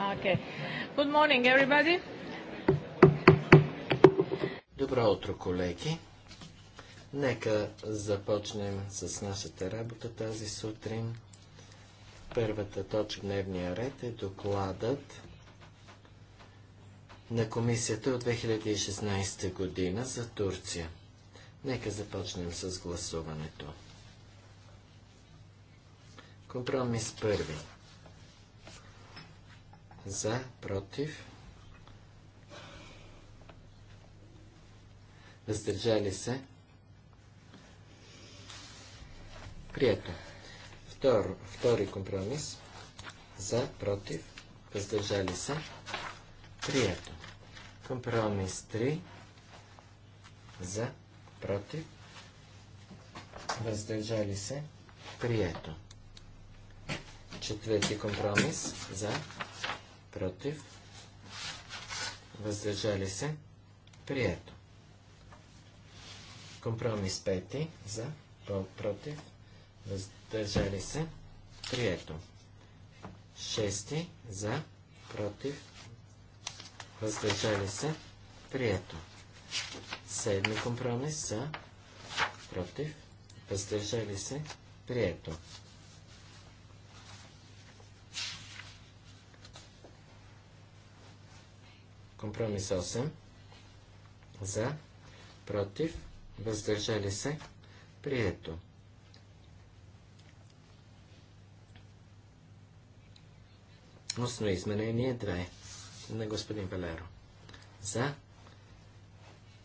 Okay. Good morning, everybody. Добро утро, колеги. Нека започнем с нашата работа тази сутрин. Първата точка дневния ред е докладът на комисията от 2016 година за Турция. Нека започнем с гласуването. Компромис първи за, против, въздържали се, прието. Втор, втори компромис, за, против, въздържали се, прието. Компромис 3, за, против, въздържали се, прието. Четвърти компромис, за, против, въздържали се, прието. Компромис пети за, против, въздържали се, прието. Шести за, против, въздържали се, прието. Седми компромис за, против, въздържали се, прието. Компромис 8. За. Против. Въздържали се. Прието. Осно изменение 2 на господин Валеро. За.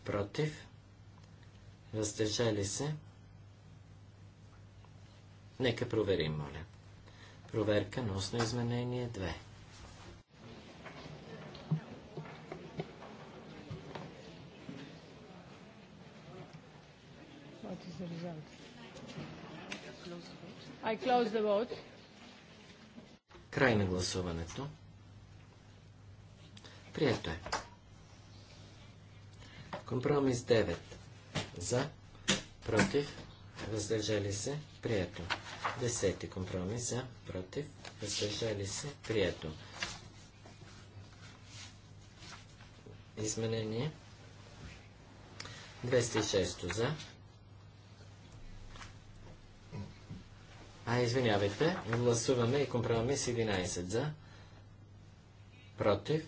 Против. Въздържали се. Нека проверим, моля. Проверка на устно изменение 2. I close the vote. Край на гласуването. Прието е. Компромис 9. За, против, въздържали се, прието. Десети компромис за, против, въздържали се, прието. Изменение. 206 за, А, извинявайте, гласуваме и компромис 11 за, против,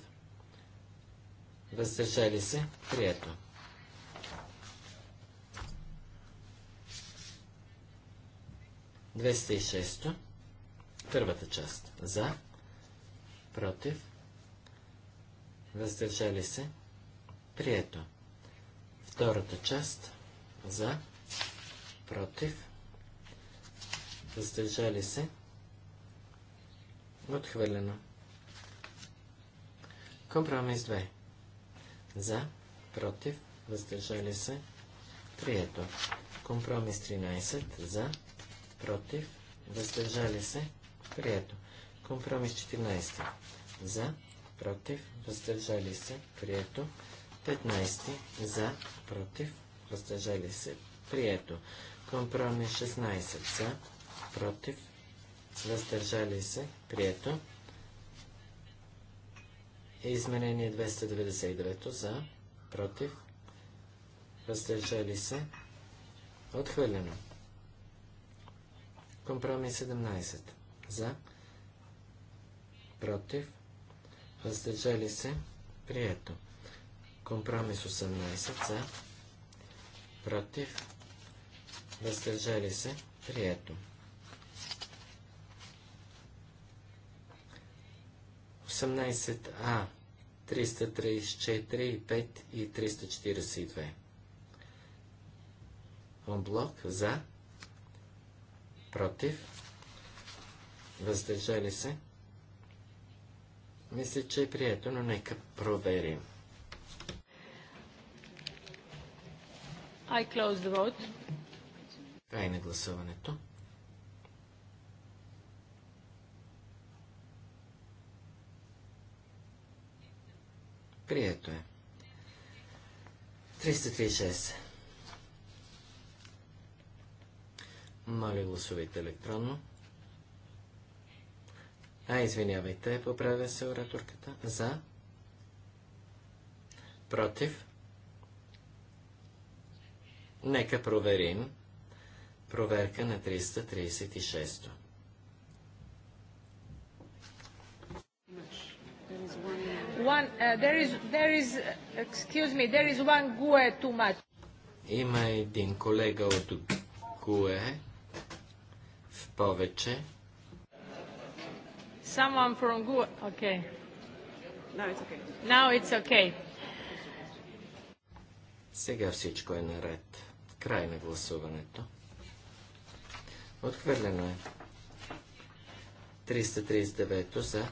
въздържали се, прието. Двеста и шесто, първата част, за, против, въздържали се, прието. Втората част, за, против, въздържали се, отхвърлено. Компромис 2. За, против, въздържали се, прието. Компромис 13. За, против, въздържали се, прието. Компромис 14. За, против, въздържали се, прието. 15. За, против, въздържали се, прието. Компромис 16. За, против, въздържали се, прието. Изменение 299 за, против, въздържали се, отхвърлено. Компромис 17 за, против, въздържали се, прието. Компромис 18 за, против, въздържали се, прието. 18а, 334 и 5 и 342. Онблок за, против, въздържали се. Мисля, че е прието, но нека проверим. I close the vote. Край на гласуването. Прието е. 336. Моля, гласувайте електронно. А, извинявайте, поправя се ораторката. За. Против. Нека проверим. Проверка на 336. one, uh, there is, there is, excuse me, there is one GUE too much. Има един колега от GUE в повече. Someone from GUE, okay. Now it's okay. Now it's okay. Сега всичко е наред. Край на гласуването. Отхвърлено е. 339 за.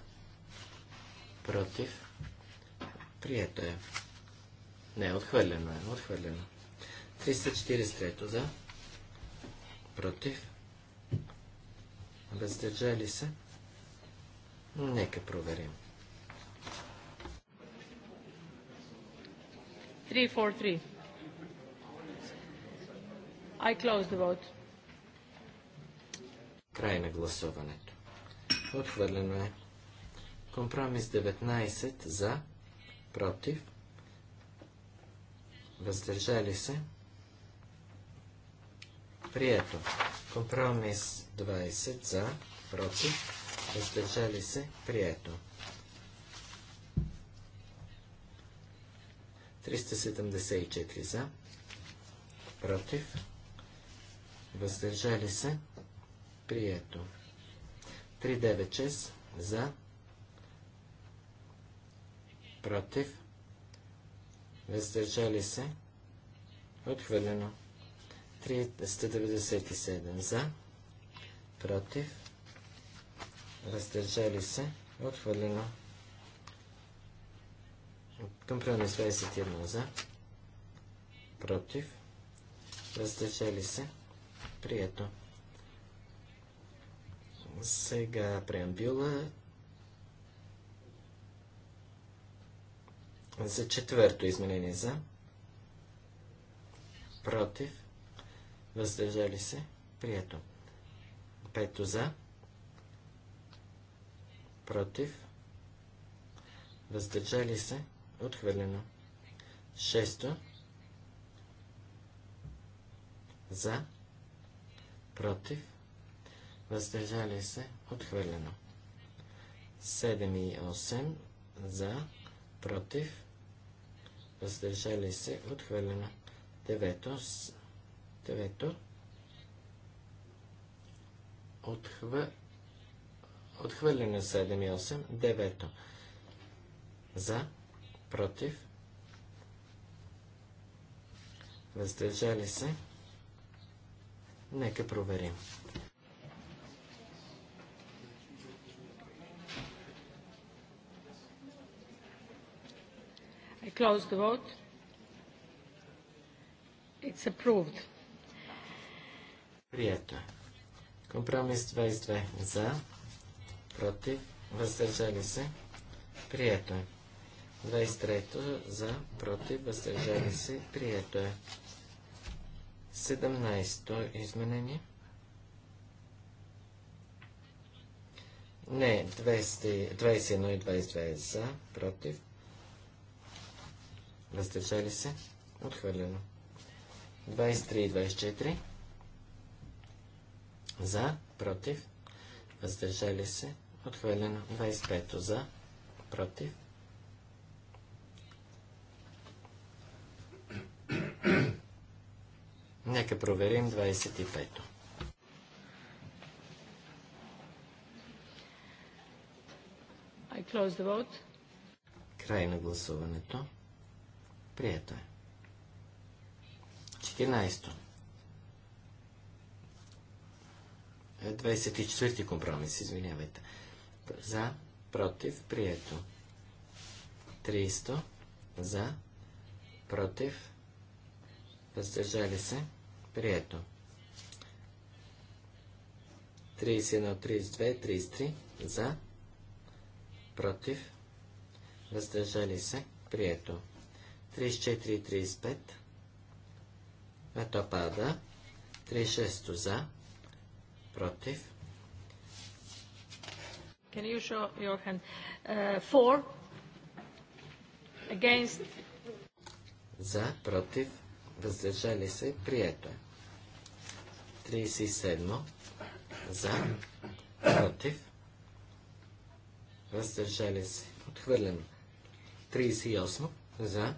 Против. Прието е. Не, отхвърлено е. Отхвърлено. 343 за. Против. Въздържали се. Нека проверим. 343. I close the vote. Край на гласуването. Отхвърлено е. Компромис 19 за против, въздържали се, прието. Компромис 20 за, против, въздържали се, прието. 374 за, против, въздържали се, прието. 396 за, против, против, въздържали се, отхвърлено. 397 за, против, въздържали се, отхвърлено. Компромис 21 за, против, въздържали се, прието. Сега преамбюла За четвърто изменение за. Против. Въздържали се. Прието. Пето за. Против. Въздържали се. Отхвърлено. Шесто. За. Против. Въздържали се. Отхвърлено. 7 и 8. За. Против въздържали се, отхвърлено. Девето, девето, отхвър... отхвърлено 7 и 8, девето, за, против, въздържали се, нека проверим. close the vote. It's approved. Прието е. Компромис 22 за, против, въздържали се. Прието е. 23 за, против, въздържали се. Прието е. 17 изменение. Не, 20, 21 и 22 за, против, Въздържали се. Отхвърлено. 23 и 24. За. Против. Въздържали се. Отхвърлено. 25 за. Против. Нека проверим 25-то. Край на гласуването. Прието е. 14. 24 е, компромис, извинявайте. За, против, прието. 300. За, против, въздържали се, прието. 31, 32, 33. За, против, въздържали се, прието. 34 и 35. Ето пада. 36 за. Против. Can you show your hand? Uh, four. Against. За. Против. Въздържали се. Прието е. 37. За. Против. Въздържали се. Отхвърлено. 38. За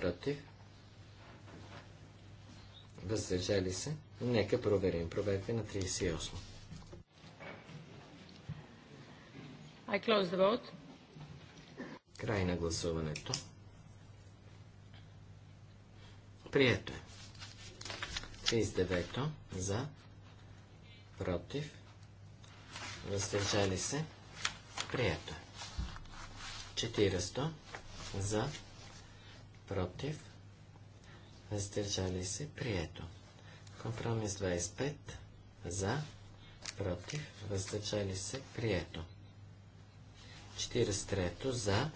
против, въздържали се. Нека проверим. Проверка на 38. I close the vote. Край на гласуването. Прието е. 39 за, против, въздържали се, прието е. 400 за, против, въздържали се, прието. Компромис 25, за, против, въздържали се, прието. 43 за,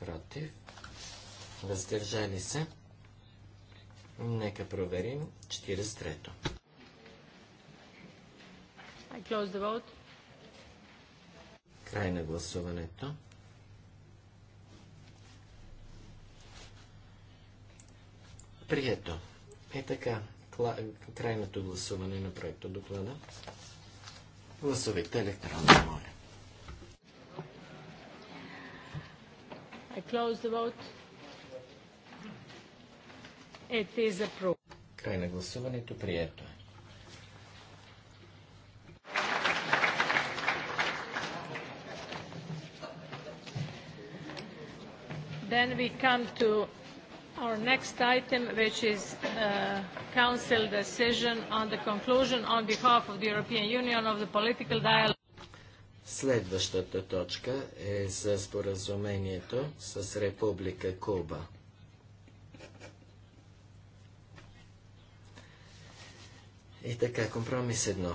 против, въздържали се. Нека проверим 43-то. Край на гласуването. Прието. Е така, крайното гласуване на проекта доклада. Гласувайте електронно, моля. I close the vote. It is approved. Край на гласуването прието е. Then we come to Our next item, which is uh, Council decision on the conclusion on behalf of the European Union of the political dialogue. Следващата точка е за споразумението с Република Куба. И така, компромис едно.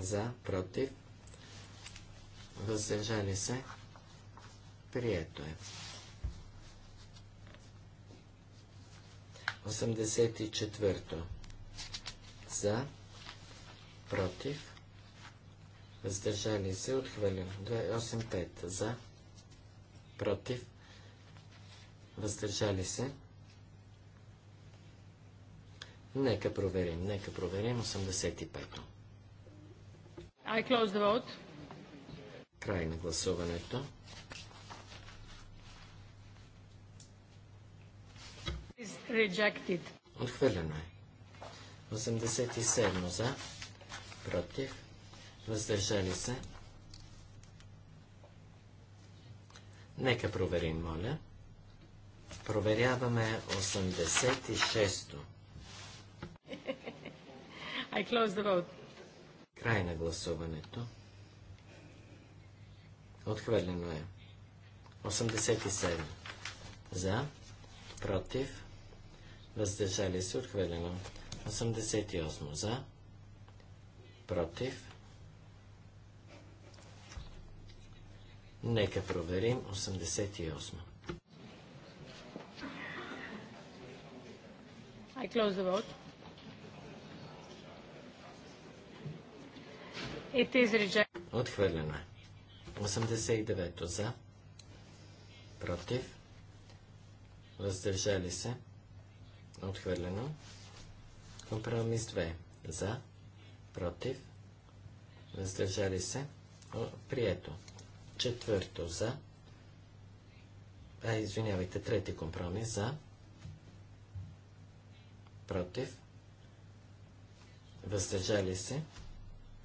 За, против, въздържали се, прието е. 84. За, против, въздържали се, Отхвърлям. 285. За, против, въздържали се. Нека проверим, нека проверим 85-то. I close the vote. Край на гласуването. Rejected. Отхвърлено е. 87 за, против, въздържали се. Нека проверим, моля. Проверяваме 86-то. I close the vote. Край на гласуването. Отхвърлено е. 87. За. Против въздържали се, отхвърлено. 88 за, против. Нека проверим 88. I close the vote. It is rejected. Отхвърлено е. 89 за, против, въздържали се, Отхвърлено. Компромис 2. За. Против. Въздържали се. Прието. Четвърто. За. А, извинявайте, трети компромис. За. Против. Въздържали се.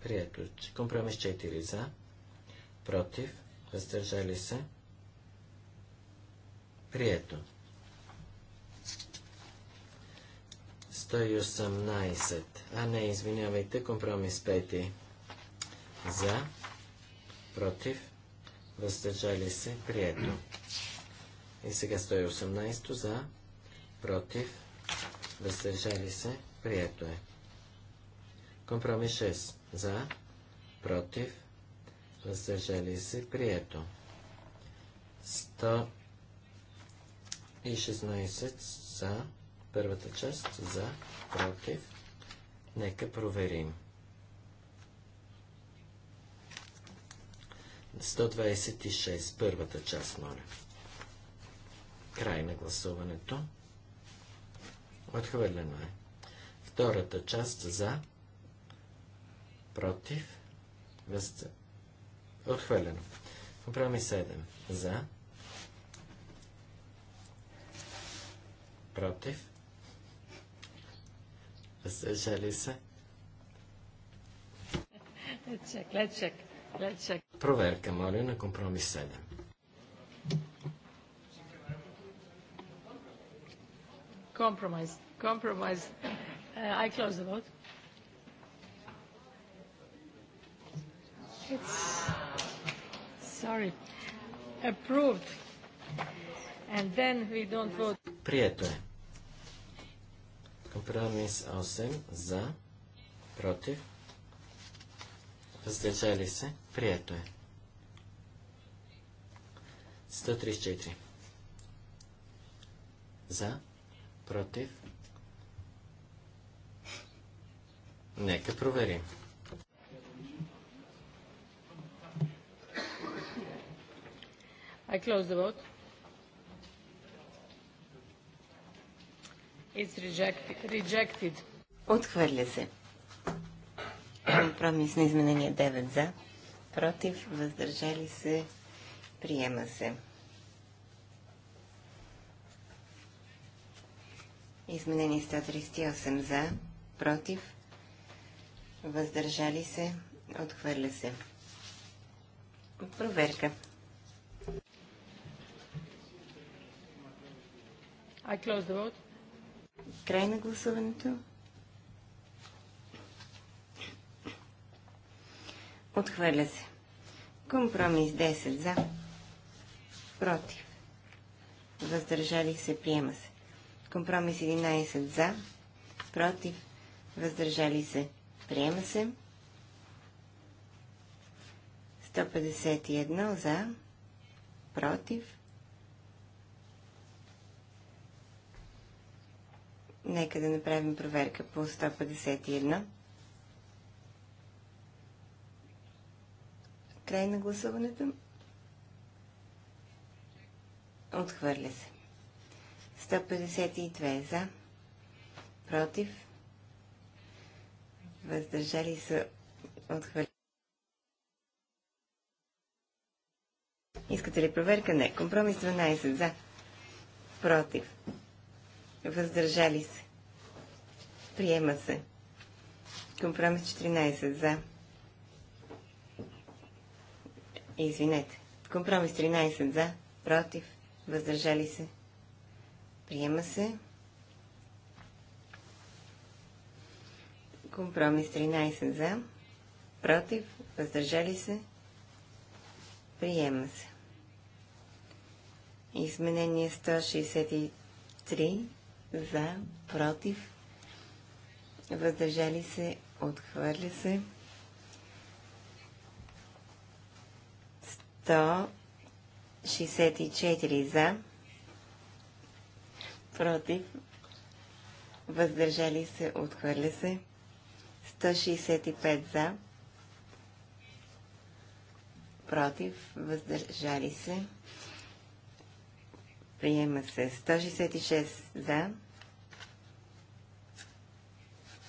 Прието. Компромис 4. За. Против. Въздържали се. Прието. 118. А не, извинявайте, компромис 5. За, против, въздържали се, прието. И сега 118 за, против, въздържали се, прието е. Компромис 6. За, против, въздържали се, прието. 116 за, Първата част за, против. Нека проверим. 126, първата част, моля. Край на гласуването. Отхвърлено е. Втората част за, против, Отхвърлено. Компромис 7. За. Против. Въздържали се. Лечек, лечек, лечек. Проверка, моля, на компромис 7. Compromise. Compromise. Uh, I close the vote. It's sorry. Approved. And then we don't vote. Прието е. Компромис 8 за, против, въздържали се, прието е. 134 за, против, нека проверим. I close the vote. Отхвърля се. Компромис на изменение 9 за. Против. Въздържали се. Приема се. Изменение 138 за. Против. Въздържали се. Отхвърля се. Проверка. I close the vote. Край на гласуването. Отхвърля се. Компромис 10 за. Против. Въздържали се. Приема се. Компромис 11 за. Против. Въздържали се. Приема се. 151 за. Против. Нека да направим проверка по 151. Край на гласуването. Отхвърля се. 152 за. Против. Въздържали са. Отхвърля. Искате ли проверка? Не. Компромис 12 за. Против въздържали се. Приема се. Компромис 14 за. Извинете. Компромис 13 за. Против. Въздържали се. Приема се. Компромис 13 за. Против. Въздържали се. Приема се. Изменение 163 за, против, въздържали се, отхвърля се. 164 за, против, въздържали се, отхвърля се. 165 за, против, въздържали се. Приема се 166 за,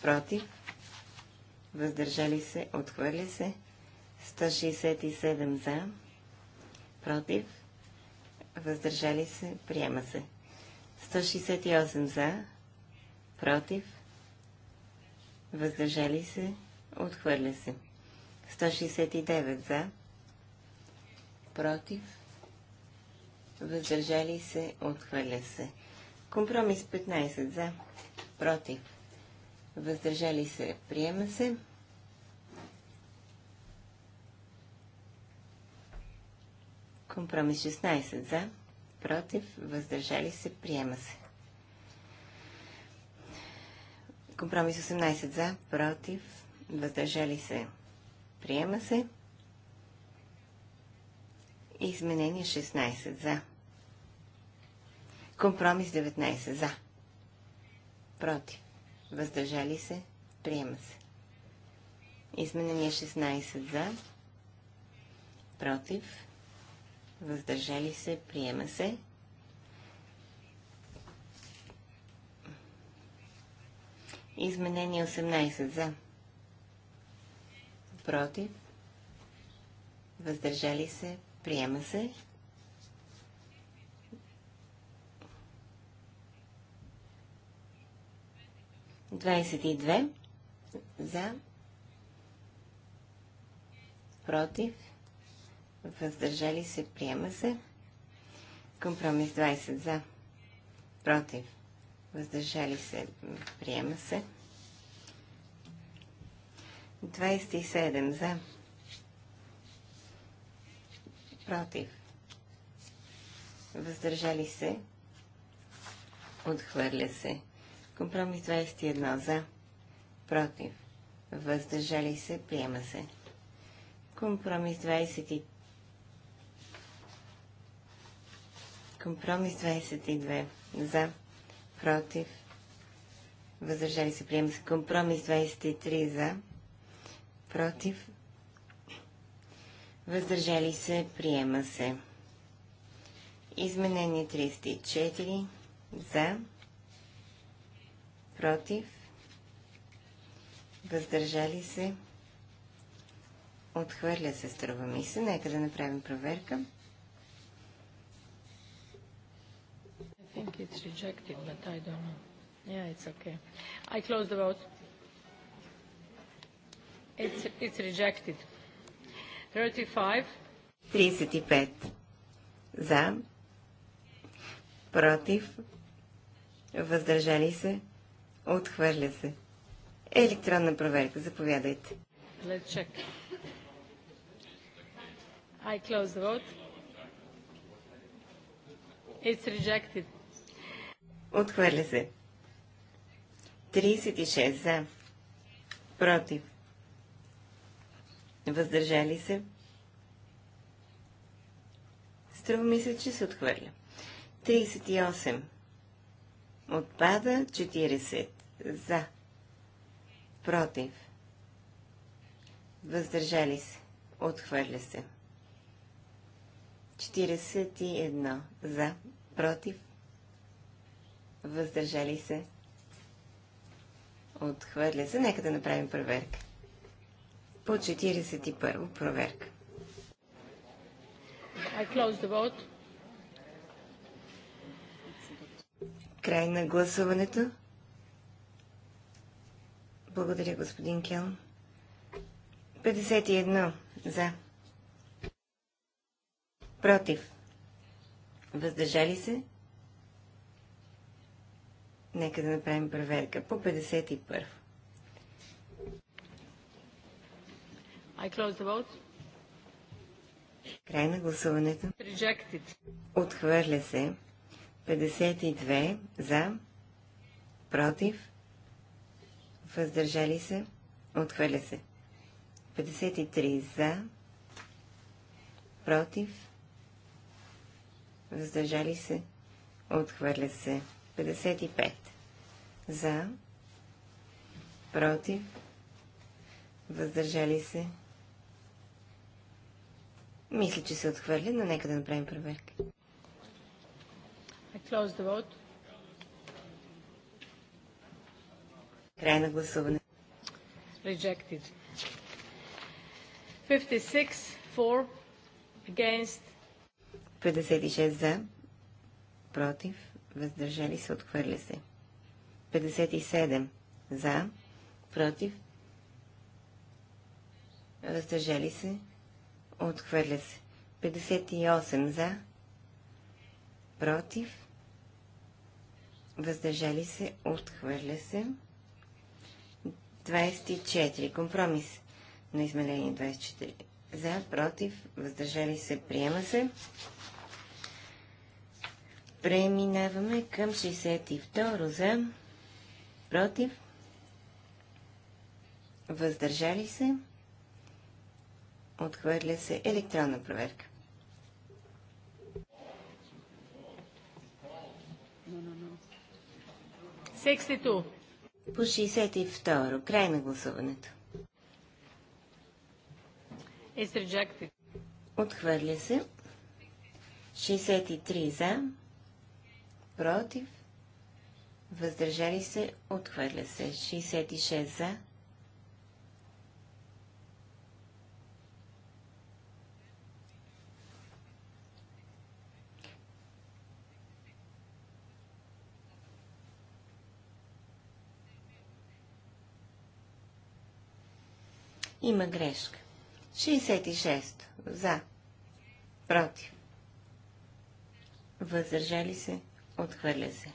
против, въздържали се, отхвърля се. 167 за, против, въздържали се, приема се. 168 за, против, въздържали се, отхвърля се. 169 за, против, въздържали се, отхвърля се. Компромис 15 за, против, въздържали се, приема се. Компромис 16 за, против, въздържали се, приема се. Компромис 18 за, против, въздържали се, приема се. Изменение 16 за. Компромис 19 за. Против въздържали се, приема се. Изменение 16 за, против, въздържали се, приема се. Изменение 18 за, против, въздържали се, приема се. 22 за, против, въздържали се, приема се. Компромис 20 за, против, въздържали се, приема се. 27 за, против, въздържали се, отхвърля се. Компромис 21 за, против, въздържали се, приема се. Компромис 23. Компромис 22 за, против, въздържали се, приема се. Компромис 23 за, против, въздържали се, приема се. Изменение 34 за, против, въздържали се, отхвърля се, струва ми се. Нека да направим проверка. I think it's rejected, but I don't know. Yeah, it's okay. I close the vote. It's, it's rejected. 35. 35. За. Против. Въздържали се. Отхвърля се. Електронна проверка. Заповядайте. Let's check. I close the vote. It's rejected. Отхвърля се. 36 за. Против. Въздържали се. Струва мисля, че се отхвърля. 38. Отпада 40 за, против, въздържали се, отхвърля се. 41 за, против, въздържали се, отхвърля се. Нека да направим проверка. По 41 проверка. I close the vote. Край на гласуването. Благодаря, господин Кел. 51 за. Против. Въздържали се? Нека да направим проверка по 51. I close the vote. Край на гласуването. Rejected. Отхвърля се. 52 за. Против въздържали се, отхвърля се. 53 за, против, въздържали се, отхвърля се. 55 за, против, въздържали се. Мисля, че се отхвърля, но нека да направим проверка. I close the vote. Край на гласуване. Rejected. 56 for against 56 за против въздържали се отхвърля се 57 за против въздържали се отхвърля се 58 за против въздържали се отхвърля се 24. Компромис на измерение 24. За, против, въздържали се, приема се. Преминаваме към 62. За, против, въздържали се, отхвърля се електронна проверка. No, no, по 62. Край на гласуването. Отхвърля се. 63 за. Против. Въздържали се. Отхвърля се. 66 за. Има грешка. 66. За. Против. Въздържали се. Отхвърля се.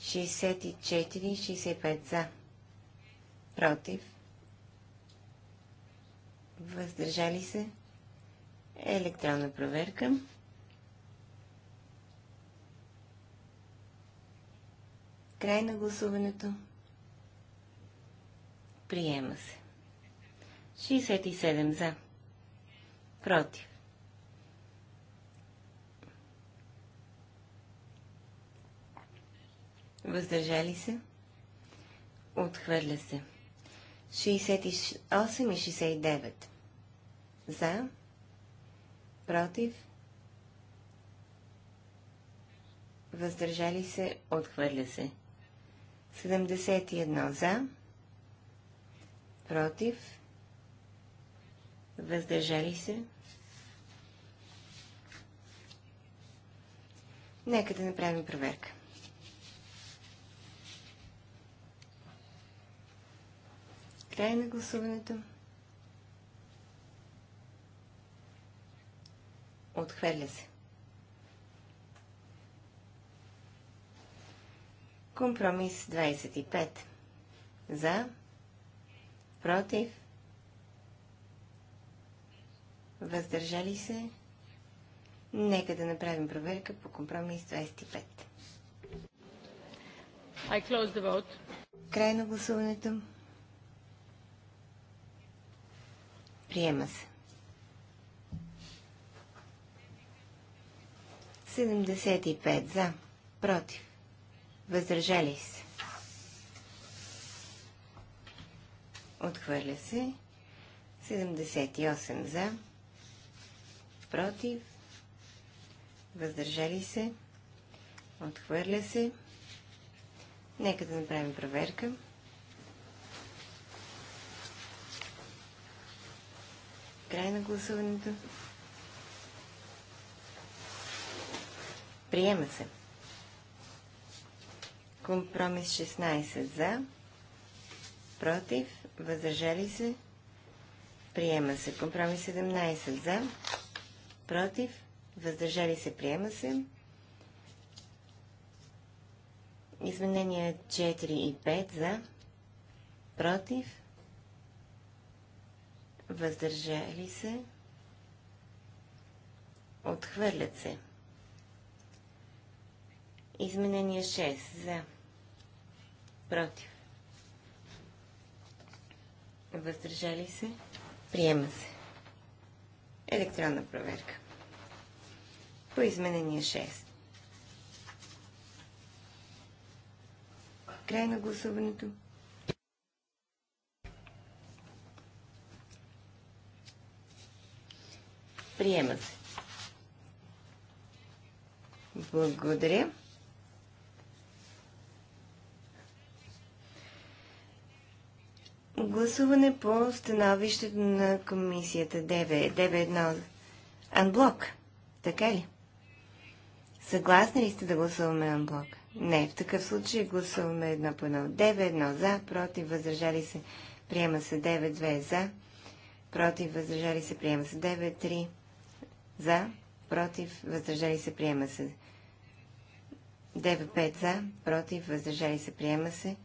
64 65 за. Против. Въздържали се. Електронна проверка. Край на гласуването. Приема се. 67 за. Против. Въздържали се. Отхвърля се. 68 и 69. За. Против. Въздържали се. Отхвърля се. 71 за. Против въздържали се. Нека да направим проверка. Край на гласуването. Отхвърля се. Компромис 25. За. Против въздържали се. Нека да направим проверка по компромис 25. I close the vote. Край на гласуването. Приема се. 75 за, против, въздържали се. Отхвърля се. 78 за, против, въздържали се, отхвърля се. Нека да направим проверка. Край на гласуването. Приема се. Компромис 16 за, против, въздържали се, приема се. Компромис 17 за, против, въздържали се, приема се. Изменения 4 и 5 за, против, въздържали се, отхвърлят се. Изменение 6 за, против, въздържали се, приема се. Електронна проверка. По изменение 6. Край на гласуването. Приема се. Благодаря. Гласуване по становището на комисията ДВ, ДВ1 Анблок. Така ли? Съгласни ли сте да гласуваме анблок? Не, в такъв случай гласуваме едно по едно. 9-1 за, против, въздържали се, приема се 9-2 за, против, въздържали се, приема се 9-3 за, против, въздържали се, приема се 9-5 за, против, въздържали се, приема се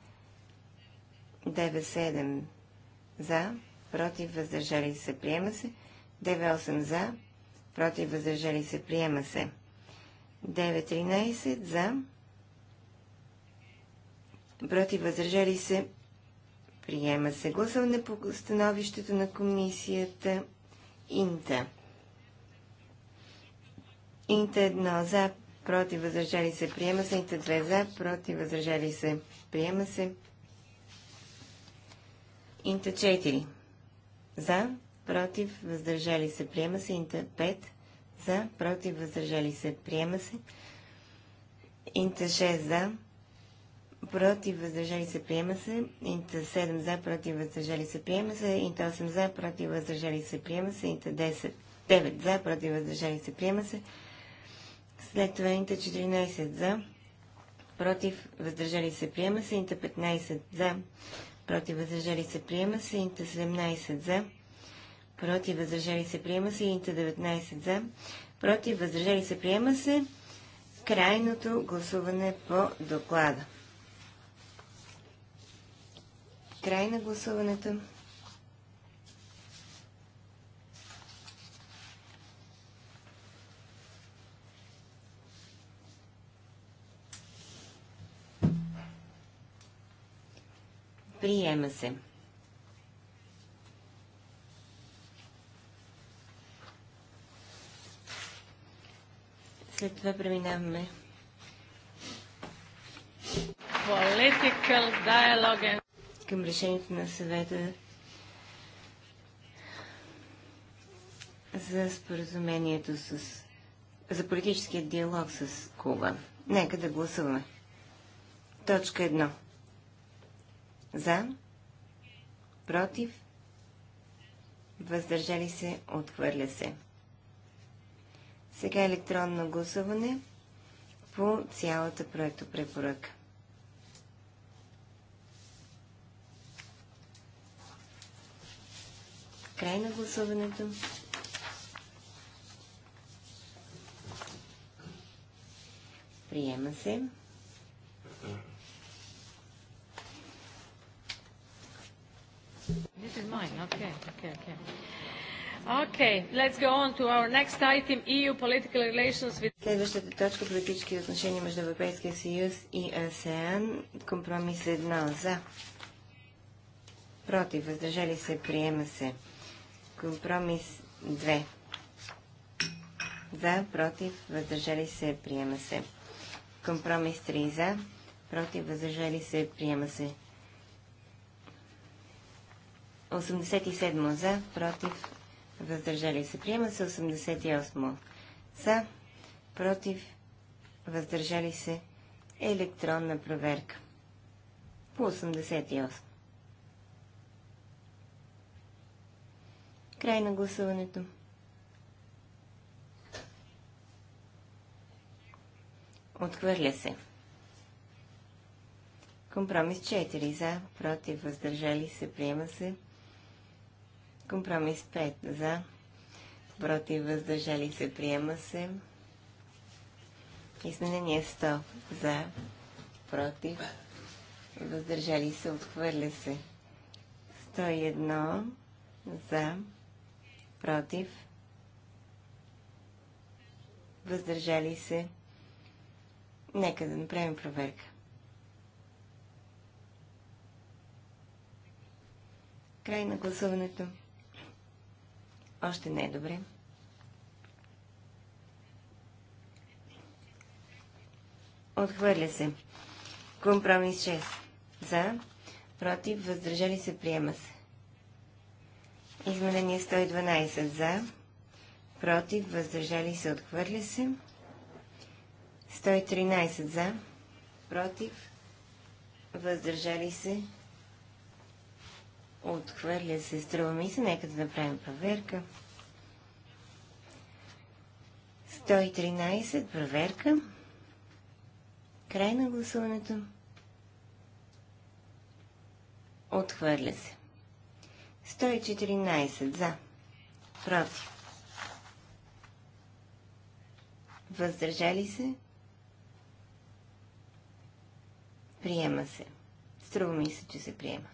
9-7 за, против, въздържали се, приема се. 9-8 за, против, въздържали се, приема се. 9-13 за, против, въздържали се, приема се. Гласуване по становището на комисията Инта. Инта 1 за, против, въздържали се, приема се. Инта 2 за, против, въздържали се, приема се. Инта 4. За, против, въздържали се, приема се. Инта 5. За, против, въздържали се, приема се. Инта 6 за, против, въздържали се, приема се. Инта 7 за, против, въздържали се, приема се. Инта 8 за, против, въздържали се, приема се. Инта 10, 9 за, против, въздържали се, приема се. След това Инта 14 за, против, въздържали се, приема се. Инта 15 за, против въздържали се приема се, инта 17 за, против въздържали се приема се, инта 19 за, против въздържали се приема се, крайното гласуване по доклада. Край на гласуването. Приема се. След това преминаваме. Political dialogue към решението на съвета за споразумението с... за политическия диалог с Куба. Нека да гласуваме. Точка 1. За. Против. Въздържали се. Отхвърля се. Сега електронно гласуване по цялата проектопрепоръка. Край на гласуването. Приема се. is mine. Okay, okay, okay. Okay, let's go on to our next item, EU political relations with... Следващата точка – политически отношения между Европейския съюз и АСЕАН. Компромис едно за. Против, въздържали се, приема се. Компромис две. За, против, въздържали се, приема се. Компромис три за, против, въздържали се, приема се. 87 за, против, въздържали се. Приема се 88 за, против, въздържали се. Електронна проверка. По 88. Край на гласуването. Отхвърля се. Компромис 4 за, против, въздържали се, приема се. Компромис 5 за, против, въздържали се, приема се. Изменение 100 за, против, въздържали се, отхвърля се. 101 за, против, въздържали се. Нека да направим проверка. Край на гласуването. Още не е добре. Отхвърля се. Компромис 6. За. Против. Въздържали се. Приема се. Изменение 112. За. Против. Въздържали се. Отхвърля се. 113. За. Против. Въздържали се. Отхвърля се. Струва ми се. Нека да направим проверка. 113. Проверка. Край на гласуването. Отхвърля се. 114. За. Против. Въздържали се? Приема се. Струва ми се, че се приема.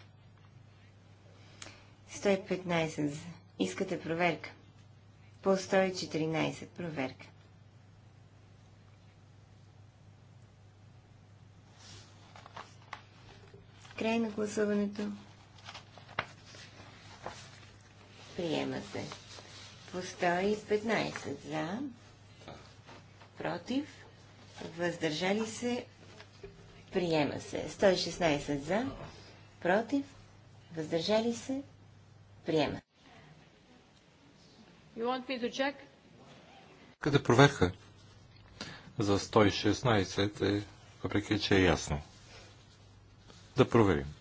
115. Искате проверка. По 114. Проверка. Край на гласуването. Приема се. По 115 за. Против. Въздържали се. Приема се. 116 за. Против. Въздържали се приема. Къде проверка? За 116 е, въпреки че е ясно. Да проверим.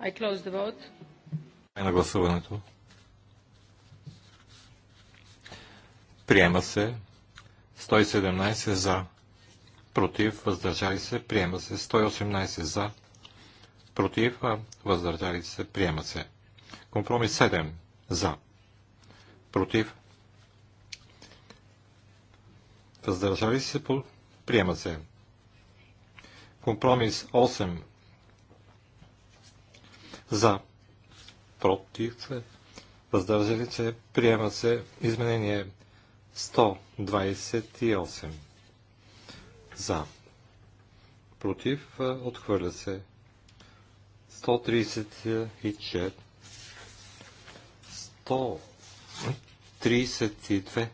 I close the vote. на гласуването. Приема се 117 за, против, въздържали се, приема се 118 за, против, въздържали се, приема се. Компромис 7 за, против, въздържали се, приема се. Компромис 8 за, против, въздържали се, приема се изменение 128 за, против, отхвърля се 134, 132,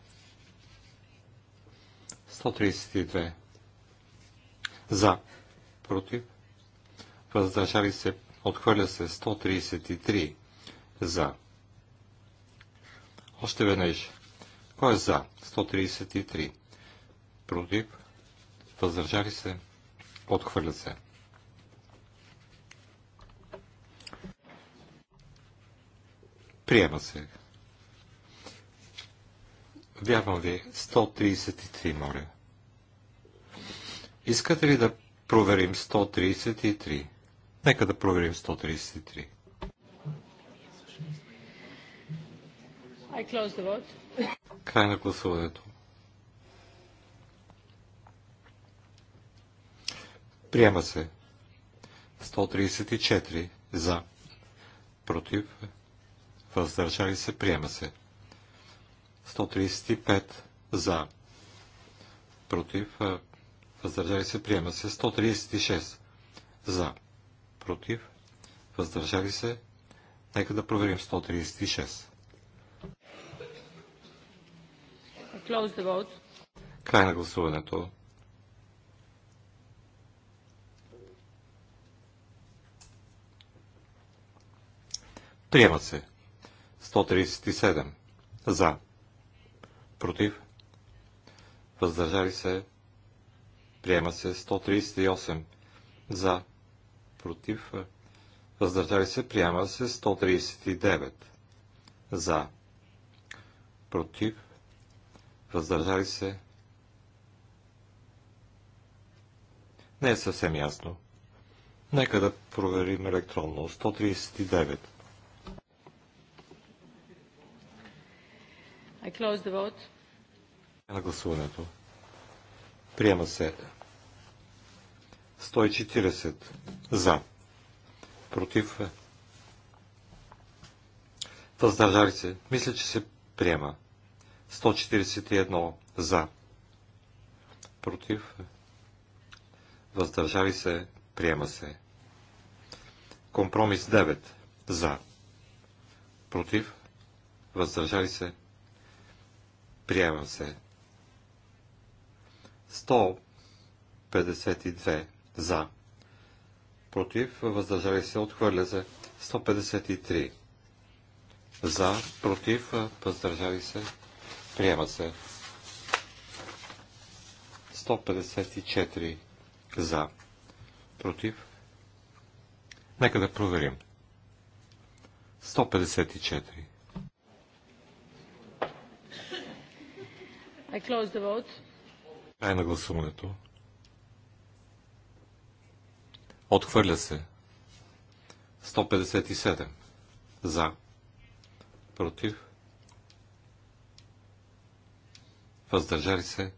132 за, против, въздържали се, отхвърля се 133 за. Още веднъж. Кой е за? 133. Против, въздържали се, отхвърля се. Приема се. Вярвам ви, 133, моля. Искате ли да проверим 133? Нека да проверим 133. I close the vote. Край на гласуването. Приема се. 134 за. Против въздържали се, приема се. 135 за, против, въздържали се, приема се. 136 за, против, въздържали се. Нека да проверим 136. Край на гласуването. Приема се. 137 за, против, въздържали се, приема се 138 за, против, въздържали се, приема се 139 за, против, въздържали се. Не е съвсем ясно. Нека да проверим електронно. 139. I close the vote. На гласуването. Приема се 140 за. Против. Въздържали се. Мисля, че се приема. 141 за. Против. Въздържали се. Приема се. Компромис 9 за. Против. Въздържали се. Приема се. 152 за. Против, въздържали се, отхвърля се. 153 за, против, въздържали се, приема се. 154 за, против. Нека да проверим. 154. I close the vote. на гласуването. Отхвърля се. 157. За. Против. Въздържали се.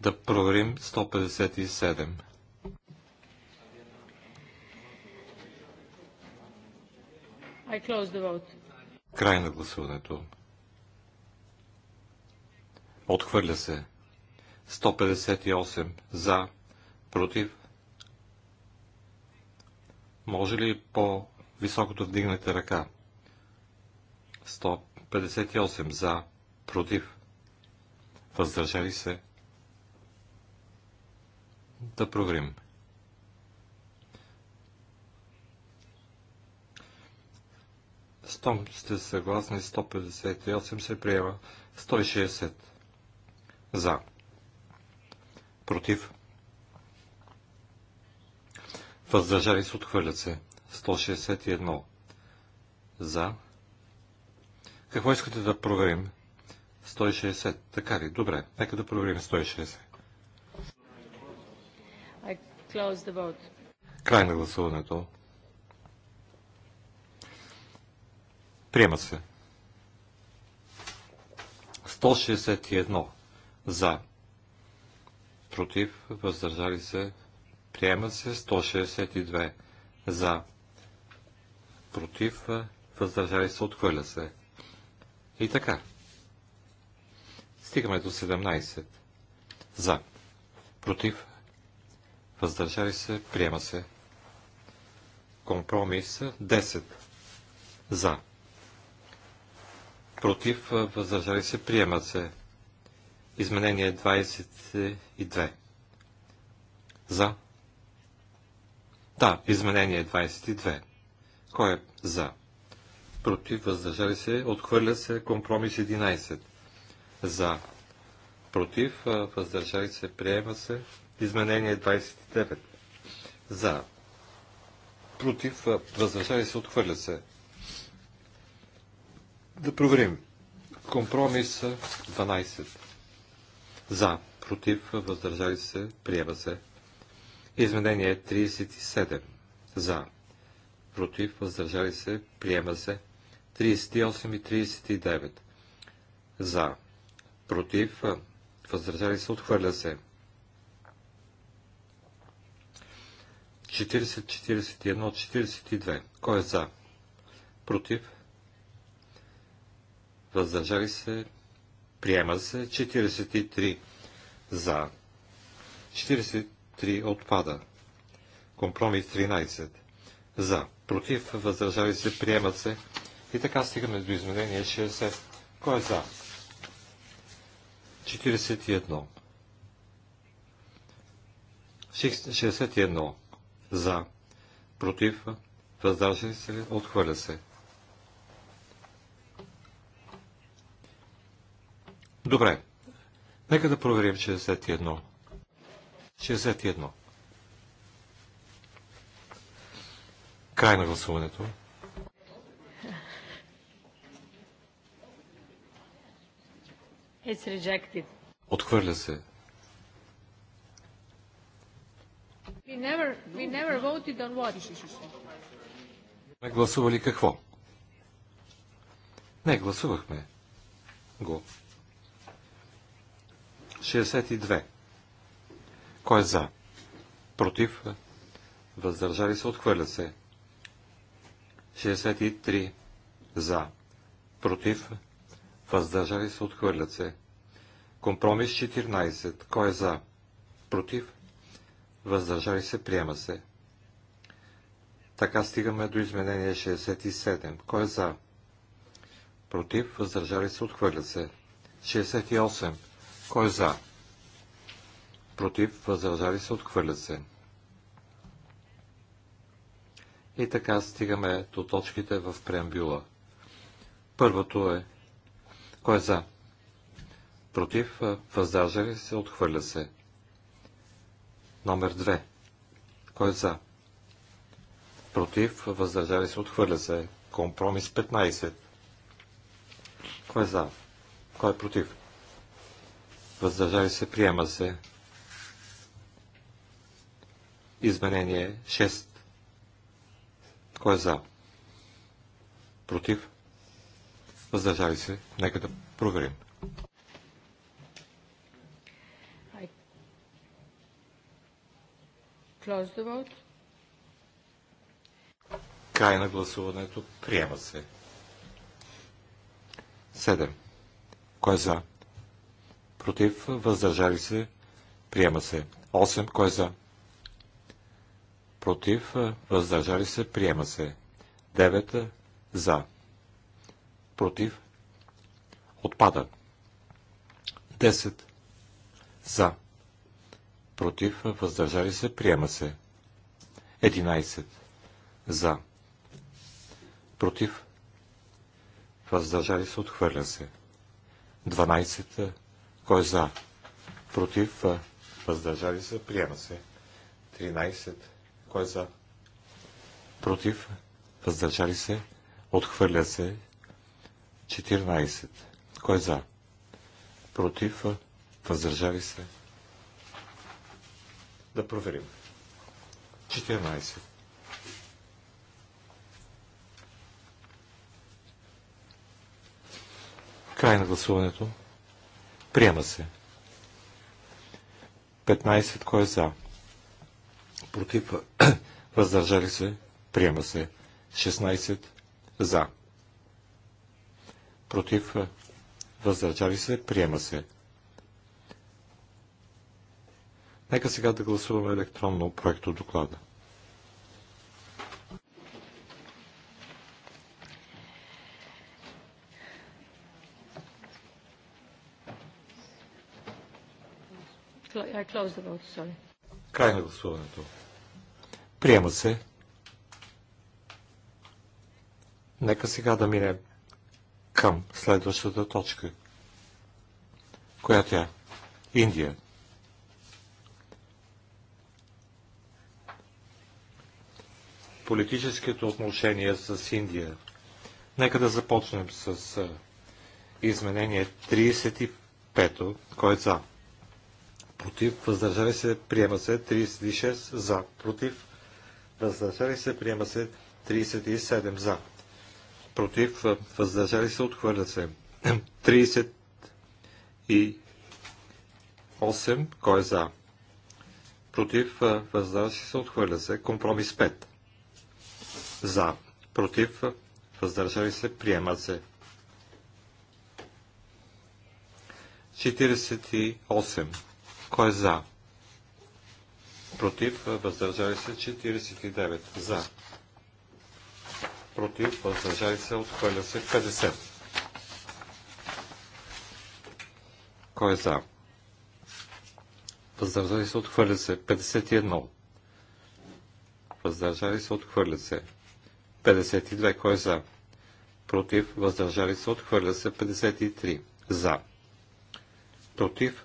Да проверим 157. I close the vote. Край на гласуването. Отхвърля се. 158 за, против. Може ли по-високото вдигнете ръка? 158 за, против. Въздържали се. Да проверим. 100 сте съгласни, 158 се приема. 160 за. Против. Въздържали се отхвърлят се. 161 за. Какво искате да проверим? 160. Така ли? Добре. Нека да проверим 160. Край на гласуването. Приема се. 161 за. Против. Въздържали се. Приема се. 162 за. Против. Въздържали се. Отхвърля се. И така. Стигаме до 17. За. Против. Въздържали се. Приема се. Компромис 10. За против, въздържали се, приемат се. Изменение 22. За. Да, изменение 22. Кой е за? Против, въздържали се, отхвърля се компромис 11. За. Против, въздържали се, приема се. Изменение 29. За. Против, въздържали се, отхвърля се. Да проверим. Компромис 12. За, против, въздържали се, приема се. Изменение 37. За, против, въздържали се, приема се. 38 и 39. За, против, въздържали се, отхвърля се. 40, 41, 42. Кой е за? Против? въздържали се, приема се 43 за. 43 отпада. Компромис 13 за. Против, въздържали се, приемат се. И така стигаме до изменение 60. Кой е за? 41. 61 за. Против, въздържали се, отхвърля се. Добре. Нека да проверим 61. 61. Край на гласуването. It's rejected. Отхвърля се. We never, we never voted on what? Не гласували какво? Не гласувахме го. 62. Кой е за? Против? Въздържали се? Отхвърля се. 63. За. Против? Въздържали се? Отхвърлят се. Компромис 14. Кой е за? Против? Въздържали се? Приема се. Така стигаме до изменение 67. Кой е за? Против? Въздържали се? Отхвърля се. 68. Кой е за? Против, въздържали се, отхвърлят се. И така стигаме до точките в преамбюла. Първото е кой е за? Против, въздържали се, отхвърля се. Номер 2. Кой е за? Против, въздържали се, отхвърля се. Компромис 15. Кой е за? Кой е против? въздържали се, приема се. Изменение 6. Кой е за? Против? Въздържали се? Нека да проверим. Край на гласуването. Приема се. 7. Кой е за? против, въздържали се, приема се. 8. Кой е за? Против, въздържали се, приема се. 9. За. Против. Отпада. 10. За. Против, въздържали се, приема се. 11. За. Против. Въздържали се, отхвърля се. 12. Кой е за? Против? Е, въздържали се? Приема се. 13. Кой е за? Против? Въздържали се? Отхвърля се. 14. Кой е за? Против? Е, въздържали се? Да проверим. 14. Край на гласуването. Приема се. 15. Кой е за? Против. Въздържали се. Приема се. 16. За. Против. Въздържали се. Приема се. Нека сега да гласуваме електронно проекто доклада. Vote, Край на гласуването. Приема се. Нека сега да минем към следващата точка. Коя тя? Е Индия. Политическите отношения с Индия. Нека да започнем с изменение 35-то. Кой е за? против, въздържали се, приема се 36 за, против, въздържали се, приема се 37 за, против, въздържали се, отхвърля се 38, кой е за, против, въздържали се, отхвърля се, компромис 5 за, против, въздържали се, приема се 48 кой е за? Против, въздържали се 49. За. Против, въздържали се, отхвърля се 50. Кой е за? Въздържали се, отхвърля се 51. Въздържали се, отхвърля се 52. Кой е за? Против, въздържали се, отхвърля се 53. За. Против,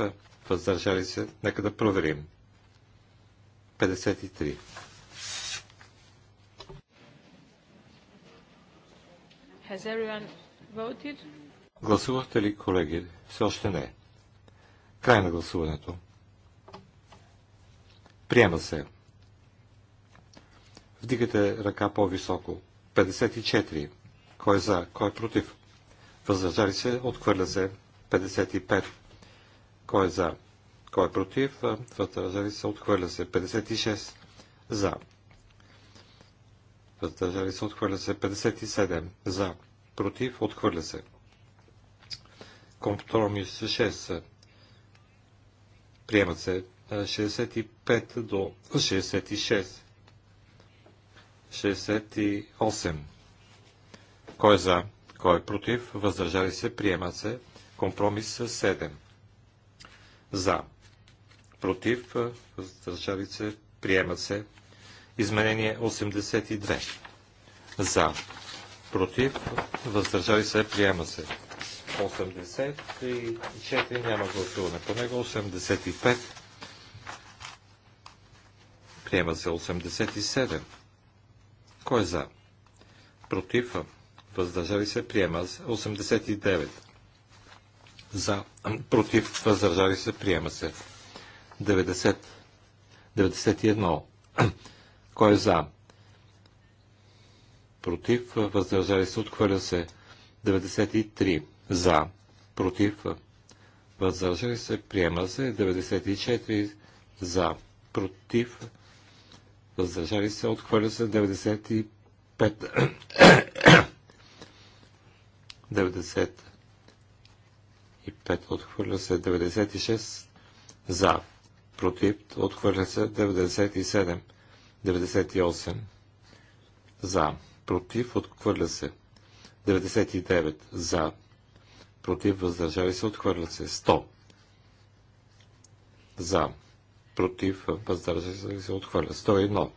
въздържали се. Нека да проверим. 53. Has voted? Гласувахте ли, колеги? Все още не. Край на гласуването. Приема се. Вдигате ръка по-високо. 54. Кой е за, кой е против? Въздържали се, отхвърля се. 55. Кой е за? Кой е против? Въздържали се, отхвърля се. 56 за. Въздържали се, отхвърля се. 57 за. Против, отхвърля се. Компромис 6. Приемат се 65 до 66. 68. Кой е за? Кой е против? Въздържали се, приема се. Компромис 7. За. Против. Въздържали се. Приема се. Изменение 82. За. Против. Въздържали се. Приема се. 84 няма гласуване. По него 85. Приема се 87. Кой е за? Против. Въздържали се. Приема се. 89 за, против, въздържали се, приема се. 90, 91. Кой е за? Против, въздържали се, отхвърля се. 93. За, против, въздържали се, приема се. 94. За, против, въздържали се, отхвърля се. 95. 90 95 отхвърля се 96 за, против отхвърля се 97, 98 за, против отхвърля се 99 за, против въздържали се отхвърля се 100 за, против въздържали се отхвърля 101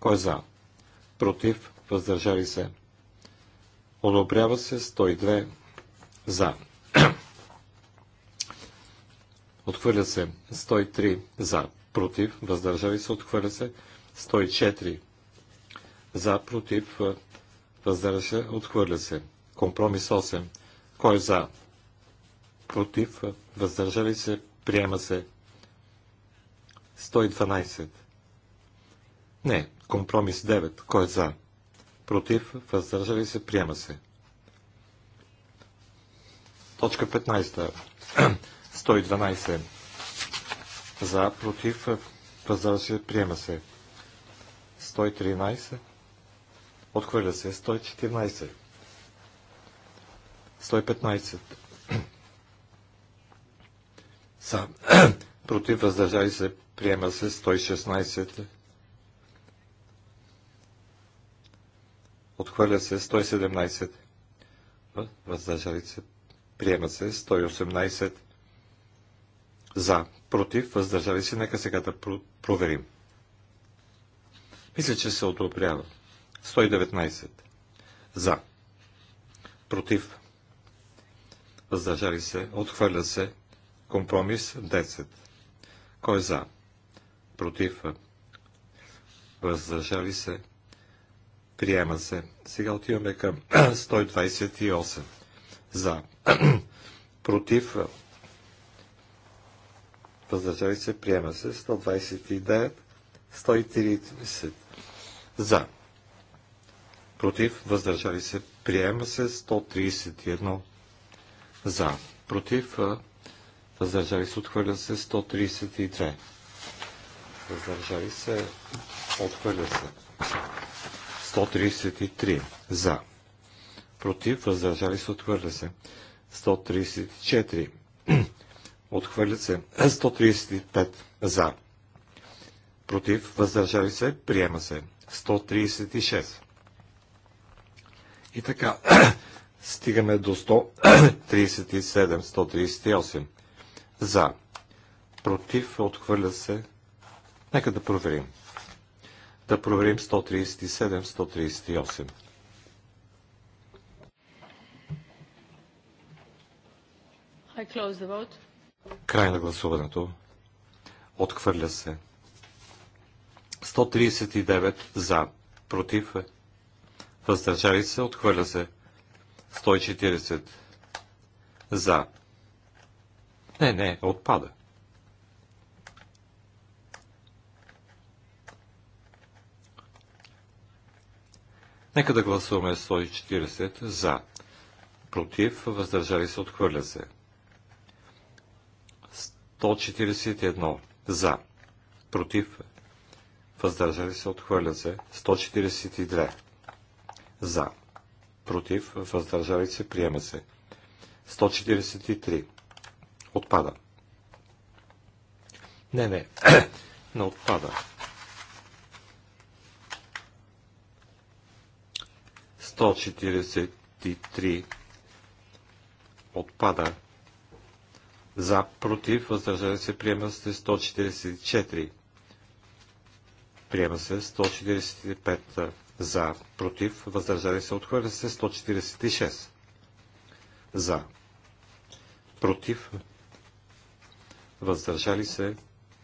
кой е за, против въздържали се Одобрява се 102 за. Отхвърля се 103 за, против, въздържали се, отхвърля се 104 за, против, въздържа се, отхвърля се. Компромис 8. Кой е за? Против, въздържали се, приема се 112. Не, компромис 9. Кой е за? Против, въздържали се, приема се. Точка 15. 112 за, против, въздържали се, приема се. 113 отхвърля се. 114 115 за, против, въздържали се, приема се. 116 Отхвърля се 117. Въздържали се. Приема се 118. За, против, въздържали се, нека сега да проверим. Мисля, че се одобрява. 119. За. Против. Въздържали се. Отхвърля се. Компромис 10. Кой е за? Против. Въздържали се. Приема се. Сега отиваме към 128. За. Против въздържали се, приема се. 129, 130 за, против, въздържали се, приема се. 131 за, против, въздържали се, отхвърля се. 132 въздържали се, отхвърля се. 133 за, против, въздържали се, отхвърля се. 134 Отхвърля се. 135 за. Против. Въздържали се. Приема се. 136. И така. Стигаме до 137, 138. За. Против. Отхвърля се. Нека да проверим. Да проверим 137, 138. I close the vote. Край на гласуването. Отхвърля се. 139 за, против, въздържали се, отхвърля се. 140 за. Не, не, отпада. Нека да гласуваме 140 за, против, въздържали се, отхвърля се. 141 за, против, въздържали се, отхвърля се, 142 за, против, въздържали се, приема се, 143 отпада. Не, не, не отпада. 143 отпада. За, против, въздържали се, приема се 144. Приема се 145. За, против, въздържали се, отхвърля се 146. За, против, въздържали се,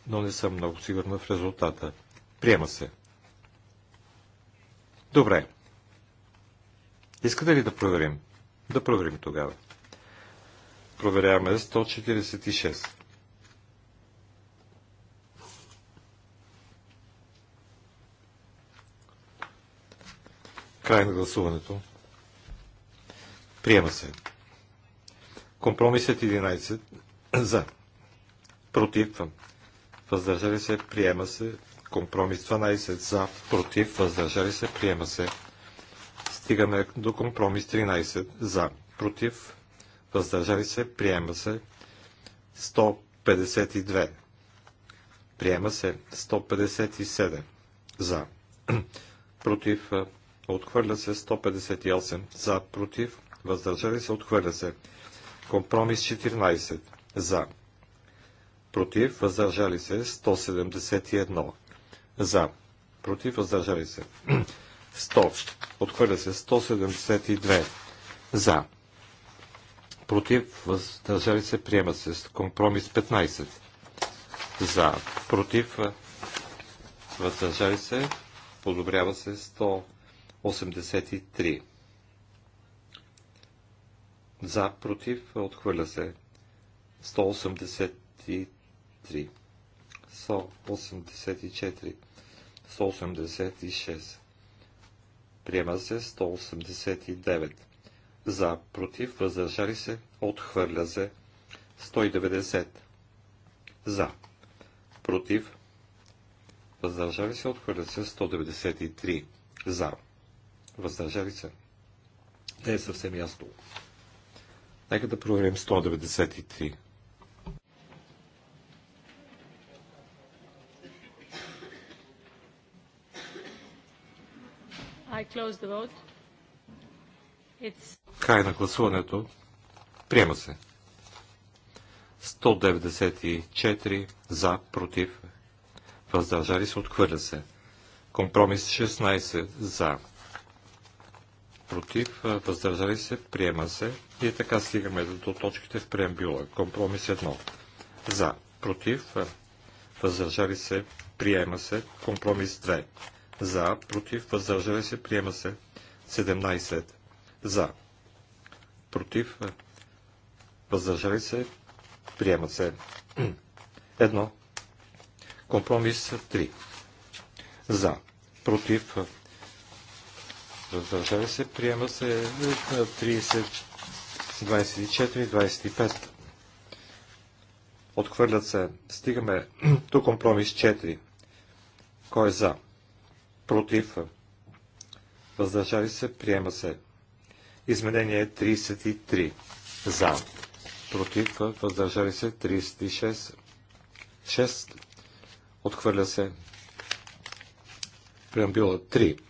но не съм много сигурна в резултата. Приема се. Добре. Искате ли да проверим? Да проверим тогава. Проверяваме 146. Край на гласуването. Приема се. Компромисът 11 за. Против. Въздържали се. Приема се. Компромис 12 за. Против. Въздържали се. Приема се. Стигаме до компромис 13 за. Против въздържали се, приема се 152. Приема се 157 за. Против отхвърля се 158 за. Против въздържали се, отхвърля се. Компромис 14 за. Против въздържали се 171 за. Против въздържали се 100. Отхвърля се 172 за против, въздържали се, приема се. Компромис 15 за, против, въздържали се, подобрява се 183. За, против, отхвърля се 183. 184. 186. Приема се 189 за, против, въздържали се, отхвърля се. 190 за, против, въздържали се, отхвърля се. 193 за, въздържали се. Не е съвсем ясно. Нека да проверим 193. I close the vote. It's Край на гласуването. Приема се. 194 за, против, въздържали се, отхвърля се. Компромис 16 за, против, въздържали се, приема се. И така стигаме до точките в преамбюла. Компромис 1 за, против, въздържали се, приема се. Компромис 2 за, против, въздържали се, приема се. 17 за, против, е, въздържали се, приемат се. Едно. Компромис 3. За, против, е, въздържали се, приема се 30, 24, 25. Отхвърлят се. Стигаме до компромис 4. Кой е за? Против. Е, въздържали се, приема се. Изменение 33. За. Против. Въздържали се. 36. 6. Отхвърля се. Преамбюла 3.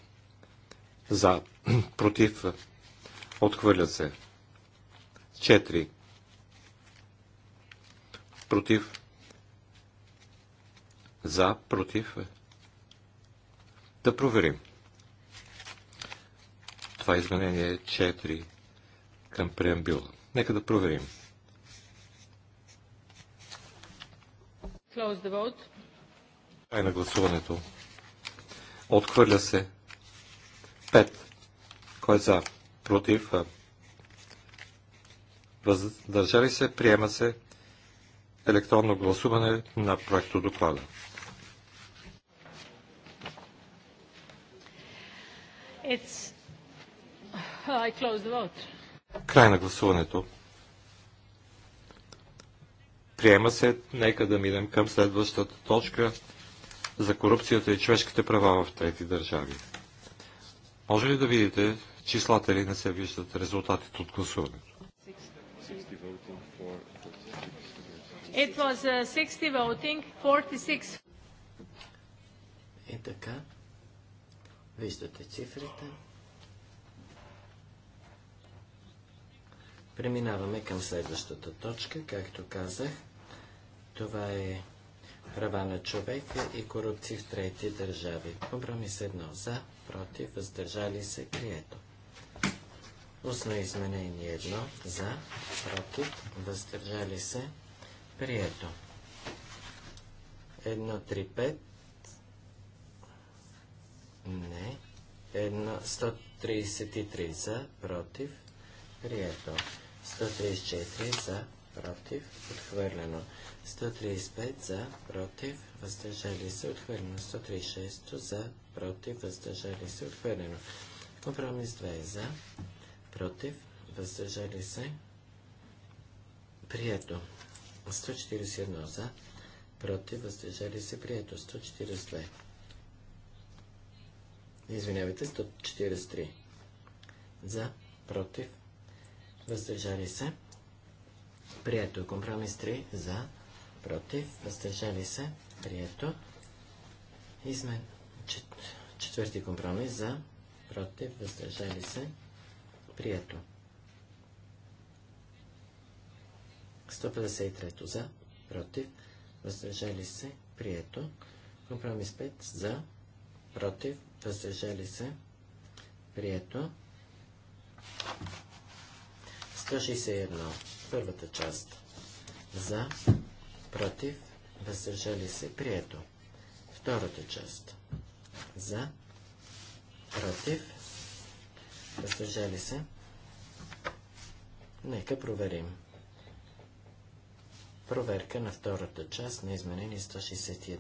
За. Против. Отхвърля се. 4. Против. За. Против. Да проверим това изменение 4 към преамбюла. Нека да проверим. Close the vote. на гласуването. Отхвърля се 5. Кой е за? Против? Въздържали се? Приема се електронно гласуване на проекто доклада. It's Край на гласуването. Приема се, нека да минем към следващата точка за корупцията и човешките права в трети държави. Може ли да видите числата ли не се виждат резултатите от гласуването? It was 60 uh, voting, 46. Е така. Виждате цифрите. Преминаваме към следващата точка. Както казах, това е права на човека и корупция в трети държави. се едно за, против, въздържали се, прието. Устно изменение едно за, против, въздържали се, прието. Едно, три, пет. Не. Едно, 133 за, против, прието. 134 за, против, отхвърлено. 135 за, против, въздържали се, отхвърлено. 136 за, против, въздържали се, отхвърлено. Компромис 2 е за, против, въздържали се, прието. 141 за, против, въздържали се, прието. 142. Извинявайте, 143. За, против, въздържали се. Прието. Компромис 3 за, против, въздържали се. Прието. Измен. Чет... Четвърти компромис за, против, въздържали се. Прието. 153 за, против, въздържали се. Прието. Компромис 5 за, против, въздържали се. Прието. 161. Първата част. За, против, въздържали се, прието. Втората част. За, против, въздържали се. Нека проверим. Проверка на втората част на изменение 161.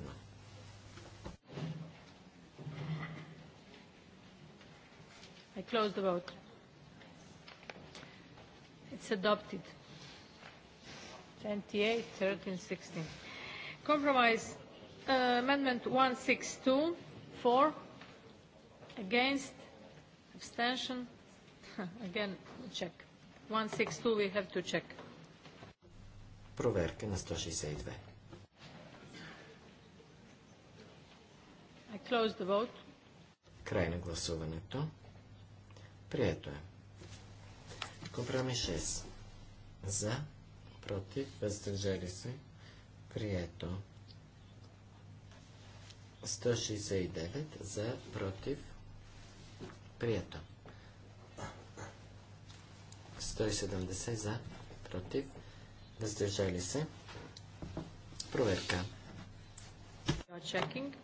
I close the vote. It's adopted. 28, 13, 16. Compromise uh, Amendment 162, for, against, abstention. Again, check. 162, we have to check. Проверка на 162. I close the vote. Край на гласуването. Прието е. Компромис 6. За, против, въздържали се, прието. 169 за, против, прието. 170 за, против, въздържали се. Проверка. Checking.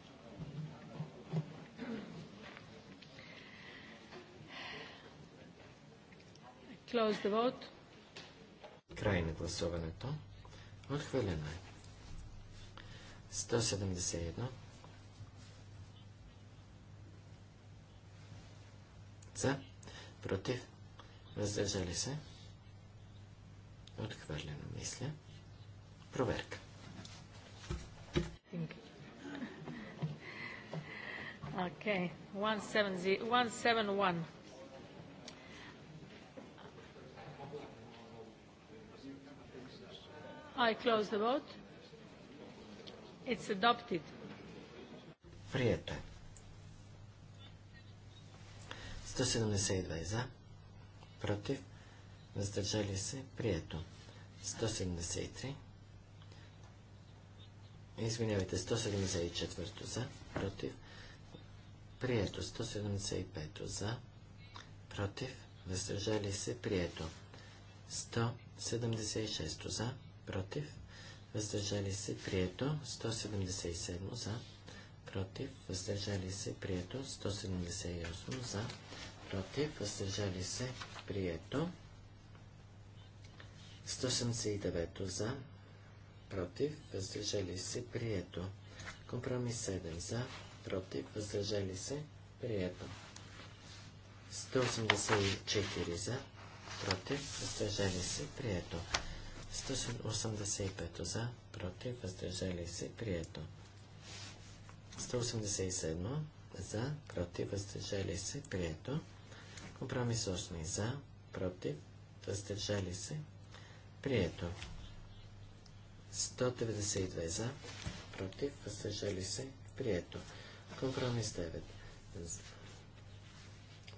Close the vote. Край на гласуването. Отхвърлено е. 171. За. Против. Въздържали се. Отхвърлено, мисля. Проверка. Okay, 171. I close the vote. It's adopted. Прието е. 172 за, против, въздържали се, прието. 173. Извинявайте, 174 за, против, прието. 175 за, против, въздържали се, прието. 176 за, против, въздържали се, прието, 177 за, против, въздържали се, прието, 178 за, против, въздържали се, прието, 179 за, против, въздържали се, прието, компромис 7 за, против, въздържали се, прието, 184 за, против, въздържали се, прието. 185 за, против, въздържали се, прието. 187 за, против, въздържали се, прието. Компромис 8 за, против, въздържали се, прието. 192 за, против, въздържали се, прието. Компромис 9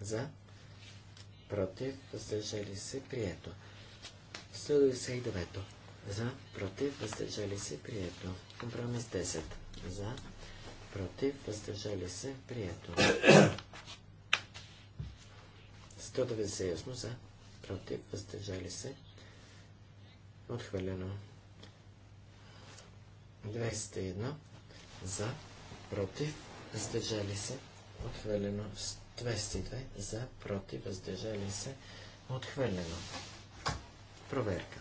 за, против, въздържали се, прието. 199. За, против, въздържали се, прието. Компромис 10. За, против, въздържали се, прието. 198 за, против, въздържали се, отхвърлено. 201 за, против, въздържали се, отхвърлено. 202 за, против, въздържали се, отхвърлено. Проверка.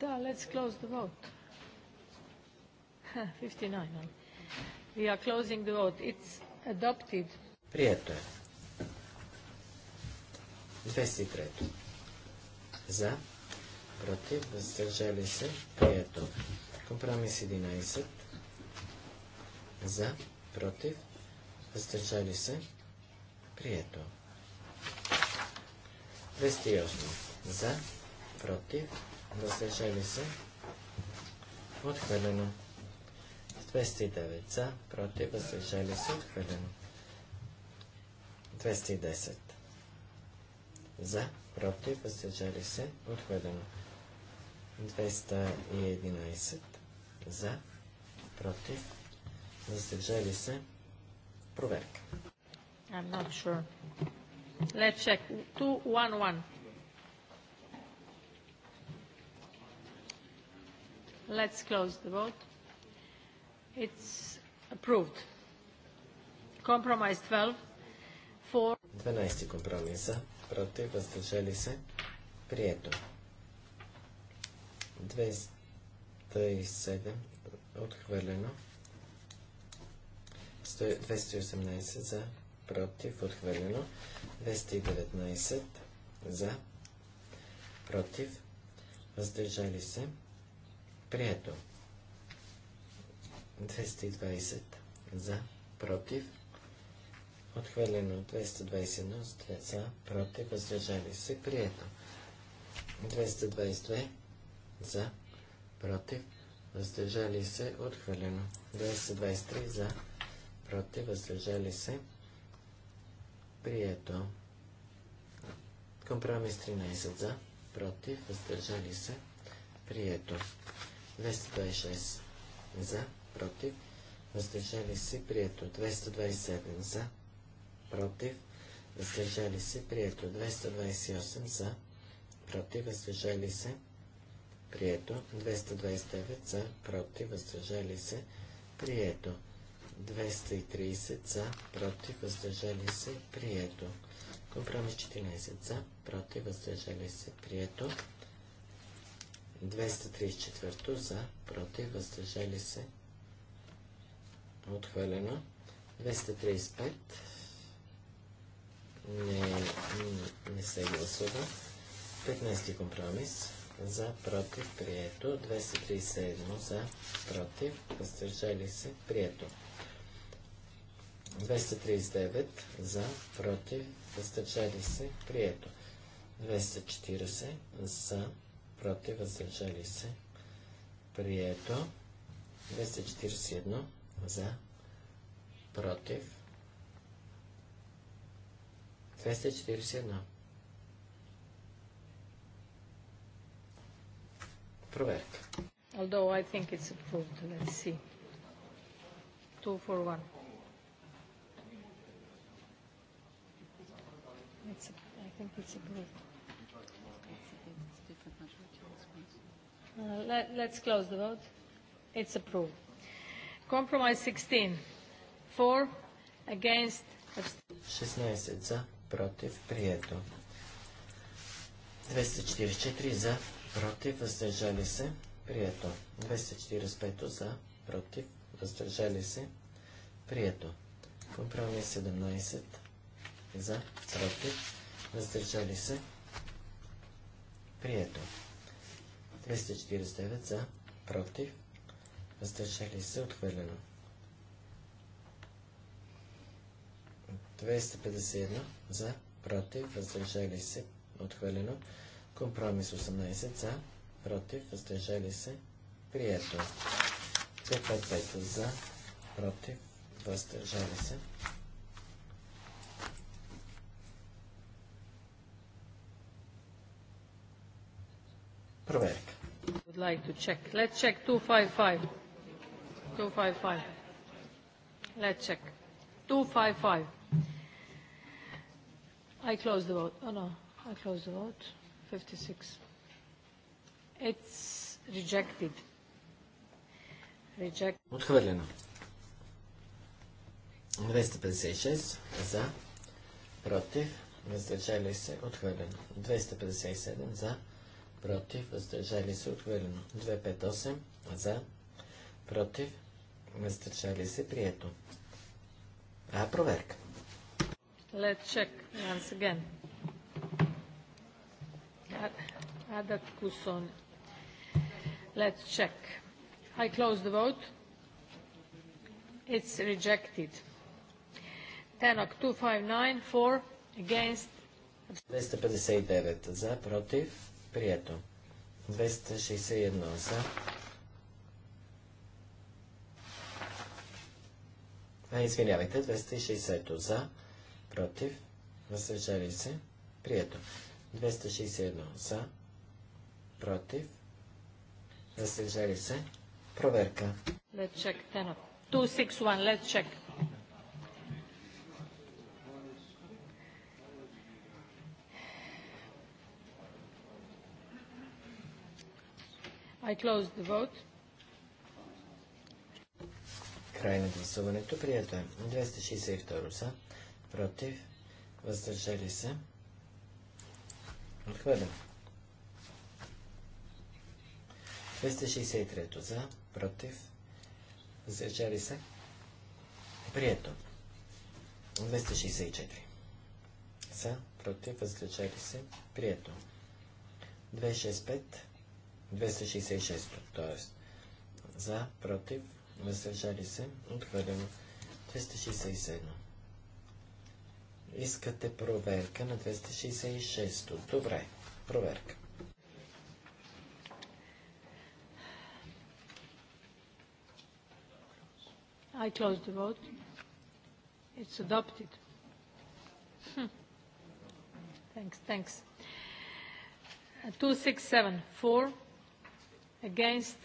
Да, let's close the vote. 59. We are closing the vote. It's adopted. Прието е. 203. За. Против. Въздържали се. Прието. Компромис 11. За. Против въздържали се, прието. 208 за, против, въздържали се, отхвърлено. 209 за, против, въздържали се, отхвърлено. 210 за, против, въздържали се, отхвърлено. 211 за, против, въздържали се, Проверка. I'm not sure. Let's check. 211. Let's close the vote. It's approved. Compromise 12. For... 12 компромиса. Против, въздържали се. Прието. 207. Отхвърлено. 218 за, против, отхвърлено. 219 за, против, въздържали се, прието. 220 за, против, отхвърлено. 221 за, против, въздържали се, прието. 222 за, против, въздържали се, отхвърлено. 223 за, против, въздържали се. Прието. Компромис 13 за, против, въздържали се. Прието. 226 за, против, въздържали се. Прието. 227 за, против, въздържали се. Прието. 228 за, против, въздържали се. Прието. 229 за, против, въздържали се. Прието. 230 за, против, въздържали се, прието. Компромис 14 за, против, въздържали се, прието. 234 за, против, въздържали се, отхвърлено. 235 не, не се гласува. 15 компромис за, против, прието. 237 за, против, въздържали се, прието. 239 за, против, въздържали се, прието. 240 за, против, въздържали се, прието. 241 за, против. 241. Проверка. Although I think it's approved, let's see. Two for one. It's a, I think it's approved. Uh, let, let's close the vote. It's approved. Compromise 16. For, against, 16 за, против, прието. 244 за, против, въздържали се, прието. 245 за, против, въздържали се, прието. Компромис 17 за, против, въздържали се, прието. 249 за, против, въздържали се, отхвърлено. 251 за, против, въздържали се, отхвърлено. Компромис 18 за, против, въздържали се, прието. 255 за, против, въздържали се, Проверка. Would like to check. Let's check 255. 255. Let's check. 255. I close the vote. Oh, no. I close the vote. 56. It's rejected. Reject. Отхвърлено. 256 за, против, въздържали се, отхвърлено. 257 за, против, въздържали се, отхвърлено. 258 за, против, въздържали се, прието. А, проверка. Let's check once again. Adat Kuson. Let's check. I close the vote. It's rejected. Tenok 259 for against. 259 за, против, Прието. 261 за. А, извинявайте, 260 за. Против. Въздържали се. Прието. 261 за. Против. Въздържали се. Проверка. Let's check. 261. Let's check. I close the vote. Край на гласуването. Прието е. 262 за. Против. Въздържали се. Отхвърлям. 263 за. Против. Въздържали се. Прието. 264 за. Против. Въздържали се. Прието. 265 266, т.е. за, против, въздържали се, отхвърлено 267. Искате проверка на 266. Добре, проверка. I close the vote. It's adopted. Hmm. thanks, thanks. Uh, 267, 4. Against.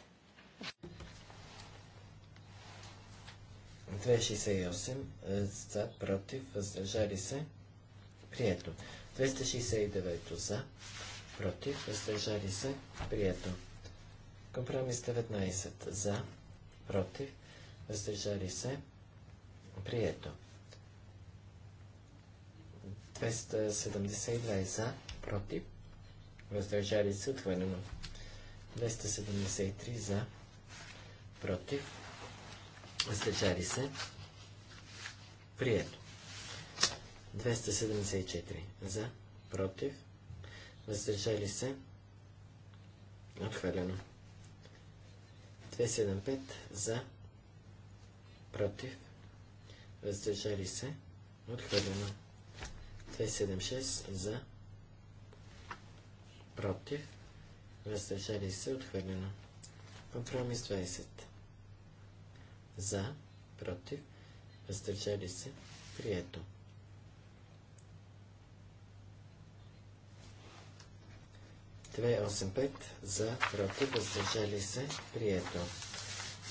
268 е, за, против, въздържали се. Прието. 269 за, против, въздържали се. Прието. Компромис 19 за, против, въздържали се. Прието. 272 за, против, въздържали се. Отхвърлено. 273 за, против, въздържали се, прието. 274 за, против, въздържали се, отхвърлено. 275 за, против, въздържали се, отхвърлено. 276 за, против, въздържали се, отхвърлено. Компромис 20. За, против, въздържали се, прието. Две осем пет за, против, въздържали се, прието.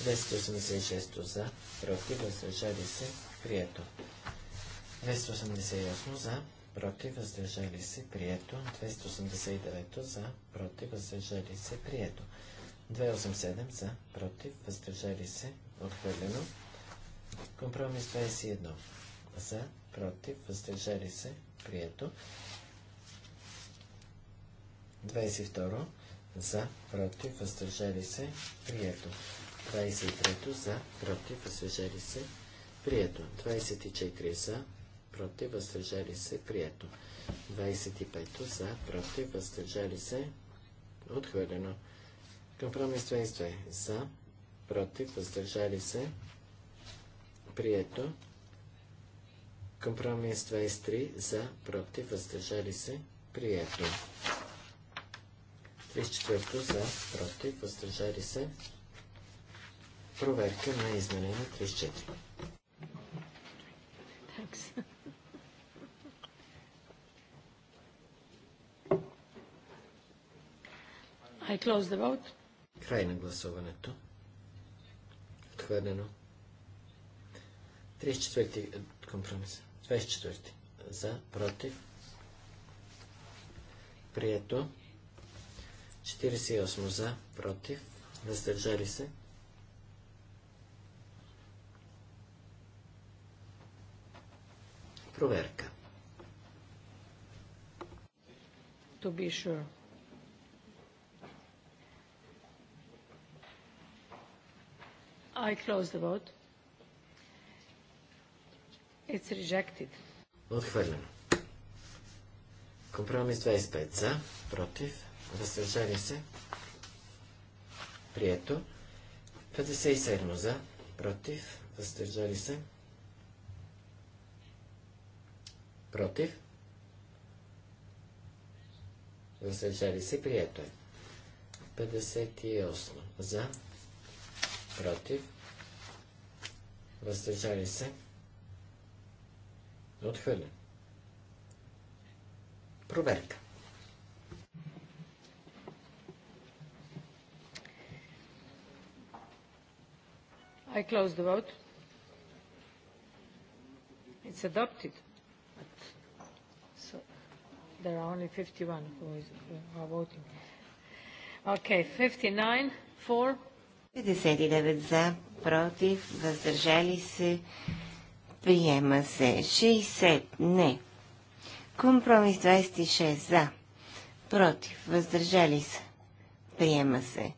286 за, против, въздържали се, прието. 288 за, против, въздържали се, прието. 289 за, против, въздържали се, прието. 287 за, против, въздържали се, отхвърлено. Компромис 21 за, против, въздържали се, прието. 22 за, против, въздържали се, прието. 23 за, против, въздържали се, прието. 24 за, против, въздържали се, прието. 25 за, против, въздържали се, отхвърлено. Компромис 22 за, против, въздържали се, прието. Компромис 23 за, против, въздържали се, прието. 34 за, против, въздържали се. Проверка на изменение 34. Thanks. I close the vote. Край на гласуването. Отхвърлено. 34-ти компромис. 24-ти. За, против. Прието. 48 за, против. Въздържали се. Проверка. To be sure. I close the vote. It's rejected. Отхвърлено. Компромис 25 за, против, въздържали се. Прието. 57 за, против, въздържали се. Против. Въздържали се, прието е. 58 за, против, въздържали се, отхвърлен. Проверка. I close the vote. It's adopted. But so there are only 51 who, is, who are voting. Okay, 59, for. 59 за, против, въздържали се, приема се. 60 не. Компромис 26 за, против, въздържали се, приема се.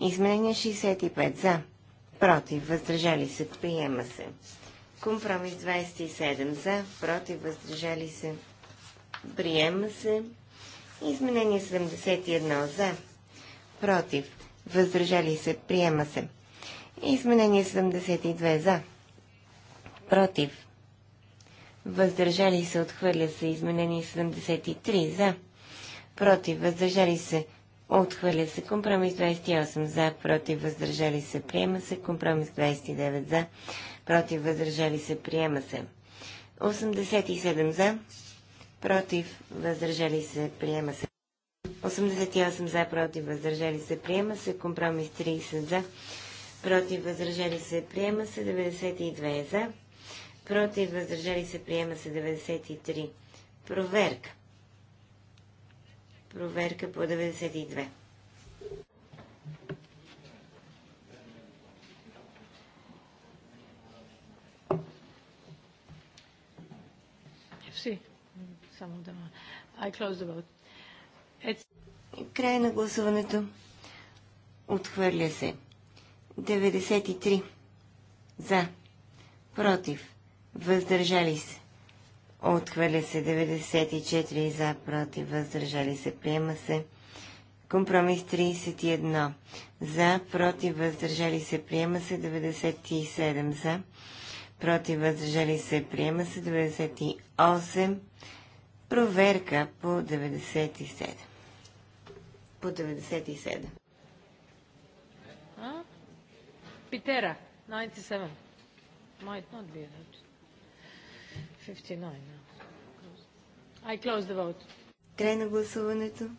Изменение 65 за, против, въздържали се, приема се. Компромис 27 за, против, въздържали се, приема се. Изменение 71 за, против, въздържали се, приема се. Изменение 72 за, против, въздържали се, отхвърля се. Изменение 73 за, против, въздържали се, отхвърля се. Компромис 28 за, против, въздържали се, приема се. Компромис 29 за, против, въздържали се, приема се. 87 за, против, въздържали се, приема се. 88 за, против, въздържали се, приема се. Компромис 30 за, против, въздържали се, приема се. 92 за, против, въздържали се, приема се. 93. Проверка. Проверка по 92. Е, I close the vote. Край на гласуването. Отхвърля се. 93. За. Против. Въздържали се. Отхвърля се 94 за, против, въздържали се, приема се. Компромис 31 за, против, въздържали се, приема се 97 за, против, въздържали се, приема се 98. Проверка по 97 по 97. Питера, 97. Might not be that. 59 I close the vote. Край на гласуването.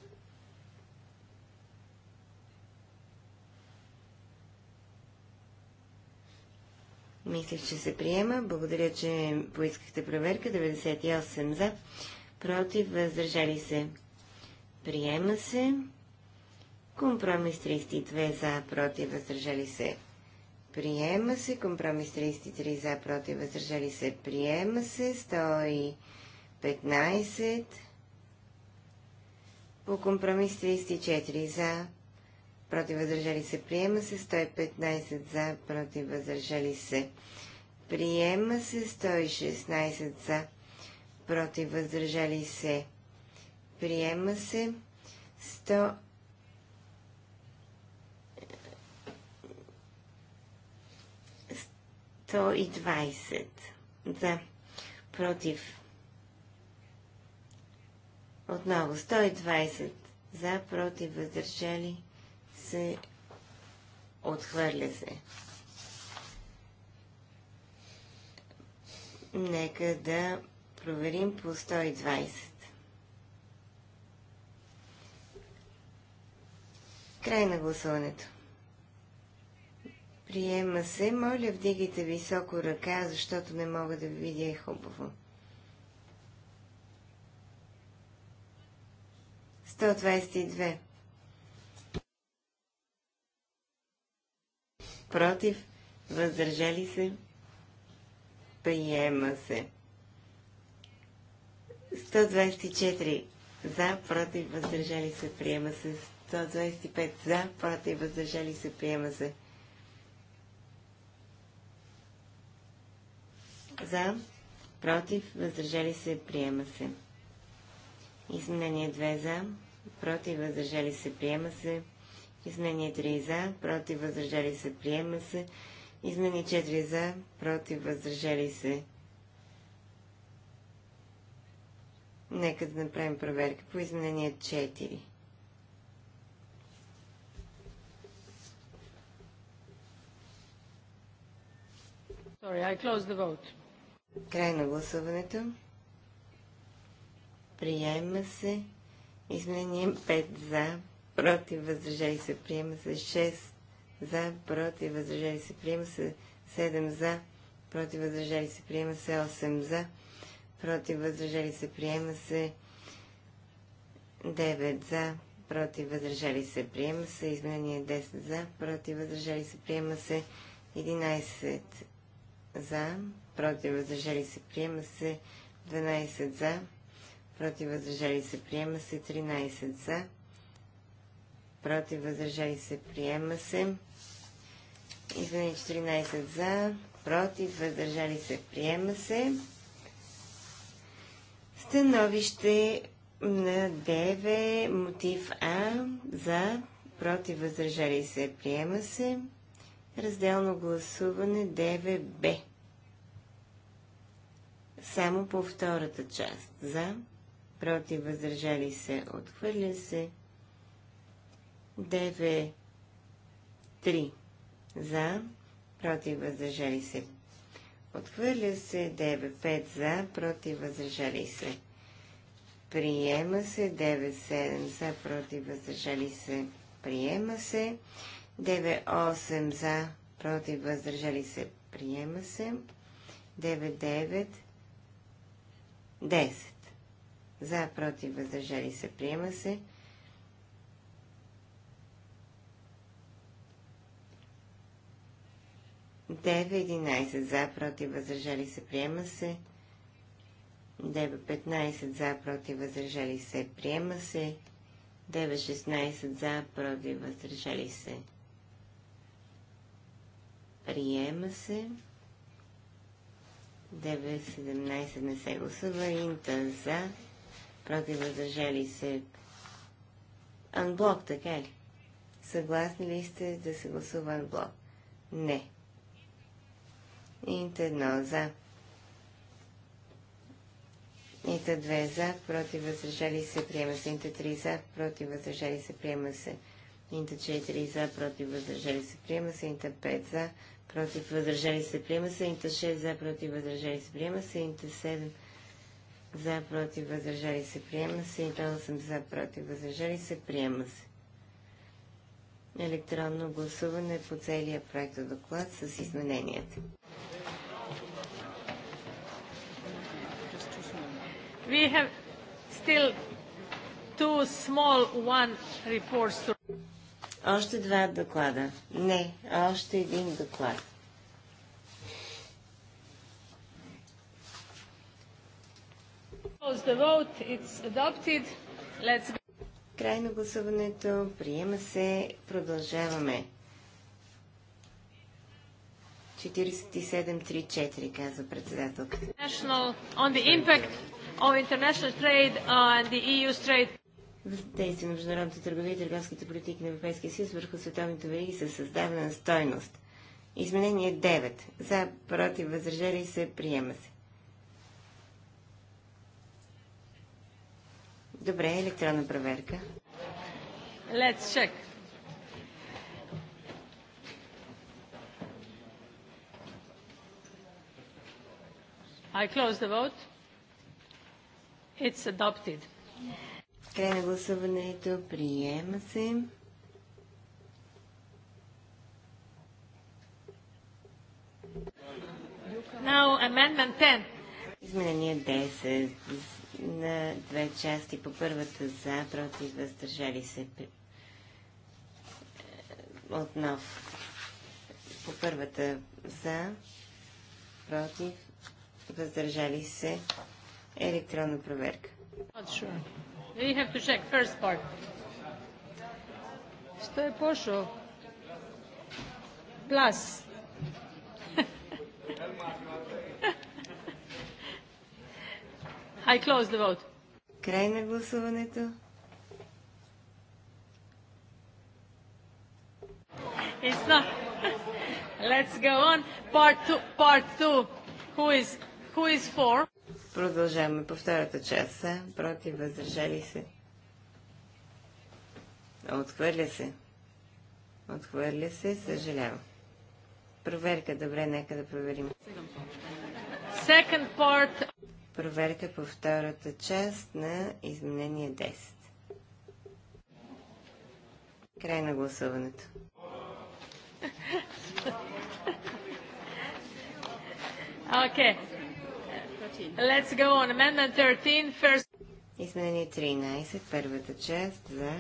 Мисля, че се приема. Благодаря, че поискахте проверка. 98 за. Против. Въздържали се. Приема се. Компромис 32 за, против, въздържали се. Приема се. Компромис 33 за, против, въздържали се. Приема се. 115. По компромис 34 за, против, въздържали се. Приема се. 115 за, против, въздържали се. Приема се. 116 за, против, въздържали се. Приема се. 100 120 за против. Отново 120 за против въздържали се отхвърля се. Нека да проверим по 120. Край на гласуването. Приема се. Моля, вдигайте високо ръка, защото не мога да ви видя е хубаво. 122. Против. Въздържали се. Приема се. 124 за, против, въздържали се, приема се. 125 за, против, въздържали се, приема се. За. Против. Въздържали се. Приема се. Изменение 2 за. Против. Въздържали се. Приема се. Изменение 3 за. Против. Въздържали се. Приема се. Изменение 4 за. Против. Въздържали се. Нека да направим проверка по изменение 4. Sorry, I closed the vote. Край на гласуването. Приема се. Изменение 5 за, против, въздържали се. Приема се 6 за, против, въздържали се. Приема се 7 за, против, въздържали се. Приема се 8 за, против, въздържали се. Приема се 9 за, против, въздържали се. Приема се. Изменение 10 за, против, въздържали се. Приема се 11 за, против, въздържали се, приема се 12 за, против, въздържали се, приема се 13 за, против, въздържали се, приема се. Извини 14 за, против, въздържали се, приема се. Становище на 9, мотив А, за, против, въздържали се, приема се. Разделно гласуване 9Б само по втората част. За, против, въздържали се, отхвърля се. 9, 3. За, против, въздържали се. Отхвърля се 9-5 за, против, въздържали се. Приема се 9-7 за, против, въздържали се. Приема се 9-8 за, против, въздържали се. Приема се 9-9 10. За, против, въздържали се, приема се. Дева 11 за, против, въздържали се, приема се. Дева 15 за, против, въздържали се, приема се. Дева 16 за, против, въздържали се, приема се. 9.17 не се гласува. Инта за. Против въздържали се. Анблок, така ли? Съгласни ли сте да се гласува анблок? Не. Инта едно за. Инта 2 за, против въздържали се, приема се. Инта 3 за, против въздържали се, приема се. Инта 4 за, против въздържали се, приема се. Инта 5 за, против въздържали се приема се, 6 за против въздържали се приема се, 7 за против въздържали се приема се, 8 за против въздържали се приема се. Електронно гласуване по целия проект доклад с измененията. We have still two small one reports to още два доклада. Не, още един доклад. Крайно гласуването. Приема се. Продължаваме. 47-3-4, казва председателката въздействие на международната търговия и търговските политики на Европейския съюз върху световните вериги със създаване на стойност. Изменение 9. За, против, възражали се, приема се. Добре, електронна проверка. Let's check. I close the vote. It's adopted. Край на гласуването. Приема се. Now, amendment 10. Изменение 10 на две части. По първата за, против, въздържали се е, отново. По първата за, против, въздържали се електронна проверка. Not sure. We have to check first part. Što je pošlo? Plus. I close the vote. Край на гласуването. It's not. Let's go on. Part two. Part two. Who is who is for? Продължаваме по втората част. За, против, въздържали се. Отхвърля се. Отхвърля се, съжалявам. Проверка, добре, нека да проверим. Second part. Проверка по втората част на изменение 10. Край на гласуването. Окей. Okay. Let's go on amendment 13, first... Изменение 13, първата част за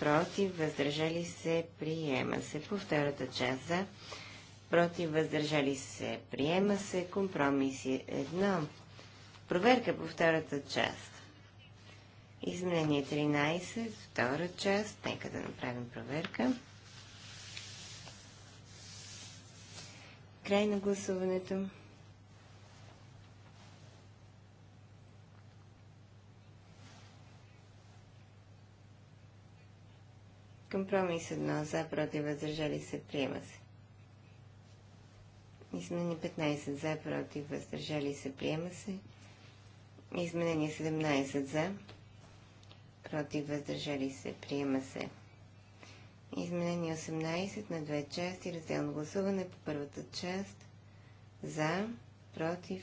против, въздържали се, приема се. По втората част за против, въздържали се, приема се. Компромиси е едно. Проверка по втората част. Изменение 13, втора част. Нека да направим проверка. Край на гласуването. Компромис 1 за, против, въздържали се, приема се. Изменение 15 за, против, въздържали се, приема се. Изменение 17 за, против, въздържали се, приема се. Изменение 18 на две части, разделно гласуване по първата част. За, против,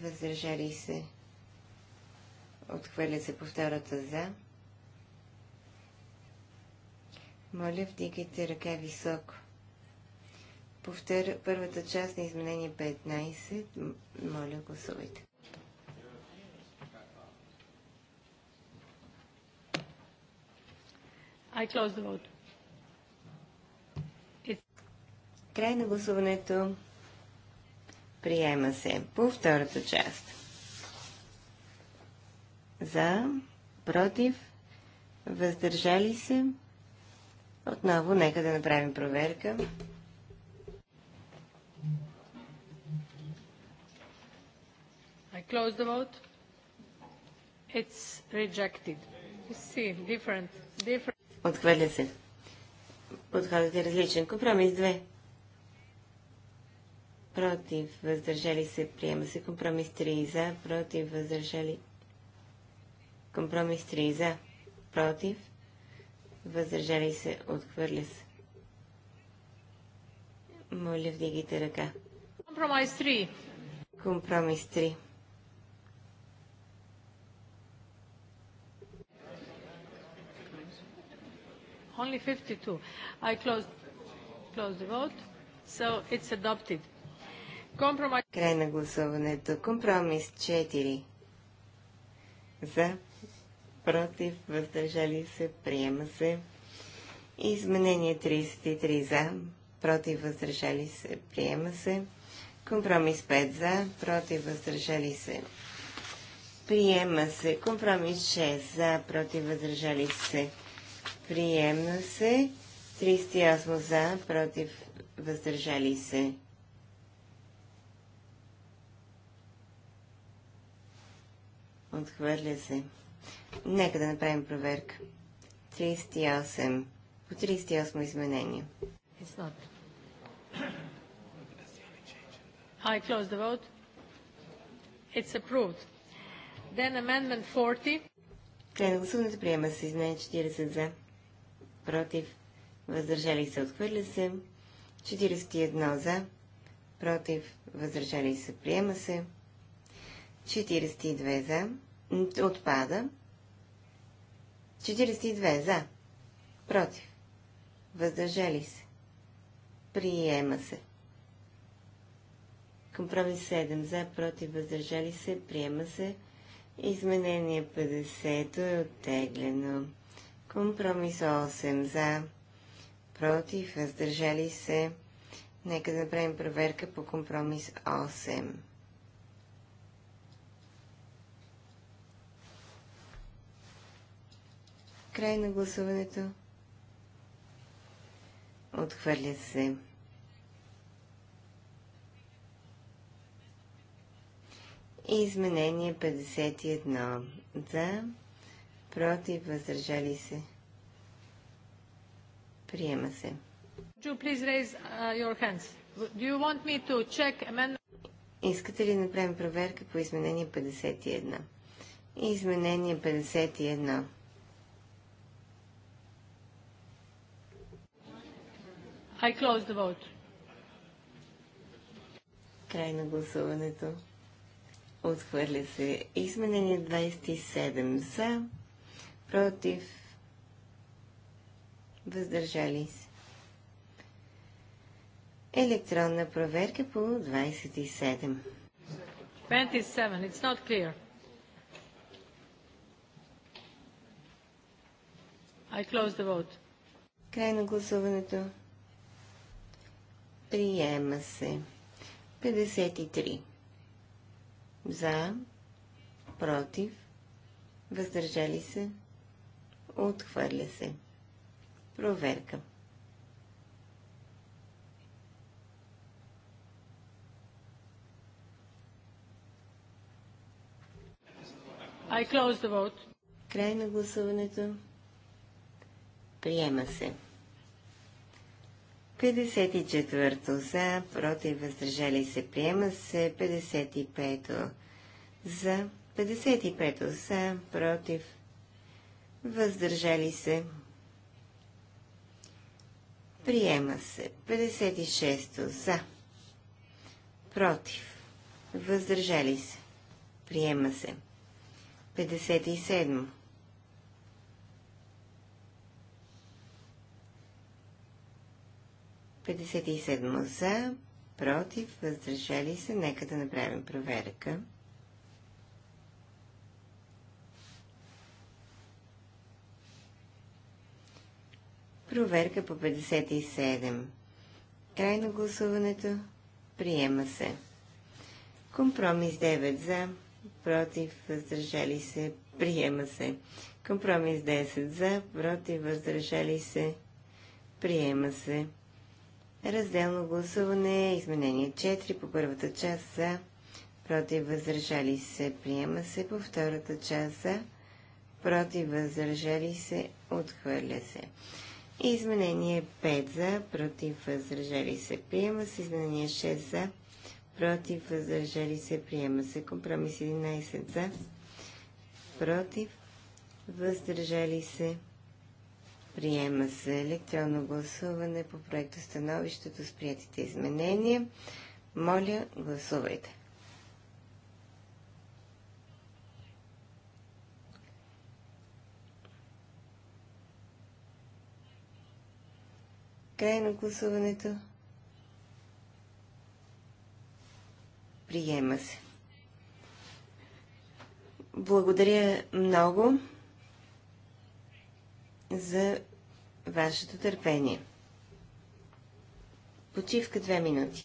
въздържали се, отхвърля се по втората за моля, вдигайте ръка високо. Повтор, първата част на изменение 15. Моля, гласувайте. I close the vote. Край на гласуването. Приема се по втората част. За, против, въздържали се. Отново, нека да направим проверка. I close the vote. It's rejected. You see, different, different. Отхвърля се. Подходът е различен. Компромис 2. Против, въздържали се, приема се. Компромис 3 за, против, въздържали. Компромис 3 за, против, въздържали се, отхвърля се. Моля, вдигайте ръка. Компромис 3. Компромис 3. Only 52. I closed, closed the vote. So it's adopted. Compromise... Край на гласуването. Компромис 4. За против, въздържали се, приема се. Изменение 33 за, против, въздържали се, приема се. Компромис 5 за, против, въздържали се, приема се. Компромис 6 за, против, въздържали се, приема се. 38 за, против, въздържали се. Отхвърля се. Нека да направим проверка. 38. По 38 изменение. It's not. I close the vote. It's approved. Then amendment 40. Край на гласуването приема се изменение 40 за. Против. Въздържали се. Отхвърля се. 41 за. Против. Въздържали се. Приема се. 42 за. Отпада. 42 за. Против. Въздържали се. Приема се. Компромис 7 за. Против. Въздържали се. Приема се. Изменение 50 е оттеглено. Компромис 8 за. Против. Въздържали се. Нека да направим проверка по компромис 8. Край на гласуването. Отхвърля се. Изменение 51. За, против, въздържали се. Приема се. Uh, Искате ли да направим проверка по изменение 51? Изменение 51. I close the vote. Край на гласуването. Отхвърля се изменение 27 за, против, въздържали се. Електронна проверка по 27. 27. It's not clear. I close the vote. Край на гласуването. Приема се. 53. За. Против. Въздържали се. Отхвърля се. Проверка. I close the vote. Край на гласуването. Приема се. 54 за, против, въздържали се, приема се. 55 то за, 55 за, против, въздържали се, приема се. 56 за, против, въздържали се, приема се. 57 57 за, против, въздържали се. Нека да направим проверка. Проверка по 57. Край на гласуването. Приема се. Компромис 9 за, против, въздържали се. Приема се. Компромис 10 за, против, въздържали се. Приема се. Разделно гласуване, изменение 4 по първата част за, против възражали се, приема се по втората част за, против възражали се, отхвърля се. Изменение 5 за, против възражали се, приема се. Изменение 6 за, против възражали се, приема се. Компромис 11 за, против въздържали се, Приема се електронно гласуване по проекта становището с приятите изменения. Моля, гласувайте. Край на гласуването. Приема се. Благодаря много за вашето търпение. Почивка две минути.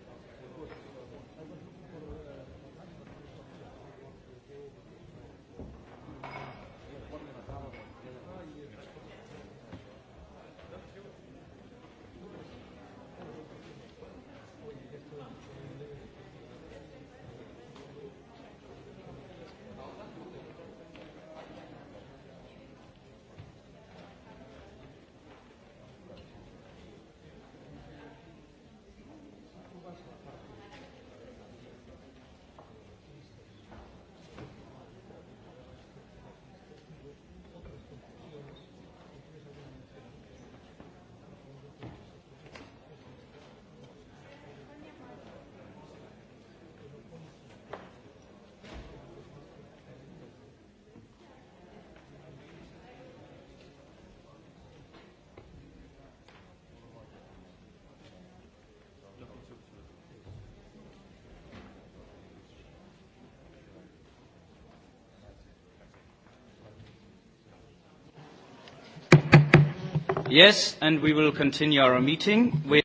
Yes, and we will continue our meeting with...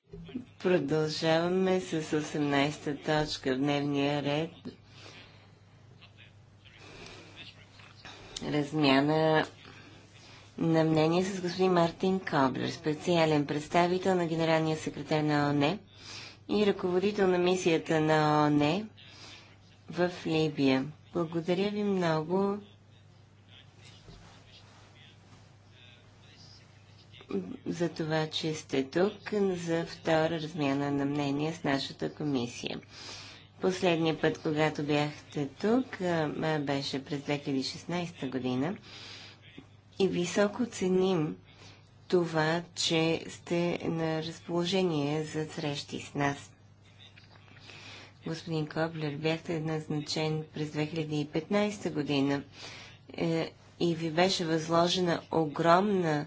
Продължаваме с 18-та точка в дневния ред. Размяна на мнение с господин Мартин Коблер, специален представител на генералния секретар на ОНЕ и ръководител на мисията на ОНЕ в Либия. Благодаря ви много за това, че сте тук за втора размяна на мнение с нашата комисия. Последния път, когато бяхте тук, беше през 2016 година. И високо ценим това, че сте на разположение за срещи с нас. Господин Коблер, бяхте назначен през 2015 година е, и ви беше възложена огромна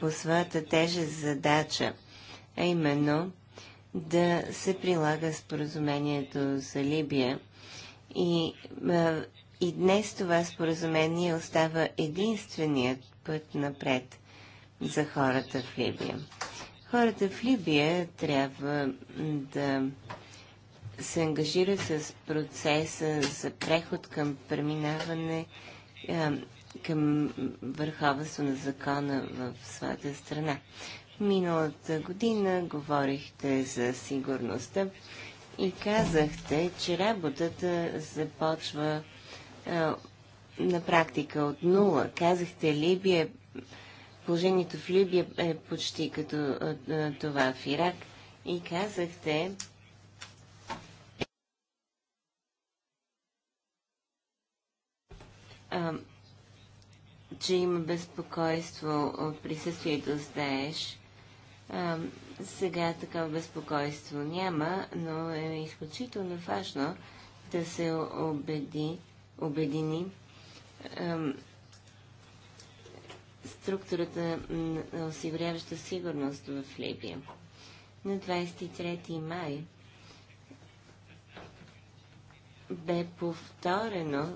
по своята тежест задача, а именно да се прилага споразумението за Либия. И, и днес това споразумение остава единственият път напред за хората в Либия. Хората в Либия трябва да се ангажират с процеса за преход към преминаване към върховенство на закона в своята страна. Миналата година говорихте за сигурността и казахте, че работата започва а, на практика от нула. Казахте, Либия, положението в Либия е почти като а, това в Ирак. И казахте, че има безпокойство от присъствието с Даеш. Сега такова безпокойство няма, но е изключително важно да се убеди, обедини структурата на осигуряваща сигурност в Либия. На 23 май бе повторено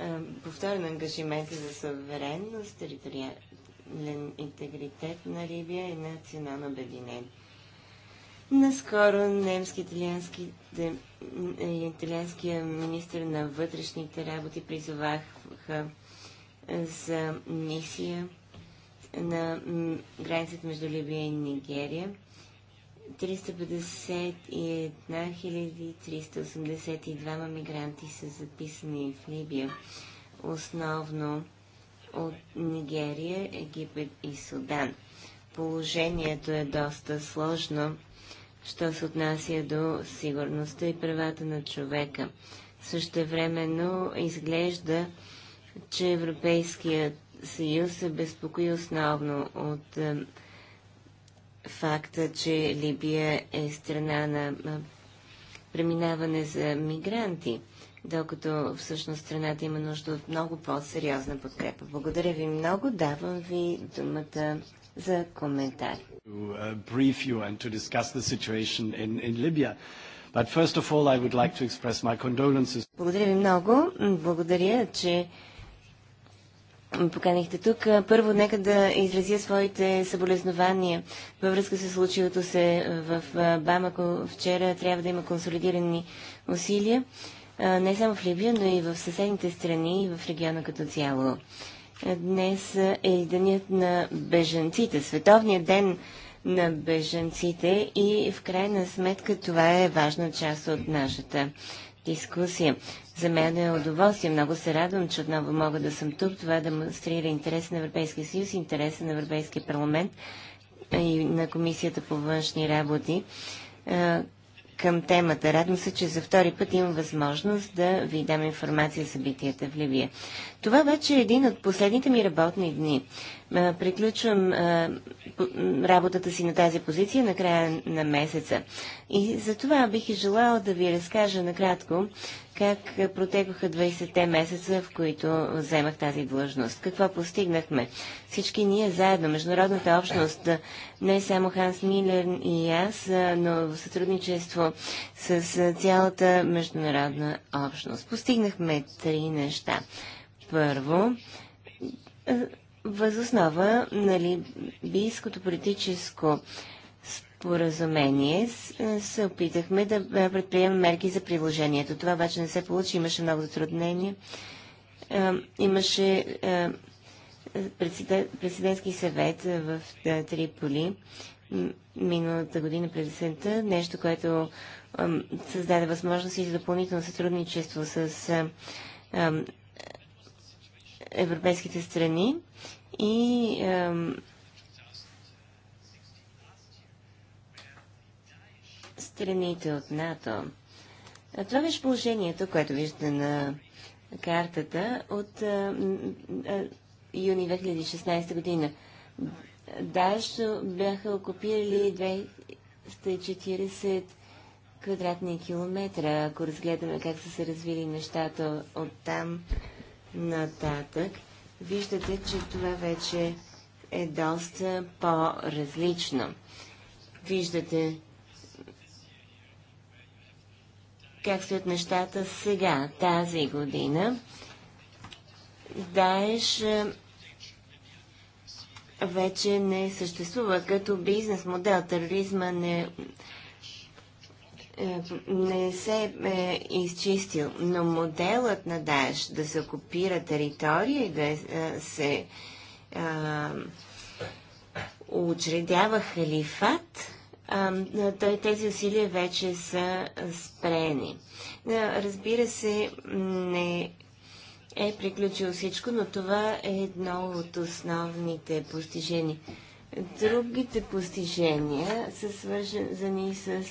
е, повторен ангажимент за суверенност, териториален интегритет на Либия и национално обединение. Наскоро немски италиански, италианския министр на вътрешните работи призоваха е, за мисия на границата между Либия и Нигерия. 351 382 мигранти са записани в Либия, основно от Нигерия, Египет и Судан. Положението е доста сложно, що се отнася до сигурността и правата на човека. Същевременно изглежда, че Европейският съюз се безпокои основно от факта, че Либия е страна на преминаване за мигранти, докато всъщност страната има нужда от много по-сериозна подкрепа. Благодаря ви много. Давам ви думата за коментар. Благодаря ви много. Благодаря, че поканихте тук. Първо, нека да изразя своите съболезнования във връзка с случилото се в Бамако. Вчера трябва да има консолидирани усилия, не само в Либия, но и в съседните страни и в региона като цяло. Днес е денят на беженците, световният ден на беженците и в крайна сметка това е важна част от нашата дискусия. За мен е удоволствие. Много се радвам, че отново мога да съм тук. Това демонстрира интерес на Европейския съюз, интерес на Европейския парламент и на Комисията по външни работи към темата. Радвам се, че за втори път имам възможност да ви дам информация за събитията в Ливия. Това вече е един от последните ми работни дни. Приключвам работата си на тази позиция на края на месеца. И за това бих и желала да ви разкажа накратко как протекоха 20-те месеца, в които вземах тази длъжност. Какво постигнахме? Всички ние заедно, международната общност, не само Ханс Милер и аз, но в сътрудничество с цялата международна общност. Постигнахме три неща. Първо, е, възоснова на либийското политическо споразумение е, се опитахме да е, предприемем мерки за приложението. Това обаче не се получи, имаше много затруднения. Имаше президентски съвет в Триполи миналата година през есента, нещо, което създаде възможност и за допълнително сътрудничество с европейските страни и е, страните от НАТО. Това беше положението, което виждате на картата от е, е, юни 2016 година. Даш бяха окупирали 240 квадратни километра, ако разгледаме как са се развили нещата от там нататък, виждате, че това вече е доста по-различно. Виждате как стоят нещата сега, тази година. Даеш е, вече не съществува като бизнес модел. Тероризма не е, не се е изчистил, но моделът на Даеш да се окупира територия и да е, се а, учредява халифат, а, тези усилия вече са спрени. Разбира се, не е приключил всичко, но това е едно от основните постижения. Другите постижения са свързани с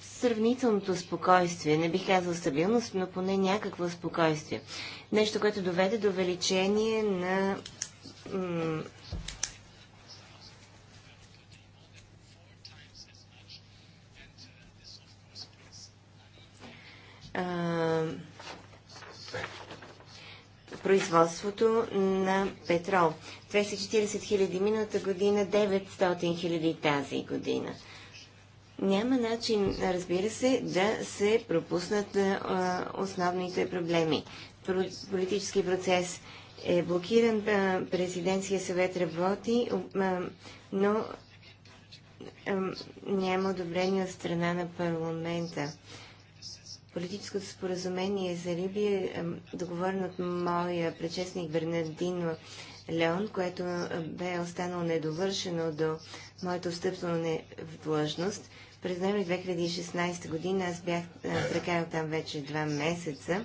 сравнителното спокойствие, не бих казал стабилност, но поне някакво спокойствие. Нещо, което доведе до увеличение на а, производството на петрол. 240 хиляди миналата година, 900 хиляди тази година. Няма начин, разбира се, да се пропуснат основните проблеми. политически процес е блокиран, президентския съвет работи, но няма одобрение от страна на парламента политическото споразумение за Либия, е, договорено от моя предшественик Бернардино Леон, което бе останало недовършено до моето встъпване в длъжност. През ноември 2016 година аз бях прекарал там вече два месеца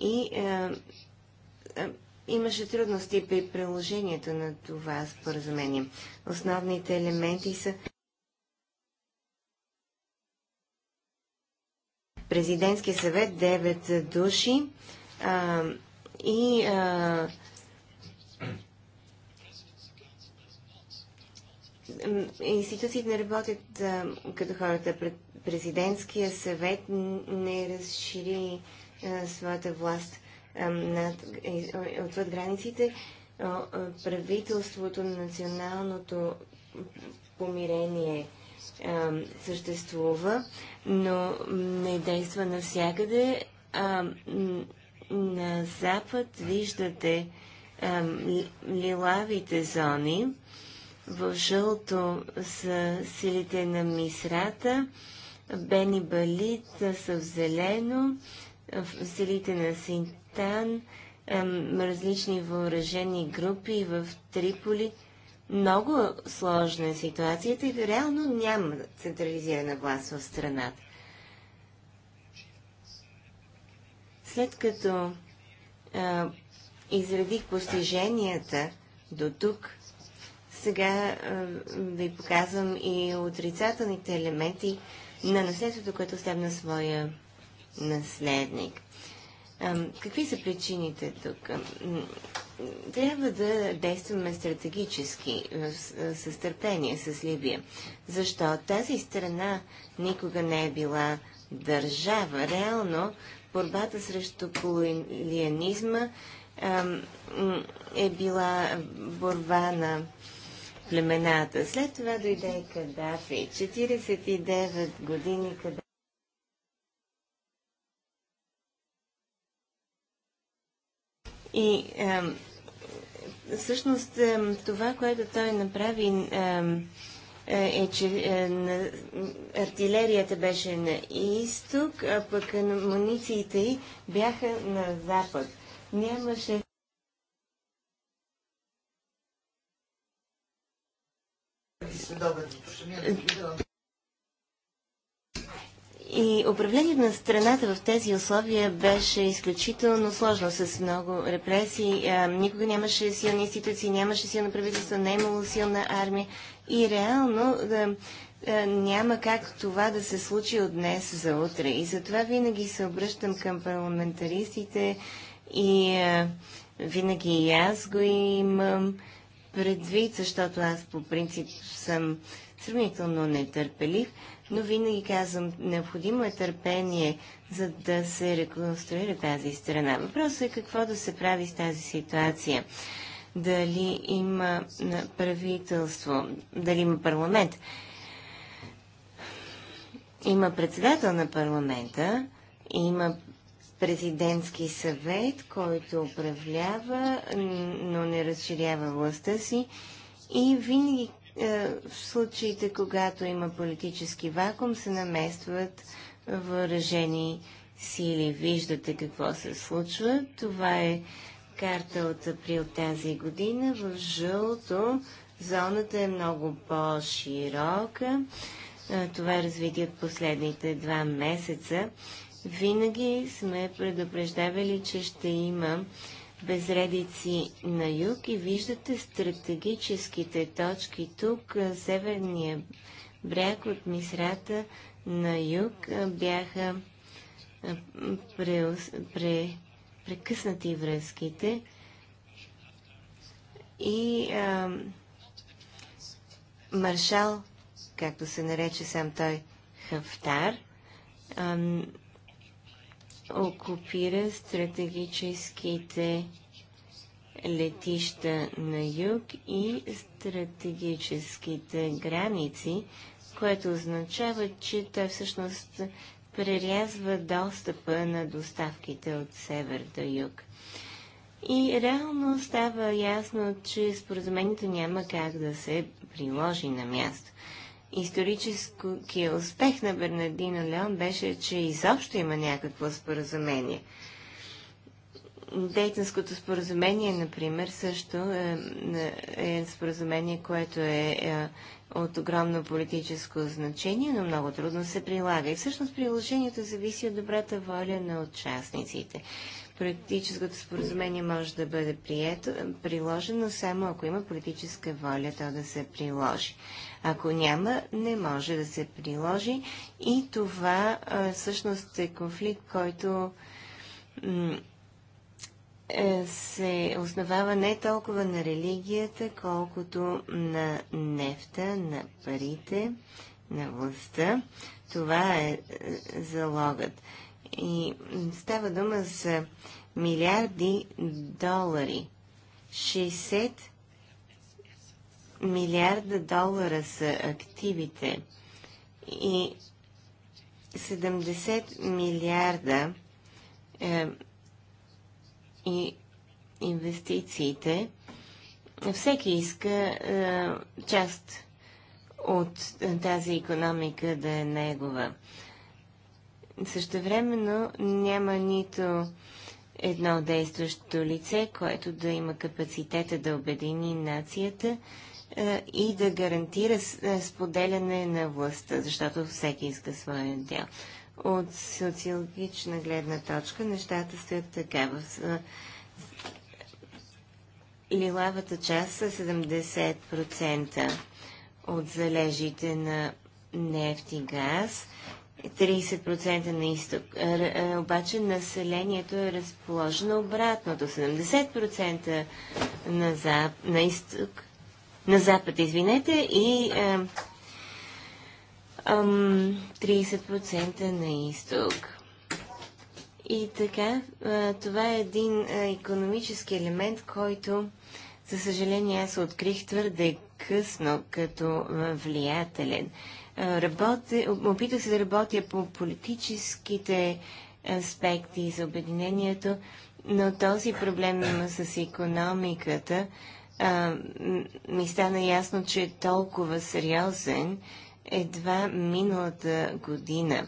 и а, а, имаше трудности при приложението на това споразумение. Основните елементи са президентския съвет 9 души а, и а, институциите не работят а, като хората. Президентския съвет не разшири а, своята власт а, над, отвъд границите. А, правителството, националното помирение – а, съществува, но не действа навсякъде. А, на запад виждате а, лилавите зони, в жълто са силите на Мисрата, Бени Балит са в зелено, в силите на Синтан, различни въоръжени групи в Триполи много сложна е ситуацията и реално няма централизирана власт в страната. След като а, изредих постиженията до тук, сега а, ви показвам и отрицателните елементи на наследството, което на своя наследник. А, какви са причините тук? трябва да действаме стратегически, с търпение с Либия, защо тази страна никога не е била държава. Реално, борбата срещу колониализма е била борба на племената. След това дойде Кадафи. 49 години Кадафи. И е, всъщност е, това, което той направи е, е, че е, на, артилерията беше на изток, а пък амунициите й бяха на запад. Нямаше и управлението на страната в тези условия беше изключително сложно, с много репресии. Никога нямаше силни институции, нямаше силно правителство, не е имало силна армия. И реално да, няма как това да се случи от днес за утре. И затова винаги се обръщам към парламентаристите и винаги и аз го имам предвид, защото аз по принцип съм сравнително нетърпелив но винаги казвам, необходимо е търпение, за да се реконструира тази страна. Въпросът е какво да се прави с тази ситуация. Дали има правителство, дали има парламент. Има председател на парламента, има президентски съвет, който управлява, но не разширява властта си. И винаги е, в случаите, когато има политически вакуум, се наместват въоръжени сили. Виждате какво се случва. Това е карта от април тази година. В жълто зоната е много по-широка. Е, това е развитие от последните два месеца. Винаги сме предупреждавали, че ще има безредици на юг и виждате стратегическите точки тук. Северния бряг от Мисрата на юг бяха пре, пре... прекъснати връзките и а, маршал, както се нарече сам той, Хафтар, а, окупира стратегическите летища на юг и стратегическите граници, което означава, че той всъщност прерязва достъпа на доставките от север до юг. И реално става ясно, че споразумението няма как да се приложи на място исторически успех на Бернардино Леон беше, че изобщо има някакво споразумение. Дейтинското споразумение, например, също е, е споразумение, което е, е от огромно политическо значение, но много трудно се прилага. И всъщност приложението зависи от добрата воля на участниците. Политическото споразумение може да бъде прието, приложено само ако има политическа воля то да се приложи. Ако няма, не може да се приложи и това а, всъщност е конфликт, който е, се основава не толкова на религията, колкото на нефта, на парите, на властта. Това е, е залогът. И става дума за милиарди долари. 60 милиарда долара са активите и 70 милиарда е, и инвестициите, всеки иска е, част от тази економика да е негова. Също времено няма нито едно действащо лице, което да има капацитета да обедини нацията е, и да гарантира е, споделяне на властта, защото всеки иска своя дел. От социологична гледна точка нещата стоят така. В е, лилавата част са 70% от залежите на нефт и газ, 30% на изток. Обаче населението е разположено обратното. 70% на, зап... на изток, на Запад, извинете, и е, е, 30% на изток. И така, е, това е един е, економически елемент, който, за съжаление, аз открих твърде късно като е, влиятелен. Е, Работе, опитах се да работя по политическите аспекти за обединението, но този проблем с економиката а, ми стана ясно, че е толкова сериозен едва миналата година.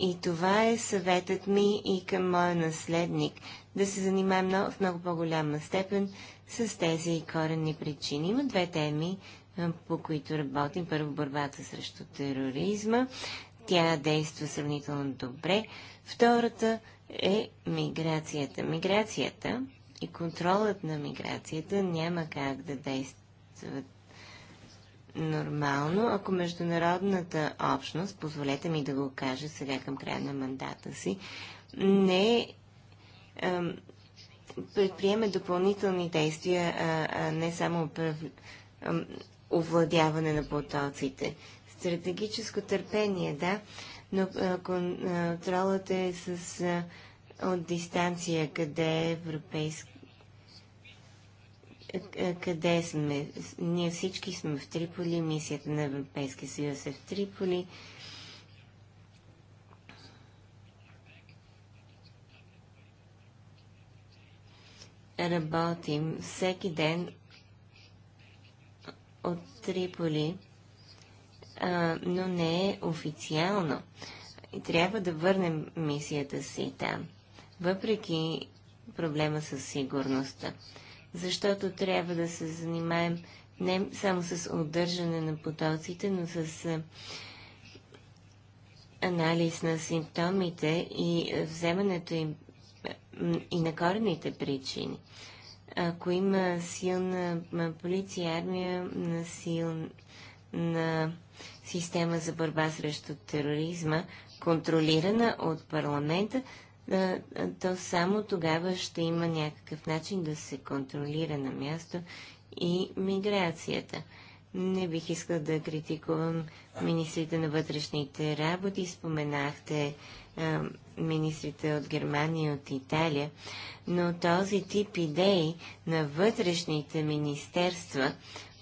И това е съветът ми и към моя наследник да се занимаем много, в много по-голяма степен с тези коренни причини. Има две теми, по които работим. Първо борбата срещу тероризма. Тя действа сравнително добре. Втората е миграцията. Миграцията и контролът на миграцията няма как да действат нормално, ако международната общност, позволете ми да го кажа сега към края на мандата си, не е, предприеме допълнителни действия, а, а не само прав... овладяване на потоците. Стратегическо търпение, да, но а, контролът е с а, от дистанция, къде е европейски е, къде сме? Ние всички сме в Триполи, мисията на Европейския съюз е в Триполи. Работим всеки ден от Триполи, но не е официално. И трябва да върнем мисията си там въпреки проблема с сигурността. Защото трябва да се занимаем не само с удържане на потоците, но с анализ на симптомите и вземането им и на корените причини. Ако има силна полиция, армия, на силна система за борба срещу тероризма, контролирана от парламента, е, то само тогава ще има някакъв начин да се контролира на място и миграцията. Не бих искал да критикувам министрите на вътрешните работи. Споменахте а, е, министрите от Германия и от Италия. Но този тип идеи на вътрешните министерства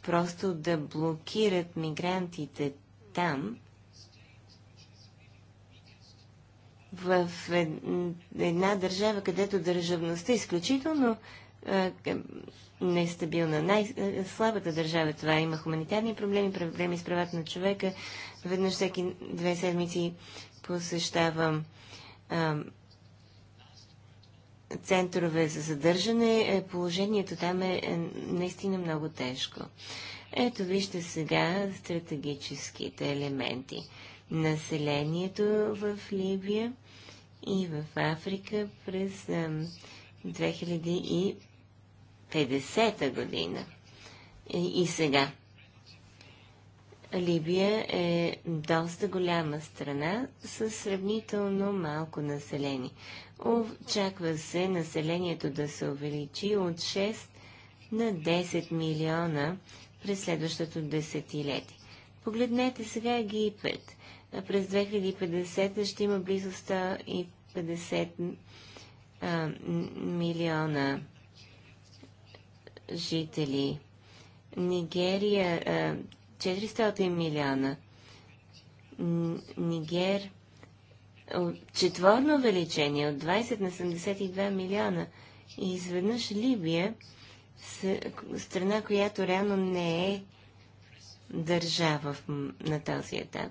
просто да блокират мигрантите там – в е- една държава, където държавността е изключително е, нестабилна. Най-слабата държава е това има хуманитарни проблеми, проблеми с правата на човека. Веднъж всеки две седмици посещавам е, центрове за задържане. Е, положението там е, наистина много тежко. Ето вижте сега стратегическите елементи. Населението в Либия и в Африка през 2050 година. И, сега. Либия е доста голяма страна с сравнително малко население. Очаква се населението да се увеличи от 6 на 10 милиона през следващото десетилетие. Погледнете сега Египет през 2050 ще има близо 150 а, милиона жители. Нигерия а, 400 милиона. Нигер четворно увеличение от 20 на 72 милиона. И изведнъж Либия, страна, която реално не е държава на този етап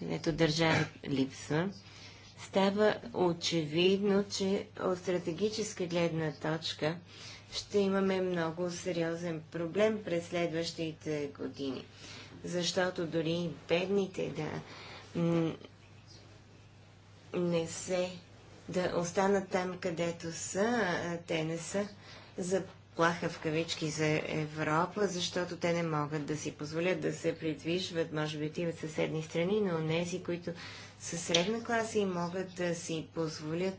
където държава липсва, става очевидно, че от стратегическа гледна точка ще имаме много сериозен проблем през следващите години. Защото дори и бедните да не се, да останат там, където са, те не са за Плаха в кавички за Европа, защото те не могат да си позволят да се придвижват, може би отиват съседни страни, но нези, които са средна класа и могат да си позволят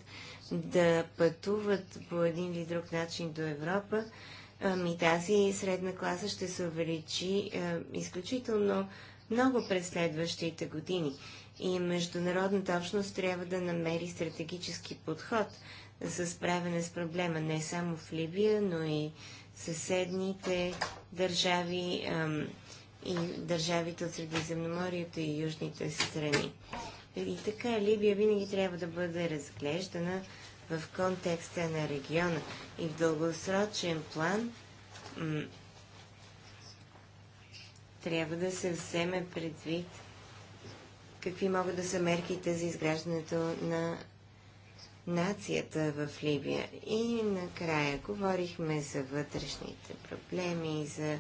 да пътуват по един или друг начин до Европа, ами тази средна класа ще се увеличи е, изключително много през следващите години. И международната общност трябва да намери стратегически подход – за справяне с проблема не само в Либия, но и съседните държави ам, и държавите от Средиземноморието и южните страни. И така Либия винаги трябва да бъде разглеждана в контекста на региона и в дългосрочен план трябва да се вземе предвид какви могат да са мерките за изграждането на нацията в Либия. И накрая говорихме за вътрешните проблеми, за е,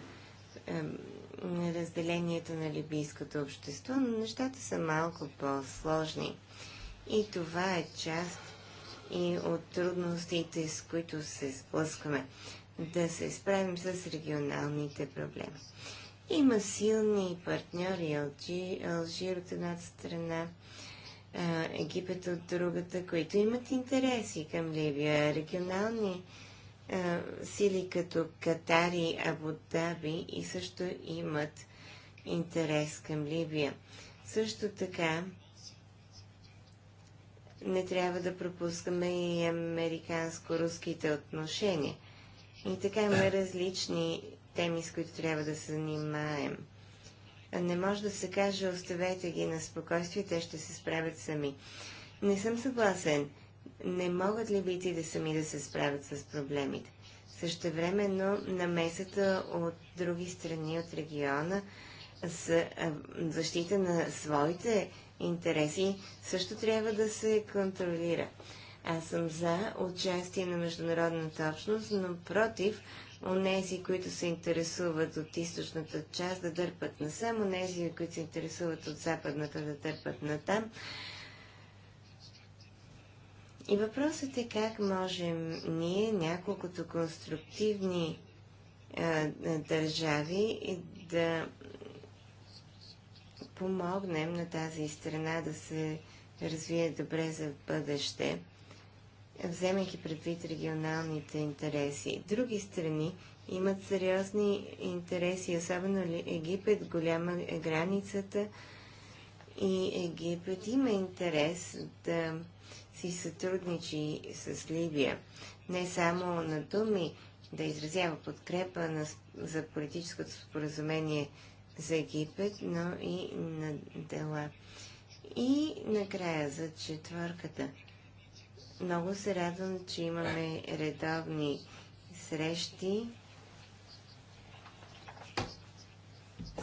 разделението на либийското общество, но нещата са малко по-сложни. И това е част и от трудностите, с които се сблъскваме, да се справим с регионалните проблеми. Има силни партньори, Алжир, Алжир от едната страна, Египет от другата, които имат интереси към Ливия. Регионални сили като Катар и Абу Даби и също имат интерес към Ливия. Също така не трябва да пропускаме и американско-руските отношения. И така има различни теми, с които трябва да се занимаем. Не може да се каже, оставете ги на спокойствие, те ще се справят сами. Не съм съгласен. Не могат ли да сами да се справят с проблемите? Същевременно намесата от други страни от региона с защита на своите интереси също трябва да се контролира. Аз съм за участие на международната общност, но против онези, които се интересуват от източната част, да дърпат насам, онези, които се интересуват от западната, да дърпат натам. И въпросът е как можем ние, няколкото конструктивни а, държави, да помогнем на тази страна да се развие добре за бъдеще вземайки предвид регионалните интереси. Други страни имат сериозни интереси, особено Египет, голяма е границата и Египет има интерес да си сътрудничи с Либия. Не само на думи да изразява подкрепа на, за политическото споразумение за Египет, но и на дела. И накрая за четвърката – много се радвам, че имаме редовни срещи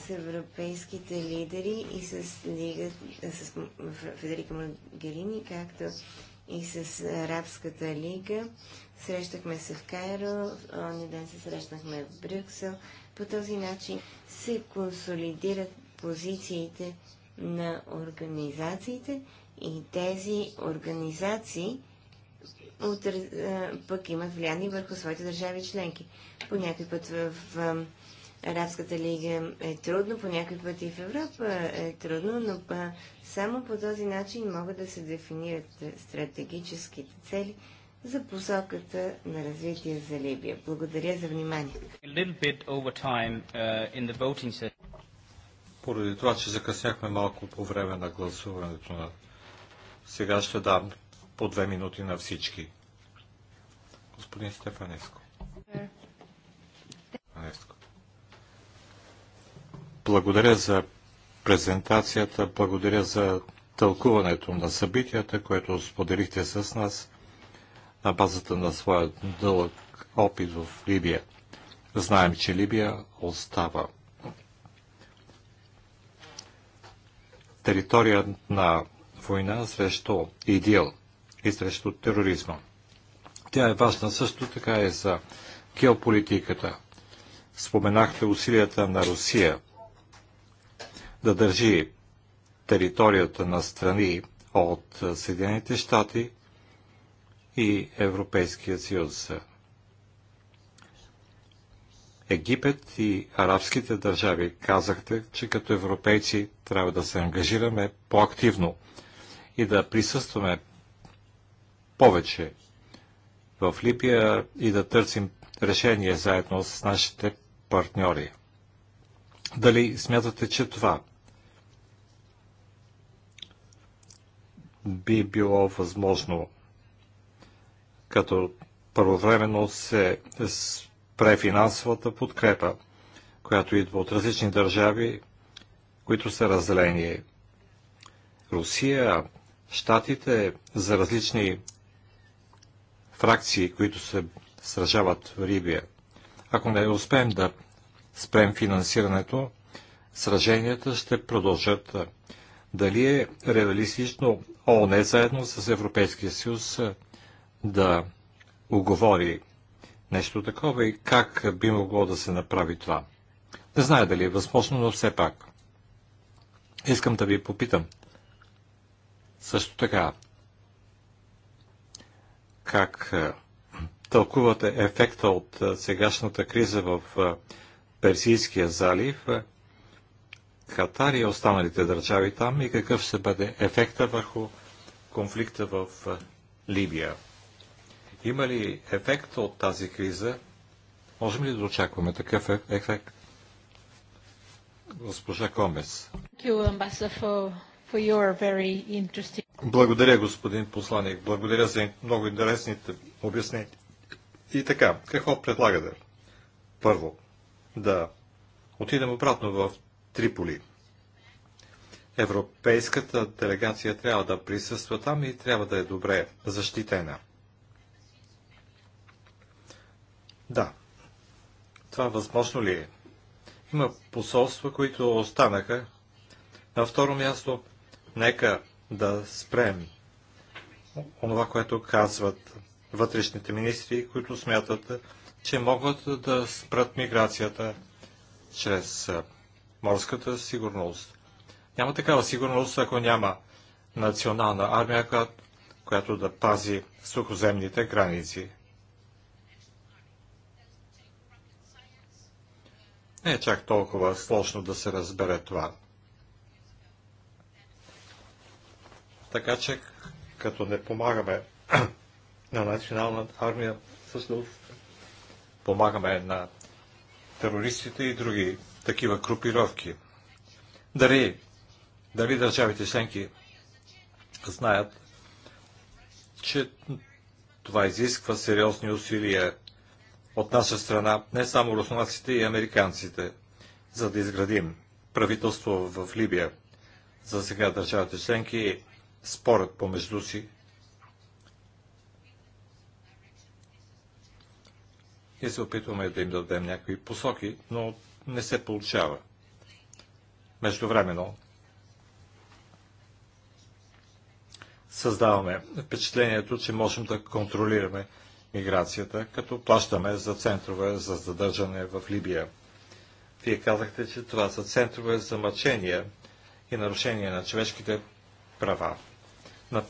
с европейските лидери и с, Лига, с Федерика Магарини, както и с Арабската лига. Срещахме се в Кайро, онни ден се срещнахме в Брюксел. По този начин се консолидират позициите на организациите и тези организации от, е, пък имат влияние върху своите държави членки. По някой път в, в е, Арабската лига е трудно, по някой път и в Европа е трудно, но па, е, само по този начин могат да се дефинират стратегическите цели за посоката на развитие за Либия. Благодаря за внимание. Uh, Поради това, че закъсняхме малко по време на гласуването на сега ще дам по две минути на всички. Господин Стефанеско. Стефанеско. Благодаря за презентацията, благодаря за тълкуването на събитията, което споделихте с нас на базата на своя дълъг опит в Либия. Знаем, че Либия остава територия на война срещу ИДИЛ – и срещу тероризма. Тя е важна също така и за геополитиката. Споменахте усилията на Русия да държи територията на страни от Съединените щати и Европейския съюз. Египет и арабските държави казахте, че като европейци трябва да се ангажираме по-активно и да присъстваме повече в Либия и да търсим решение заедно с нашите партньори. Дали смятате, че това би било възможно, като първовременно се спре финансовата подкрепа, която идва от различни държави, които са разделени. Русия, Штатите за различни фракции, които се сражават в Рибия. Ако не успеем да спрем финансирането, сраженията ще продължат. Дали е реалистично ООН заедно с Европейския съюз да оговори нещо такова и как би могло да се направи това? Не знае дали е възможно, но все пак. Искам да ви попитам. Също така, как тълкувате ефекта от сегашната криза в Персийския залив, Катар и останалите държави там и какъв ще бъде ефекта върху конфликта в Либия. Има ли ефект от тази криза? Можем ли да очакваме такъв ефект? Госпожа Комес. Interesting... Благодаря, господин посланник. Благодаря за много интересните обяснения. И така, какво предлагате? Първо, да отидем обратно в Триполи. Европейската делегация трябва да присъства там и трябва да е добре защитена. Да. Това възможно ли е? Има посолства, които останаха. На второ място Нека да спрем онова, което казват вътрешните министри, които смятат, че могат да спрат миграцията чрез морската сигурност. Няма такава сигурност, ако няма национална армия, която, която да пази сухоземните граници. Не е чак толкова сложно да се разбере това. Така че, като не помагаме на националната армия, всъщност помагаме на терористите и други такива групировки. Дали, дали държавите членки знаят, че това изисква сериозни усилия от наша страна, не само руснаците и американците, за да изградим правителство в Либия. За сега държавите членки спорят помежду си. И се опитваме да им дадем някакви посоки, но не се получава. Междувременно създаваме впечатлението, че можем да контролираме миграцията, като плащаме за центрове за задържане в Либия. Вие казахте, че това са центрове за мъчения и нарушение на човешките права на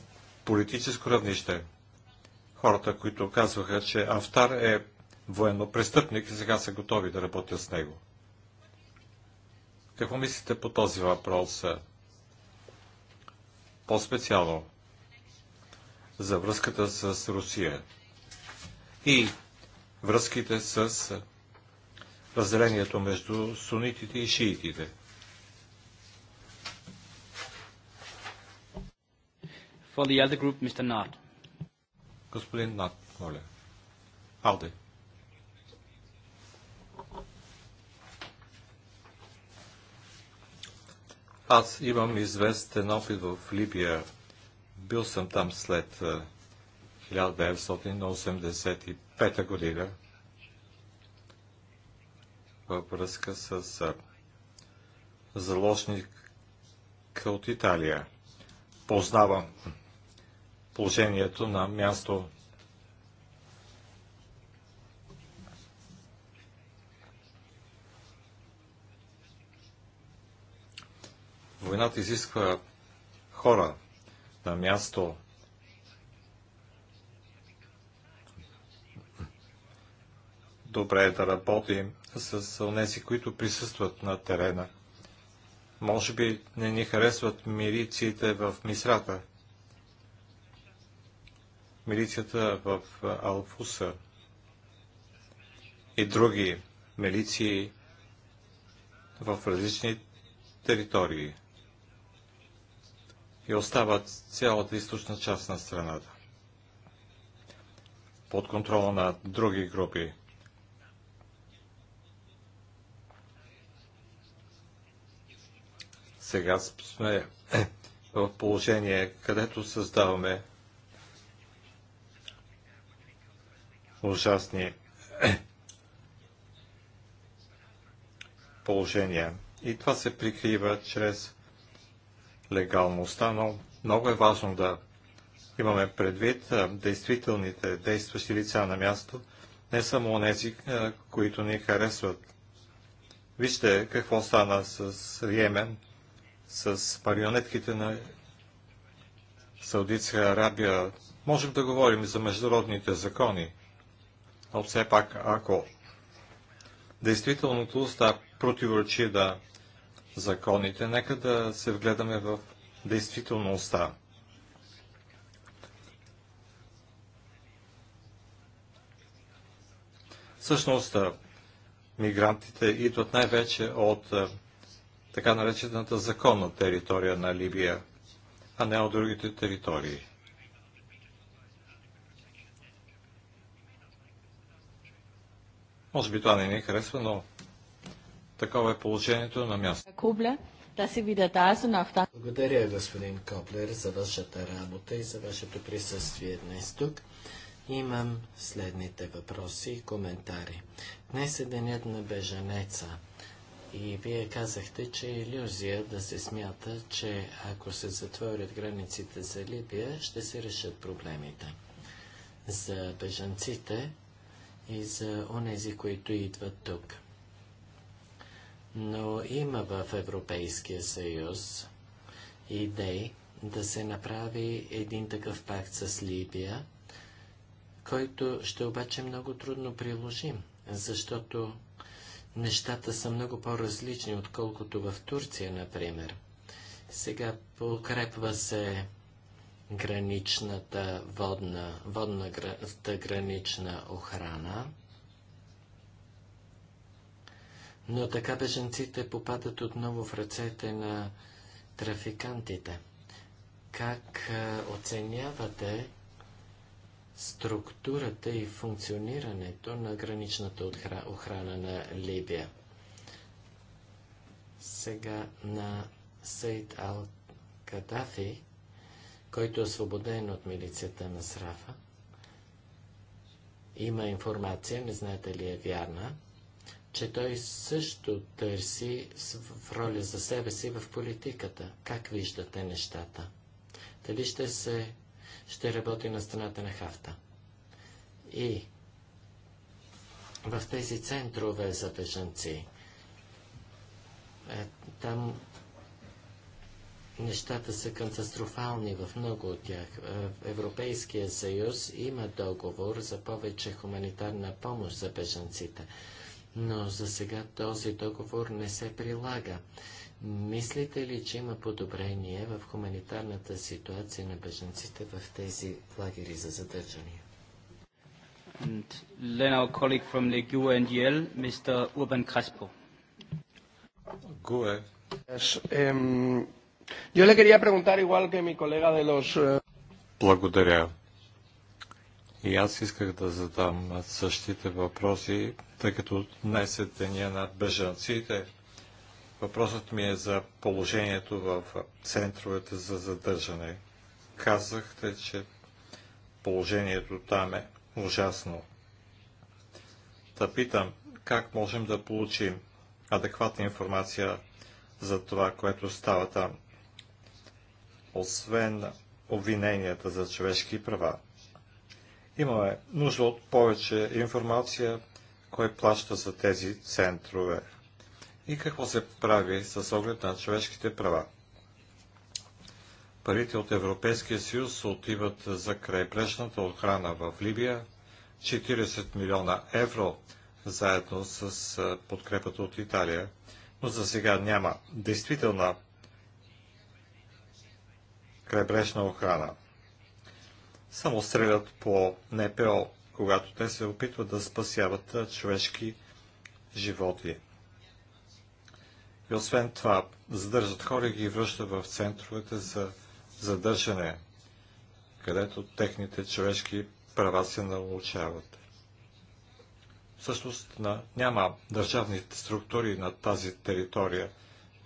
политическо равнище. Хората, които казваха, че Афтар е военно престъпник, сега са готови да работят с него. Какво мислите по този въпрос? По-специално за връзката с Русия и връзките с разделението между сунитите и шиитите – For the other group, Mr. Господин Над, моля. Алде. Аз имам известен опит в Либия. Бил съм там след 1985 година във връзка с заложник от Италия. Познавам положението на място. Войната изисква хора на място. Добре е да работим с онези, които присъстват на терена. Може би не ни харесват мириците в мисрата, милицията в Алфуса и други милиции в различни територии и остават цялата източна част на страната под контрола на други групи. Сега сме в положение, където създаваме ужасни положения. И това се прикрива чрез легалността, но много е важно да имаме предвид действителните действащи лица на място, не само онези, които ни харесват. Вижте какво стана с Йемен, с марионетките на Саудитска Арабия. Можем да говорим за международните закони, но все пак ако действителното уста противоречи да законите, нека да се вгледаме в действителността. Всъщност, мигрантите идват най-вече от така наречената законна територия на Либия, а не от другите територии. Може би това не ни харесва, но такова е положението на място. Благодаря, господин Коплер, за вашата работа и за вашето присъствие днес тук. Имам следните въпроси и коментари. Днес е денят на бежанеца. И вие казахте, че е иллюзия да се смята, че ако се затворят границите за Либия, ще се решат проблемите. За бежанците и за онези, които идват тук. Но има в Европейския съюз идеи да се направи един такъв пакт с Либия, който ще обаче е много трудно приложим, защото нещата са много по-различни, отколкото в Турция, например. Сега покрепва се граничната водна, водната гранична охрана. Но така беженците попадат отново в ръцете на трафикантите. Как оценявате структурата и функционирането на граничната охрана на Либия? Сега на Сейд Ал-Кадафи който е освободен от милицията на Срафа. Има информация, не знаете ли е вярна, че той също търси в роля за себе си в политиката. Как виждате нещата? Дали ще се ще работи на страната на Хафта? И в тези центрове за бежанци, е, там Нещата са катастрофални в много от тях. Е, Европейския съюз има договор за повече хуманитарна помощ за бежанците, но за сега този договор не се прилага. Мислите ли, че има подобрение в хуманитарната ситуация на бежанците в тези лагери за задържания? And then our colleague from the Mr. Urban Crespo. GUE. Yes, um, Yo le quería preguntar igual que mi colega de los... Eh, Благодаря. И аз исках да задам същите въпроси, тъй като днес е деня на бежанците. Въпросът ми е за положението в центровете за задържане. Казахте, че положението там е ужасно. Да питам, как можем да получим адекватна информация за това, което става там освен обвиненията за човешки права. Имаме нужда от повече информация, кой плаща за тези центрове и какво се прави с оглед на човешките права. Парите от Европейския съюз отиват за крайбрежната охрана в Либия, 40 милиона евро, заедно с подкрепата от Италия, но за сега няма действителна крайбрежна охрана. Само стрелят по НПО, когато те се опитват да спасяват човешки животи. И освен това, задържат хора и ги връщат в центровете за задържане, където техните човешки права се научават. Всъщност няма държавните структури на тази територия.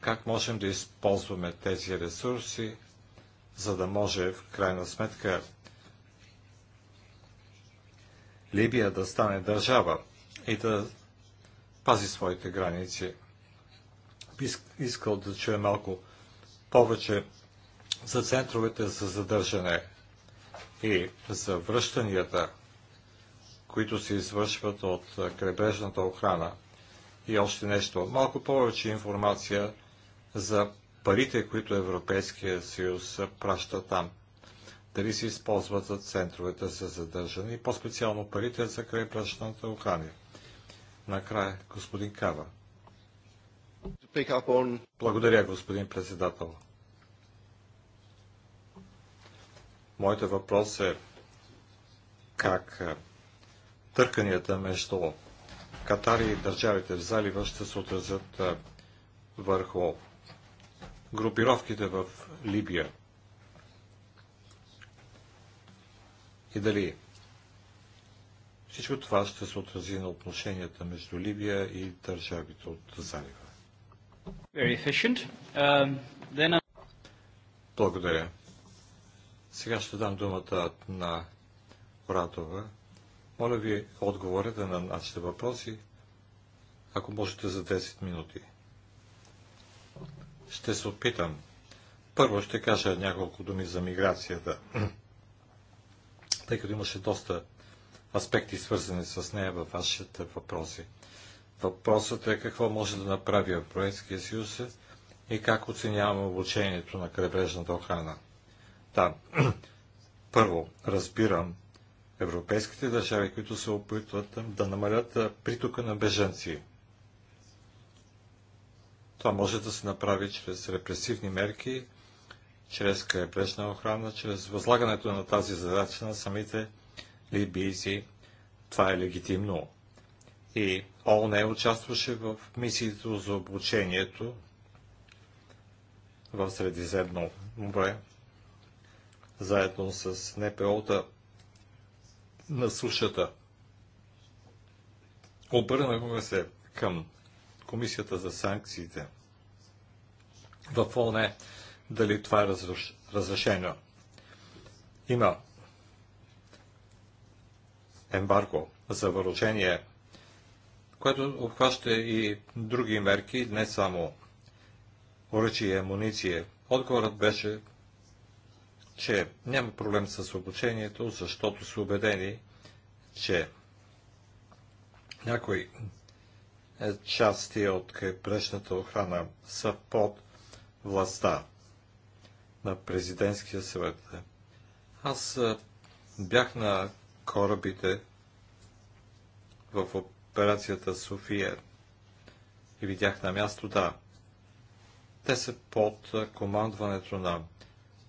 Как можем да използваме тези ресурси за да може в крайна сметка Либия да стане държава и да пази своите граници. Искал да чуя малко повече за центровете за задържане и за връщанията, които се извършват от крайбрежната охрана. И още нещо. Малко повече информация за парите, които Европейския съюз праща там. Дали се използват за центровете за задържане и по-специално парите за крайбрежната охрана. Накрая, господин Кава. On... Благодаря, господин председател. Моите въпрос е как е, търканията между Катар и държавите в залива ще се отразят е, върху групировките в Либия. И дали всичко това ще се отрази на отношенията между Либия и държавите от залива. Um, then... Благодаря. Сега ще дам думата на Оратова. Моля ви, отговорете на нашите въпроси, ако можете за 10 минути. Ще се опитам. Първо ще кажа няколко думи за миграцията, тъй като имаше доста аспекти, свързани с нея във вашите въпроси. Въпросът е какво може да направи Европейския съюз и как оценяваме обучението на крайбрежната охрана. Да, първо, разбирам европейските държави, които се опитват да намалят притока на беженци. Това може да се направи чрез репресивни мерки, чрез крайбрежна охрана, чрез възлагането на тази задача на самите либийци. Това е легитимно. И ООН участваше в мисиите за обучението в Средиземно море, заедно с НПО-та на сушата. Обърнахме се към комисията за санкциите в ОНЕ, дали това е разрешено. Има ембарго за въоръжение, което обхваща и други мерки, не само оръжие и амуниция. Отговорът беше, че няма проблем с обучението, защото са убедени, че някои е части от крайбрежната охрана са под властта на президентския съвет. Аз е, бях на корабите в операцията София и видях на място, да, те са под е, командването на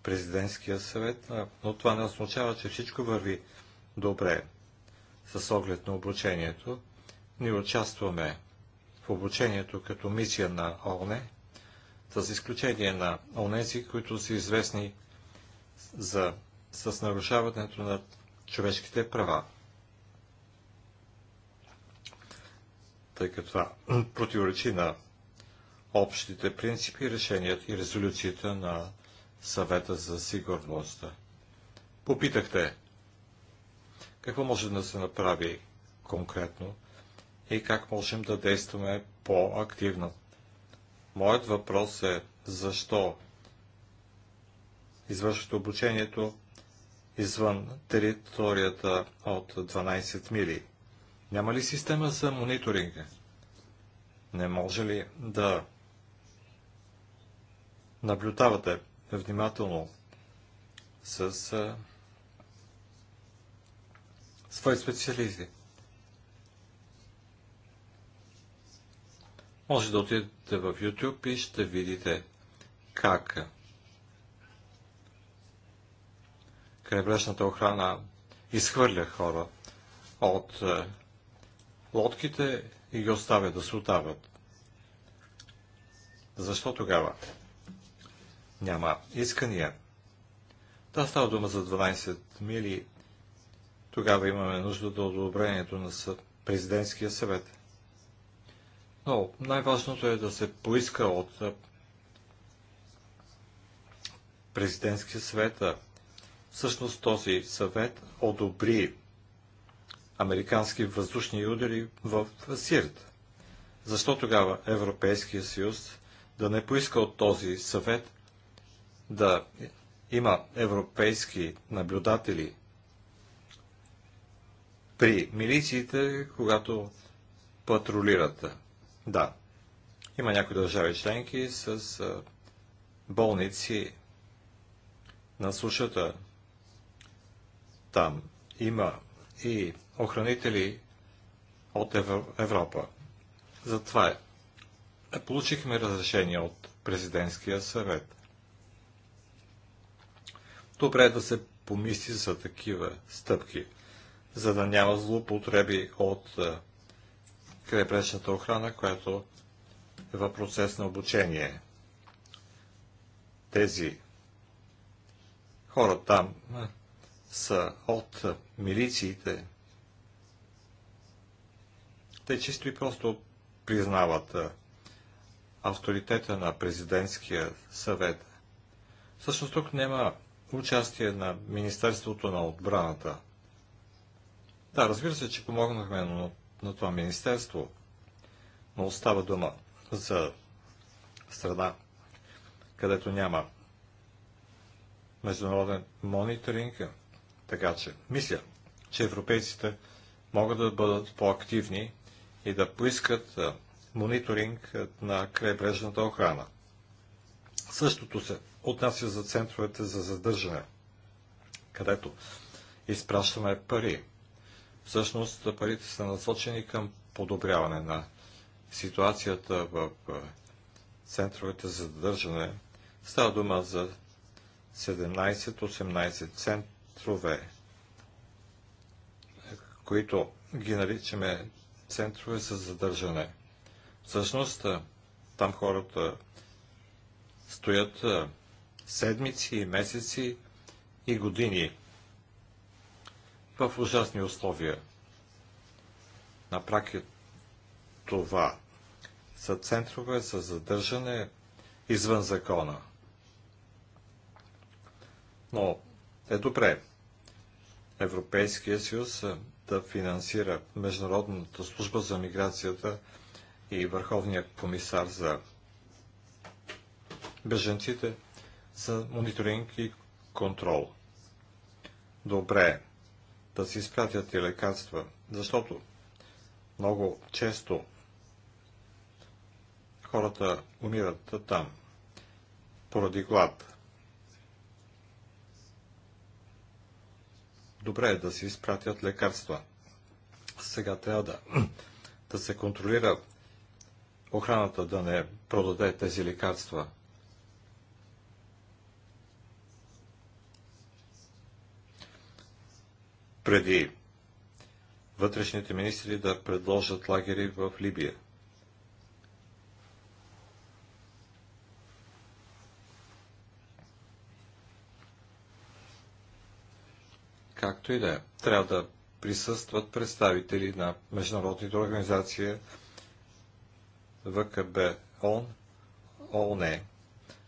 президентския съвет, но това не означава, че всичко върви добре. С оглед на обучението, ние участваме в обучението като мисия на ОНЕ, с изключение на онези, които са известни за, с нарушаването на човешките права. Тъй като това противоречи на общите принципи, решенията и резолюцията на съвета за сигурността. Попитахте какво може да се направи конкретно и как можем да действаме по-активно. Моят въпрос е защо извършват обучението извън територията от 12 мили. Няма ли система за мониторинг? Не може ли да наблюдавате внимателно с свои специалисти? Може да отидете в YouTube и ще видите как крайбрежната охрана изхвърля хора от е, лодките и ги оставя да се отават. Защо тогава няма искания? Да, става дума за 12 мили. Тогава имаме нужда до одобрението на президентския съвет. Но най-важното е да се поиска от президентския съвет. Всъщност този съвет одобри американски въздушни удари в Сирт. Защо тогава Европейския съюз да не поиска от този съвет да има европейски наблюдатели при милициите, когато патрулират? Да, има някои държави членки с болници на сушата. Там има и охранители от Европа. Затова е. е, получихме разрешение от президентския съвет. Добре е да се помисли за такива стъпки, за да няма злоупотреби от крайбрежната охрана, която е в процес на обучение. Тези хора там са от милициите. Те чисто и просто признават авторитета на президентския съвет. Всъщност тук няма участие на Министерството на отбраната. Да, разбира се, че помогнахме, но на това министерство, но остава дума за страна, където няма международен мониторинг, така че мисля, че европейците могат да бъдат по-активни и да поискат мониторинг на крайбрежната охрана. Същото се отнася за центровете за задържане, където изпращаме пари. Всъщност парите са насочени към подобряване на ситуацията в центровете за задържане. Става дума за 17-18 центрове, които ги наричаме центрове за задържане. Всъщност, там хората стоят седмици, месеци и години в ужасни условия. На практика е това са центрове за задържане извън закона. Но е добре Европейския съюз е, да финансира Международната служба за миграцията и Върховния комисар за беженците за мониторинг и контрол. Добре е да се изпратят и лекарства, защото много често хората умират там, поради глад. Добре е да се изпратят лекарства. Сега трябва да, да се контролира охраната да не продаде тези лекарства преди вътрешните министри да предложат лагери в Либия. Както и да е, трябва да присъстват представители на международните организации ВКБ ООН, ООН, е,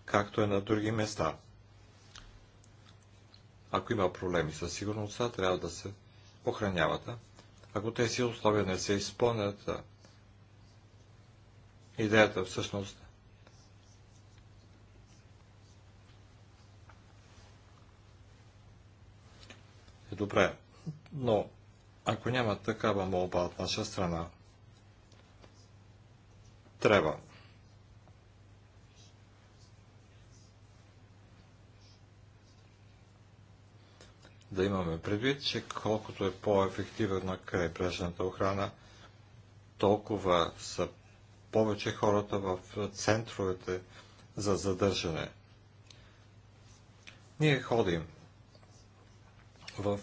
както и на други места. Ако има проблеми със сигурността, трябва да се охраняват. Ако тези условия не се изпълнят, идеята всъщност е добре. Но ако няма такава молба от наша страна, трябва да имаме предвид, че колкото е по-ефективна крайбрежната охрана, толкова са повече хората в центровете за задържане. Ние ходим в,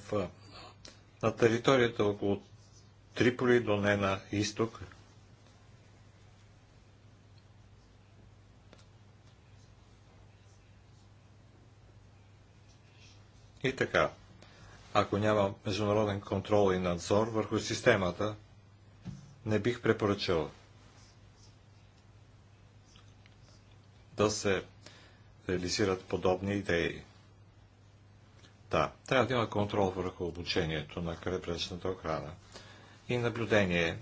на територията около Триполи до не на изток. И така. Ако няма международен контрол и надзор върху системата, не бих препоръчал да се реализират подобни идеи. Да, трябва да има контрол върху обучението на крайбрежната охрана и наблюдение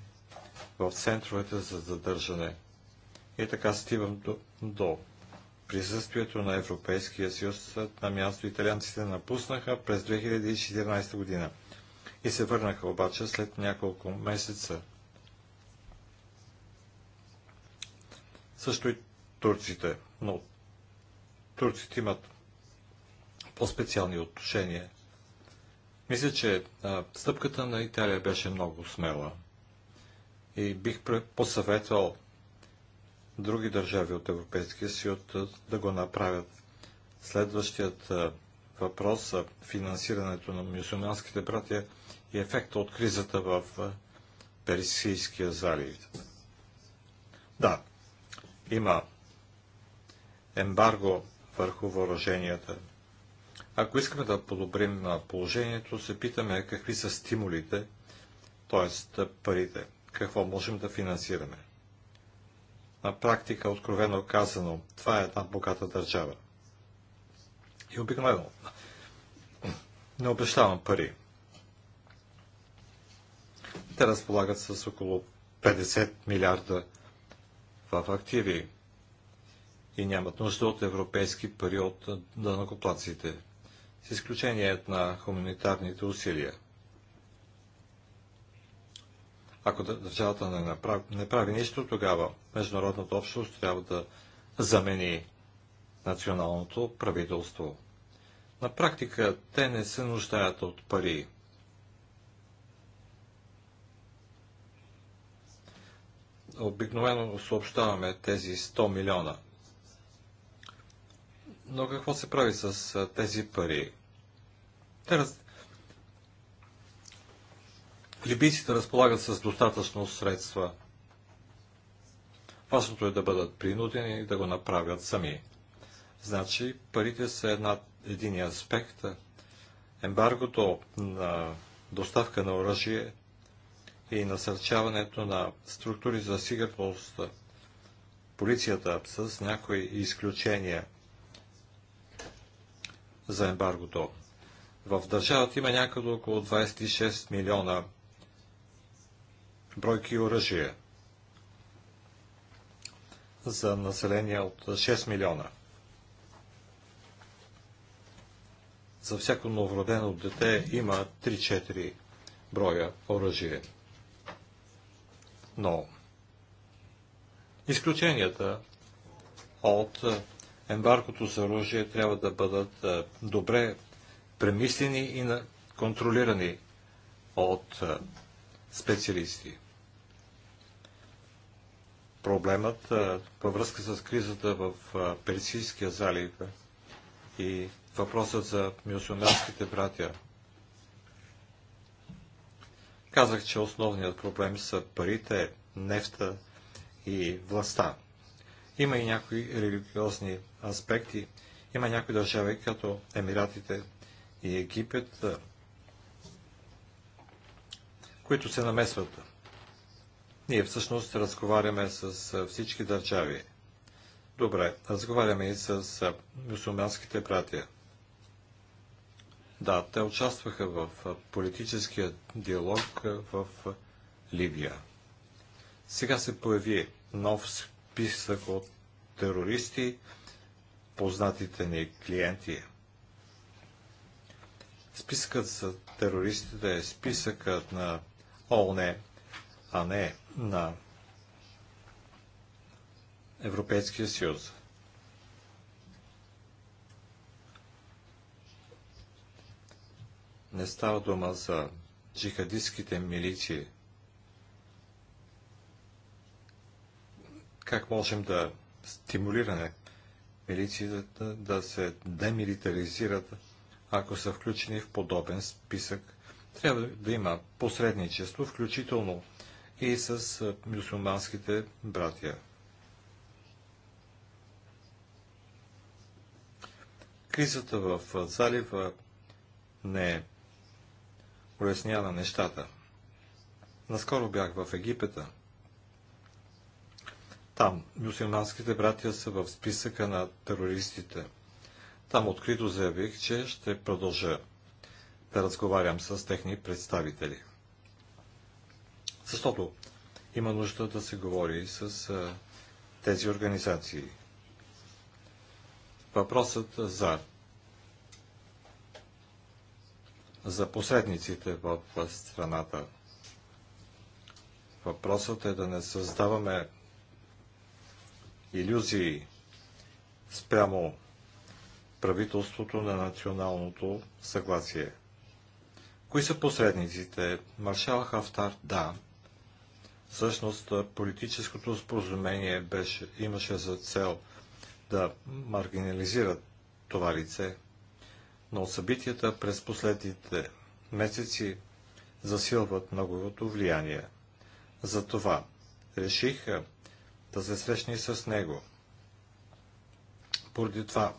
в центровете за задържане. И така стивам до, до присъствието на Европейския съюз на място италианците напуснаха през 2014 година и се върнаха обаче след няколко месеца. Също и турците, но турците имат по-специални отношения. Мисля, че а, стъпката на Италия беше много смела и бих посъветвал други държави от Европейския съюз да го направят. Следващият въпрос за финансирането на мюсюлманските братия и ефекта от кризата в Персийския залив. Да, има ембарго върху въоръженията. Ако искаме да подобрим на положението, се питаме какви са стимулите, т.е. парите, какво можем да финансираме. На практика, откровено казано, това е една богата държава. И обикновено не обещавам пари. Те разполагат с около 50 милиарда в активи и нямат нужда от европейски пари от данакоплаците, с изключение на хуманитарните усилия. Ако държавата не, направи, не прави нищо, тогава международната общност трябва да замени националното правителство. На практика те не се нуждаят от пари. Обикновено съобщаваме тези 100 милиона. Но какво се прави с тези пари? Те раз... Либийците разполагат с достатъчно средства. Важното е да бъдат принудени и да го направят сами. Значи парите са една, един аспект. Ембаргото на доставка на оръжие и насърчаването на структури за сигурност, полицията с някои изключения за ембаргото. В държавата има някъде около 26 милиона бройки оръжия за население от 6 милиона. За всяко новородено дете има 3-4 броя оръжие. Но изключенията от ембаркото за оръжие трябва да бъдат е, добре премислени и контролирани от е, специалисти. Проблемът във връзка с кризата в Персийския залив и въпросът за мюсюлманските братя. Казах, че основният проблем са парите, нефта и властта. Има и някои религиозни аспекти. Има някои държави, като Емиратите и Египет, които се намесват. Ние всъщност разговаряме с всички държави. Добре, разговаряме и с мусулманските братия. Да, те участваха в политическия диалог в Ливия. Сега се появи нов списък от терористи, познатите ни клиенти. Списъкът за терористите е списъкът на ООН, а не на Европейския съюз. Не става дума за джихадистските милиции. Как можем да стимулираме милициите да се демилитаризират, ако са включени в подобен списък трябва да има посредничество, включително и с мюсюлманските братия. Кризата в залива не е улеснява нещата. Наскоро бях в Египета. Там мюсюлманските братия са в списъка на терористите. Там открито заявих, че ще продължа да разговарям с техни представители. Защото има нужда да се говори с а, тези организации. Въпросът за за посредниците в, в страната. Въпросът е да не създаваме иллюзии спрямо правителството на националното съгласие. Кои са посредниците? Маршал Хафтар, да. Всъщност политическото споразумение беше, имаше за цел да маргинализира това лице, но събитията през последните месеци засилват неговото влияние. Затова реших да се срещна и с него. Поради това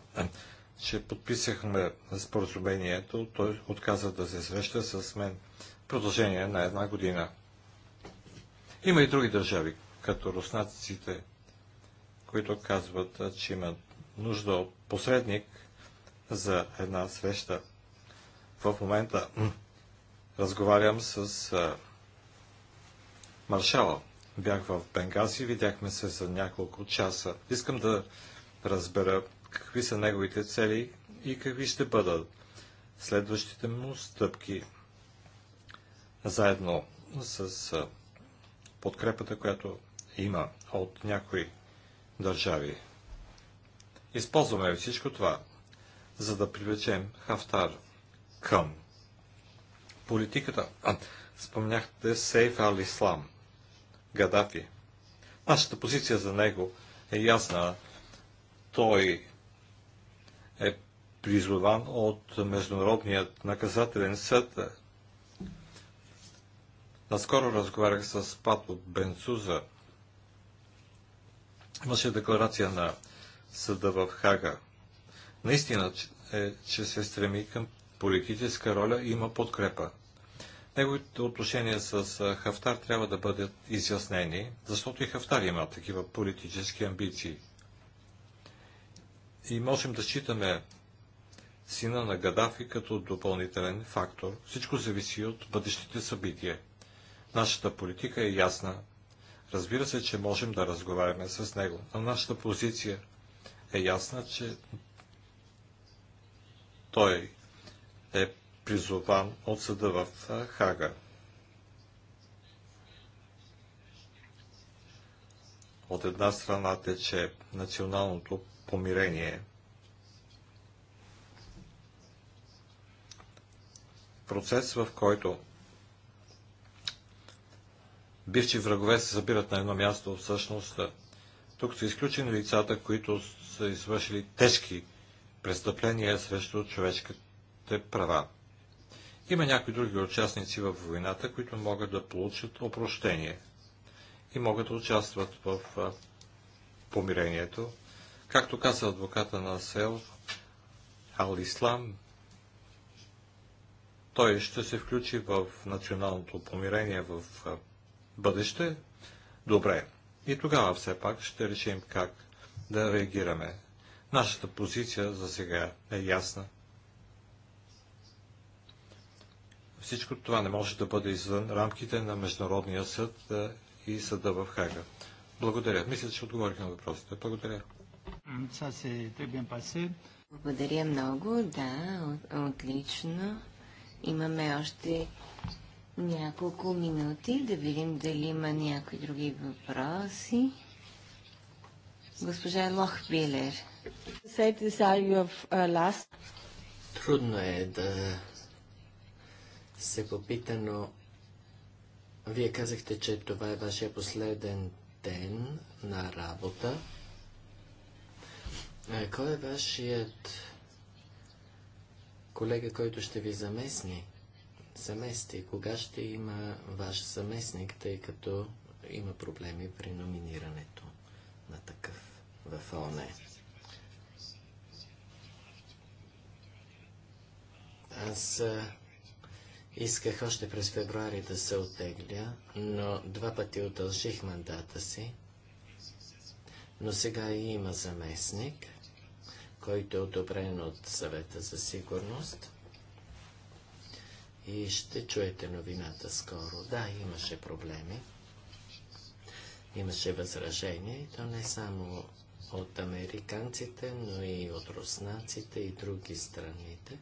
че подписахме споразумението, той отказа да се среща с мен в продължение на една година. Има и други държави, като руснаците, които казват, че имат нужда от посредник за една среща. В момента разговарям с а, маршала. Бях в Бенгаси, видяхме се за няколко часа. Искам да разбера какви са неговите цели и какви ще бъдат следващите му стъпки, заедно с подкрепата, която има от някои държави. Използваме всичко това, за да привлечем Хафтар към политиката. спомняхте Сейф Ал Ислам, Гадафи. Нашата позиция за него е ясна. Той е призован от Международният наказателен съд. Наскоро разговарях с от Бенцуза. Имаше декларация на съда в Хага. Наистина е, че се стреми към политическа роля и има подкрепа. Неговите отношения с Хафтар трябва да бъдат изяснени, защото и Хафтар има такива политически амбиции – и можем да считаме сина на Гадафи като допълнителен фактор. Всичко зависи от бъдещите събития. Нашата политика е ясна. Разбира се, че можем да разговаряме с него, но нашата позиция е ясна, че той е призован от съда в Хага. От една страна тече националното помирение. Процес, в който бивши врагове се събират на едно място, всъщност е, тук са изключени лицата, които са извършили тежки престъпления срещу човешките права. Има някои други участници в войната, които могат да получат опрощение и могат да участват в помирението. Както каза адвоката на Сел, Ал Ислам, той ще се включи в националното помирение в бъдеще. Добре. И тогава все пак ще решим как да реагираме. Нашата позиция за сега е ясна. Всичко това не може да бъде извън рамките на Международния съд и съда в Хага. Благодаря. Мисля, че отговорих на въпросите. Благодаря. Благодаря много. Да, отлично. Имаме още няколко минути да видим дали има някои други въпроси. Госпожа Лохбилер. Трудно е да се попита, но вие казахте, че това е вашия последен ден на работа. А кой е вашият колега, който ще ви заместни? Замести. Кога ще има ваш заместник, тъй като има проблеми при номинирането на такъв в ОНЕ? Аз исках още през февруари да се отегля, но два пъти удължих мандата си. Но сега и има заместник – който е одобрен от съвета за сигурност. И ще чуете новината скоро. Да, имаше проблеми. Имаше възражение, и то не само от американците, но и от руснаците и други страните.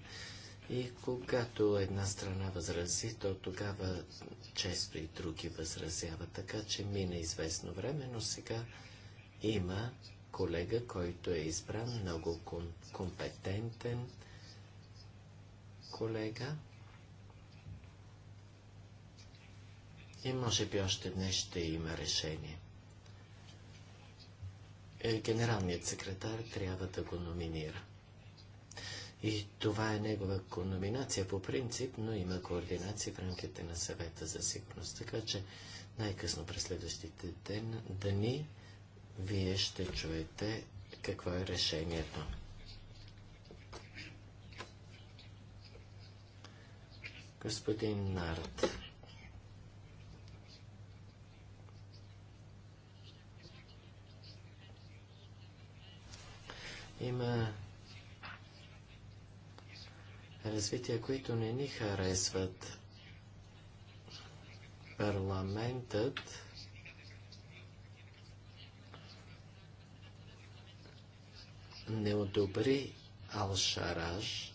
И когато една страна възрази, то тогава често и други възразяват. Така че мина известно време, но сега има колега, който е избран, много компетентен колега. И може би още днес ще има решение. Е, генералният секретар трябва да го номинира. И това е негова номинация по принцип, но има координация в рамките на съвета за сигурност. Така че най-късно през следващите ден, дни вие ще чуете какво е решението. Господин Нарт. Има развития, които не ни харесват. Парламентът не одобри Алшараж,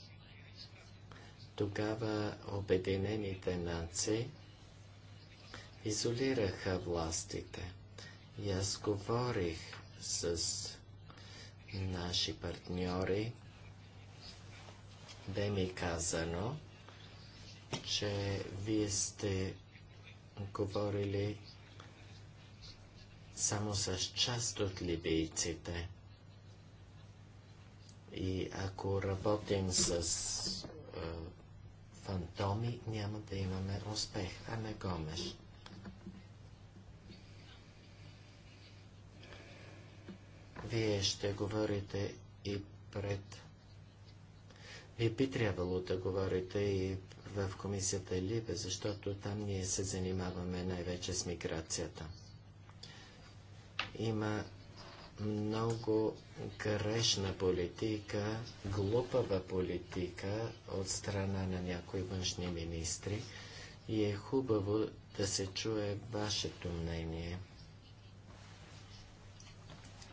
тогава Обединените нации изолираха властите. И аз говорих с наши партньори, бе ми казано, че вие сте говорили само с част от либийците. И ако работим с е, фантоми, няма да имаме успех. а не Гомеш. Вие ще говорите и пред... Вие би трябвало да говорите и в комисията Либе, защото там ние се занимаваме най-вече с миграцията. Има много грешна политика, глупава политика от страна на някои външни министри и е хубаво да се чуе вашето мнение.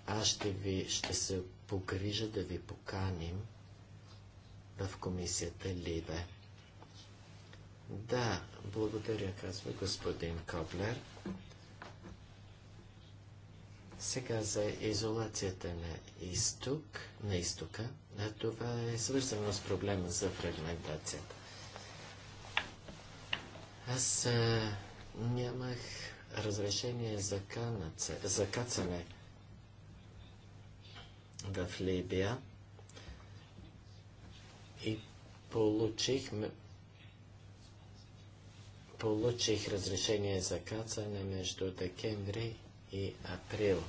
Аз ще, ви, ще се погрижа да ви поканим в комисията Либе. Да, благодаря, казва господин Коблер. Сега за изолацията на изток, на изтока, а това е свързано с проблема за фрагментацията. Аз а, нямах разрешение за, канаце, за кацане в Либия и получих, получих разрешение за кацане между декември и април.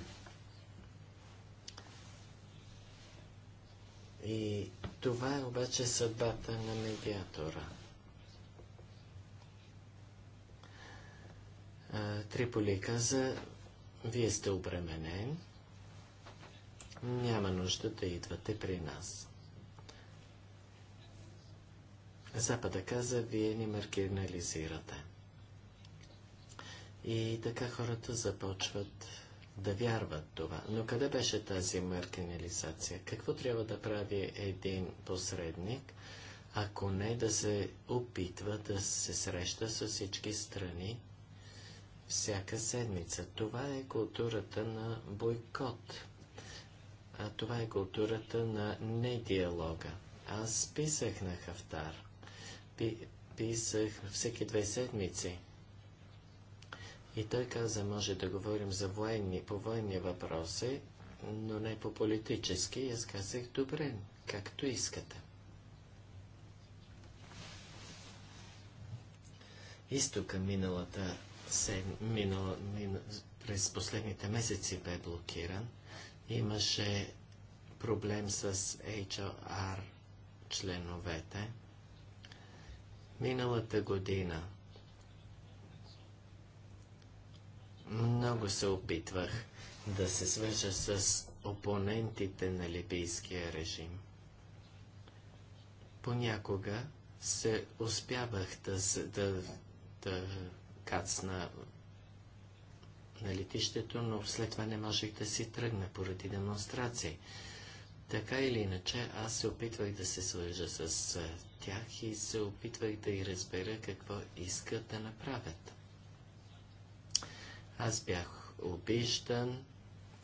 И това е обаче съдбата на медиатора. Триполи каза, вие сте обременен, няма нужда да идвате при нас. Запада каза, вие ни маргинализирате. И така хората започват да вярват това. Но къде беше тази маркинализация? Какво трябва да прави един посредник, ако не да се опитва да се среща с всички страни всяка седмица? Това е културата на бойкот. А това е културата на недиалога. Аз писах на Хафтар. Пи писах всеки две седмици. И той каза, може да говорим за военни, по военни въпроси, но не по политически. И аз казах, добре, както искате. Изтока миналата сед... минала, мин... през последните месеци бе блокиран. Имаше проблем с HR членовете. Миналата година Много се опитвах да се свържа с опонентите на либийския режим. Понякога се успявах да, да, да кацна на летището, но след това не можех да си тръгна поради демонстрации. Така или иначе, аз се опитвах да се свържа с тях и се опитвах да и разбера какво искат да направят. Аз бях обиждан,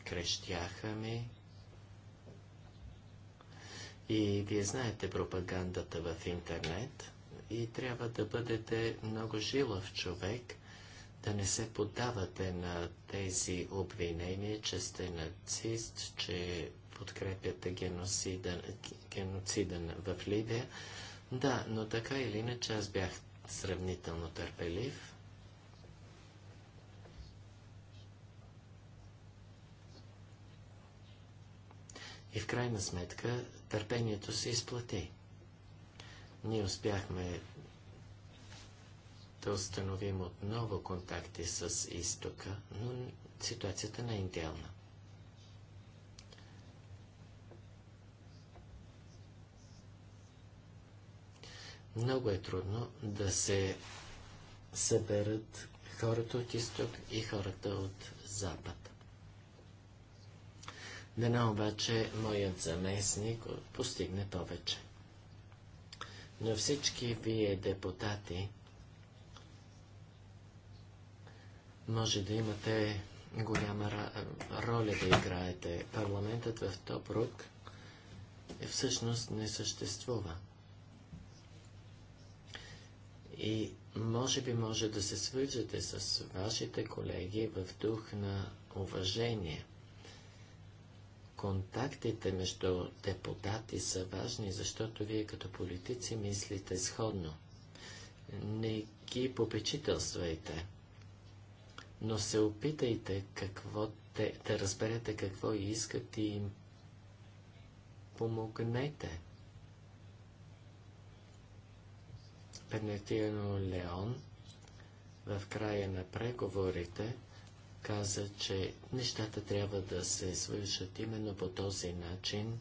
крещяха ми. И вие знаете пропагандата в интернет и трябва да бъдете много жилав човек, да не се поддавате на тези обвинения, че сте нацист, че подкрепяте геноцида, геноцида в Ливия. Да, но така или иначе аз бях сравнително търпелив И в крайна сметка търпението се изплати. Ние успяхме да установим отново контакти с изтока, но ситуацията не е идеална. Много е трудно да се съберат хората от изток и хората от запад. Дена обаче моят заместник постигне повече. Но всички вие депутати може да имате голяма роля да играете. Парламентът в Топрук е всъщност не съществува. И може би може да се свържете с вашите колеги в дух на уважение контактите между депутати са важни, защото вие като политици мислите сходно. Не ги попечителствайте, но се опитайте какво те, да разберете какво искат и им помогнете. Пенетиано Леон в края на преговорите – каза, че нещата трябва да се свършат именно по този начин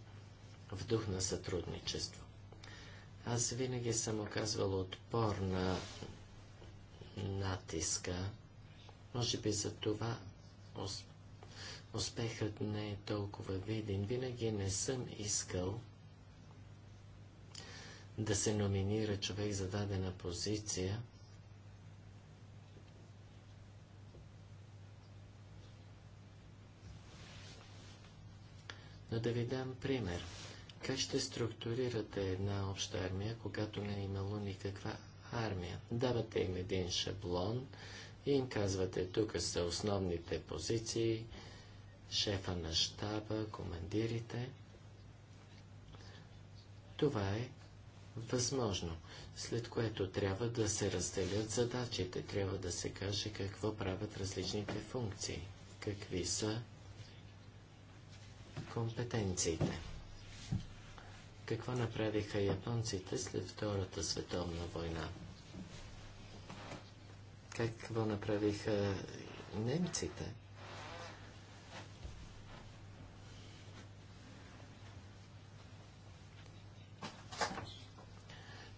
в дух на сътрудничество. Аз винаги съм оказвал отпор на натиска. Може би за това успехът не е толкова виден. Винаги не съм искал да се номинира човек за дадена позиция, Но да ви дам пример. Как ще структурирате една обща армия, когато не е имало никаква армия? Давате им един шаблон и им казвате, тук са основните позиции, шефа на штаба, командирите. Това е възможно, след което трябва да се разделят задачите, трябва да се каже какво правят различните функции, какви са компетенциите. Какво направиха японците след Втората световна война? Какво направиха немците?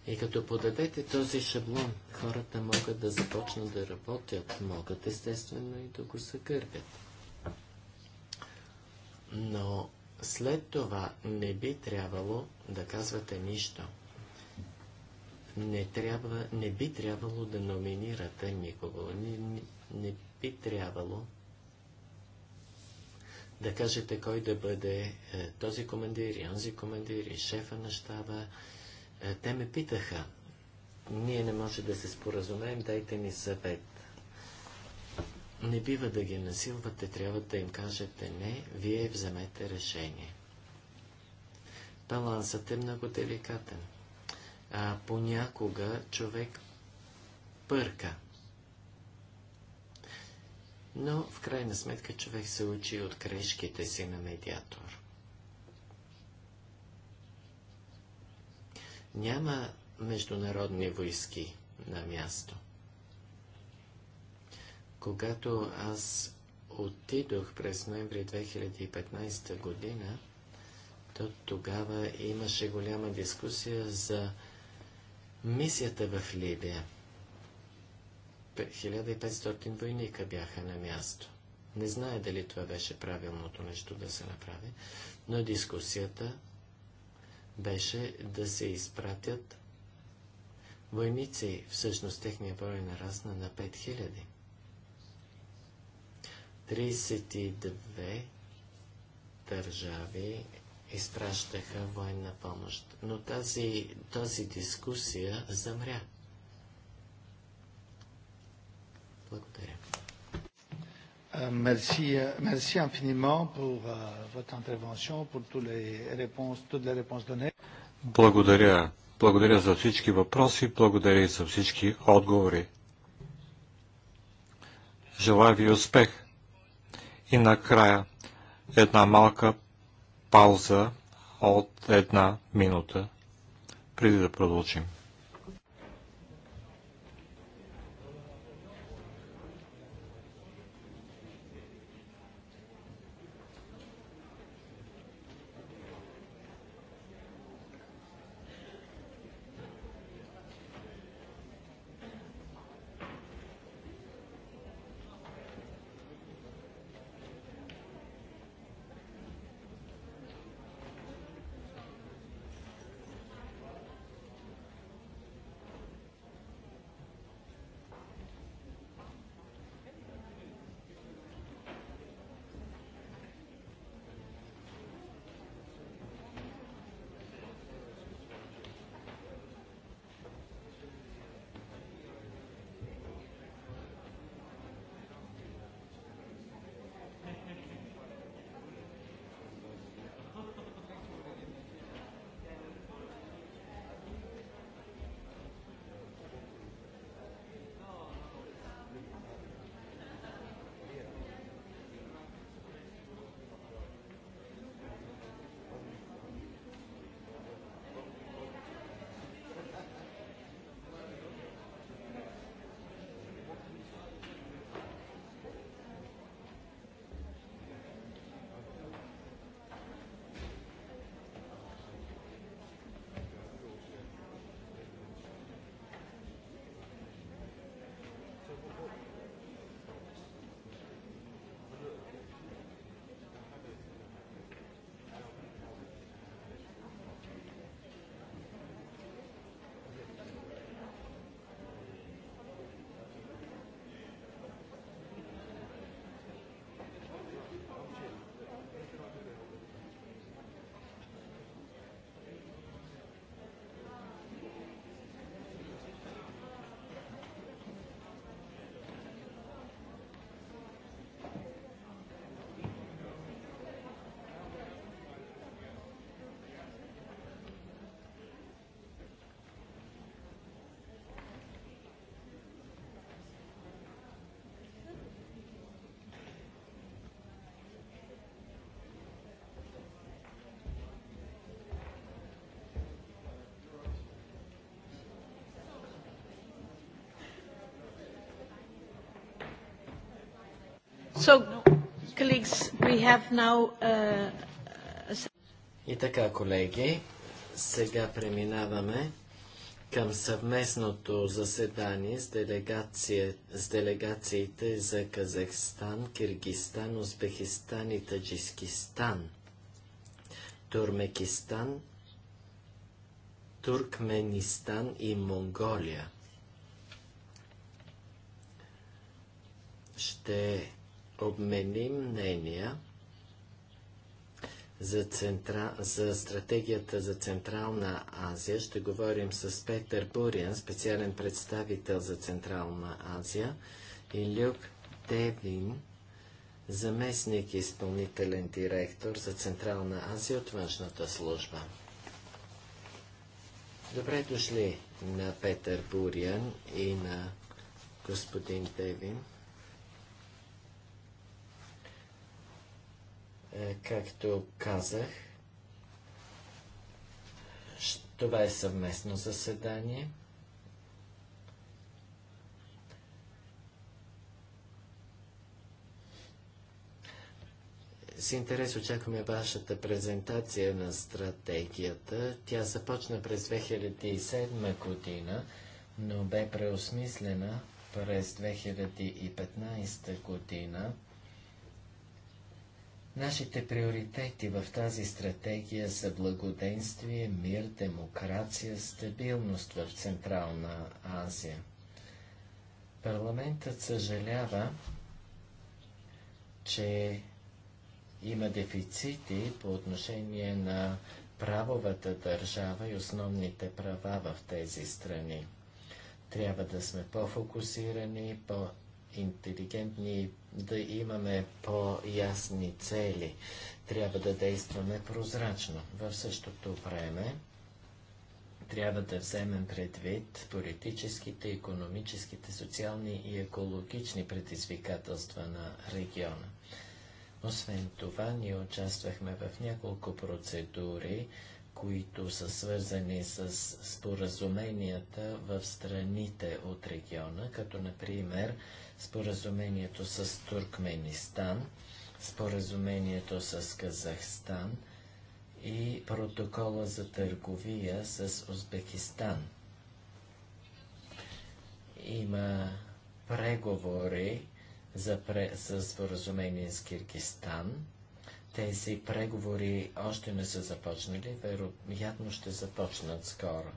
И като подадете този шаблон, хората могат да започнат да работят, могат естествено и да го съгърбят но след това не би трябвало да казвате нищо. Не, трябва, не би трябвало да номинирате никого. Не, не, не би трябвало да кажете кой да бъде е, този командир и онзи командир и шефа на щаба. Е, те ме питаха. Ние не може да се споразумеем, дайте ни съвет. Не бива да ги насилвате, трябва да им кажете не, вие вземете решение. Балансът е много деликатен. А понякога човек пърка. Но в крайна сметка човек се учи от грешките си на медиатор. Няма международни войски на място. Когато аз отидох през ноември 2015 година, то тогава имаше голяма дискусия за мисията в Либия. 1500 войника бяха на място. Не знае дали това беше правилното нещо да се направи, но дискусията беше да се изпратят войници. Всъщност техния брой нарасна на 5000. 32 държави изпращаха военна помощ, но тази, тази дискусия замря. Благодаря. Merci, merci infiniment pour е, votre intervention, pour toutes les réponses, toutes les réponses données. Благодаря. Благодаря за всички въпроси, благодаря и за всички отговори. Желая ви успех! И накрая една малка пауза от една минута, преди да продължим. So, colleagues, we have now, uh... И така, колеги, сега преминаваме към съвместното заседание с, делегация, с делегациите за Казахстан, Киргистан, Узбекистан и Таджикистан, Турмекистан, Туркменистан и Монголия. Ще Обмени мнения за, центра... за стратегията за Централна Азия. Ще говорим с Петър Буриан, специален представител за Централна Азия, и Люк Девин, заместник изпълнителен директор за Централна Азия от външната служба. Добре дошли на Петър Буриан и на господин Девин. Е, както казах, това е съвместно заседание. С интерес очакваме вашата презентация на стратегията. Тя започна през 2007 година, но бе преосмислена през 2015 година. Нашите приоритети в тази стратегия са благоденствие, мир, демокрация, стабилност в Централна Азия. Парламентът съжалява, че има дефицити по отношение на правовата държава и основните права в тези страни. Трябва да сме по-фокусирани, по-интелигентни и да имаме по-ясни цели. Трябва да действаме прозрачно. В същото време трябва да вземем предвид политическите, економическите, социални и екологични предизвикателства на региона. Освен това, ние участвахме в няколко процедури, които са свързани с споразуменията в страните от региона, като например споразумението с Туркменистан, споразумението с Казахстан и протокола за търговия с Узбекистан. Има преговори за пре... за споразумение с Киргистан. Тези преговори още не са започнали, вероятно ще започнат скоро.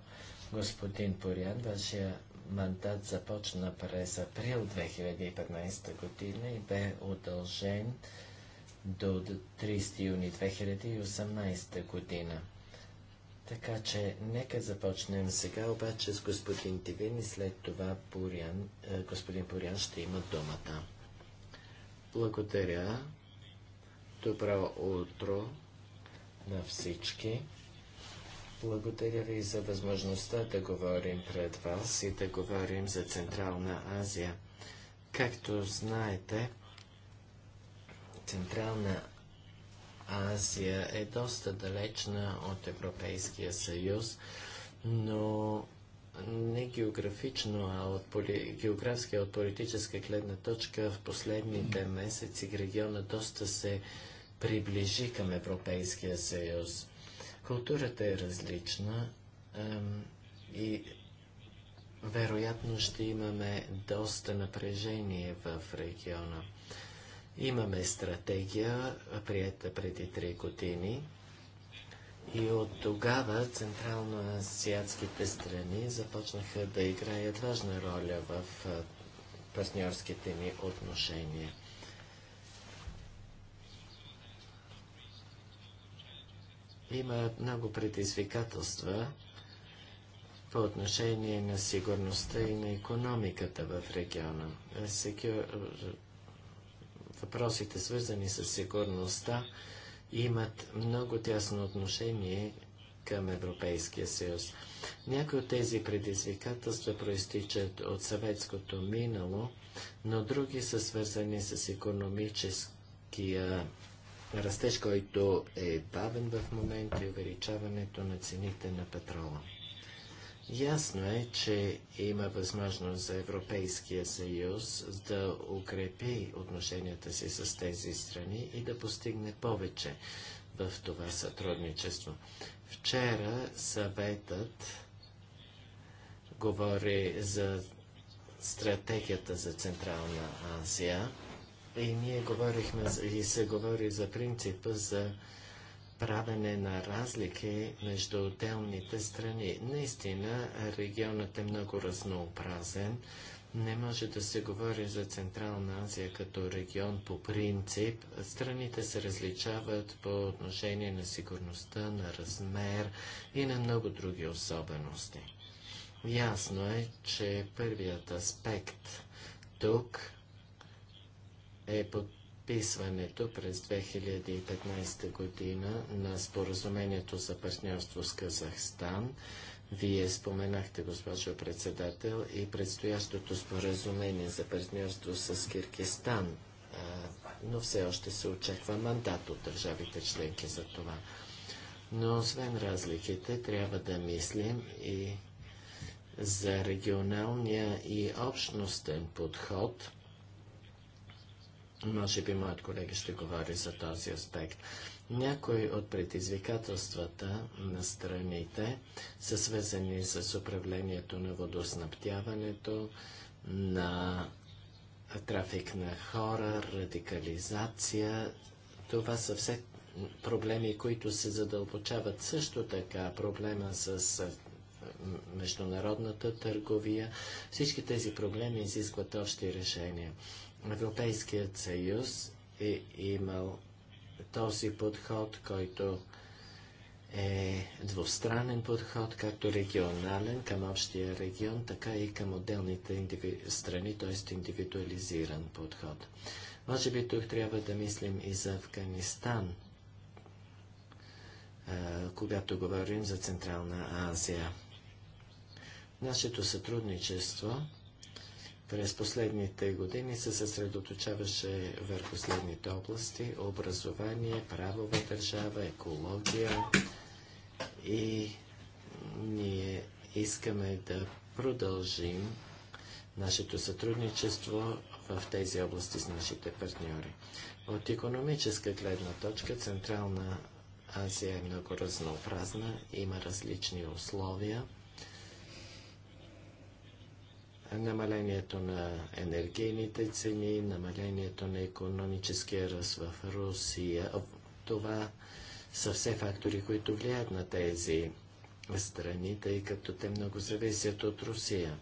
Господин Порян, вашия мандат започна през април 2015 година и бе удължен до 30 юни 2018 година. Така че, нека започнем сега обаче с господин Тивин и след това Бурян, е, господин Бурян ще има думата. Благодаря. Добро утро на всички. Благодаря ви за възможността да говорим пред вас и да говорим за Централна Азия. Както знаете, Централна Азия е доста далечна от Европейския съюз, но не географично, а от поли... а от политическа гледна точка в последните месеци региона доста се приближи към Европейския съюз. Културата е различна ем, и вероятно ще имаме доста напрежение в региона. Имаме стратегия, приета преди три години. И от тогава централно Централно-Азиатските страни започнаха да играят важна роля в партньорските ни отношения. Има много предизвикателства по отношение на сигурността и на економиката в региона. Е, въпросите, свързани с сигурността, имат много тясно отношение към Европейския съюз. Някои от тези предизвикателства проистичат от съветското минало, но други са свързани с економическия растеж, който е бавен в момента и увеличаването на цените на петрола. Ясно е, че има възможност за Европейския съюз да укрепи отношенията си с тези страни и да постигне повече в това сътрудничество. Вчера съветът говори за стратегията за Централна Азия и ние говорихме и се говори за принципа за правене на разлики между отделните страни. Наистина, регионът е много разнообразен. Не може да се говори за Централна Азия като регион по принцип. Страните се различават по отношение на сигурността, на размер и на много други особености. Ясно е, че първият аспект тук е подписването през 2015 година на споразумението за партньорство с Казахстан. Вие споменахте, госпожо председател, и предстоящото споразумение за партньорство с Киргистан, но все още се очаква мандат от държавите членки за това. Но освен разликите, трябва да мислим и за регионалния и общностен подход – може би моят колега ще говори за този аспект. Някои от предизвикателствата на страните са свързани с управлението на водоснабдяването, на трафик на хора, радикализация. Това са все проблеми, които се задълбочават също така. Проблема с международната търговия. Всички тези проблеми изискват още решения. Европейският съюз е имал този подход, който е двустранен подход, както регионален към общия регион, така и към отделните индиви... страни, т.е. индивидуализиран подход. Може би тук трябва да мислим и за Афганистан, когато говорим за Централна Азия. Нашето сътрудничество през последните години се съсредоточаваше върху следните области – образование, правова държава, екология и ние искаме да продължим нашето сътрудничество в тези области с нашите партньори. От економическа гледна точка Централна Азия е много разнообразна, има различни условия – намалението на енергийните цени, намалението на економическия ръст в Русия. Това са все фактори, които влияят на тези страни, тъй като те много зависят от Русия.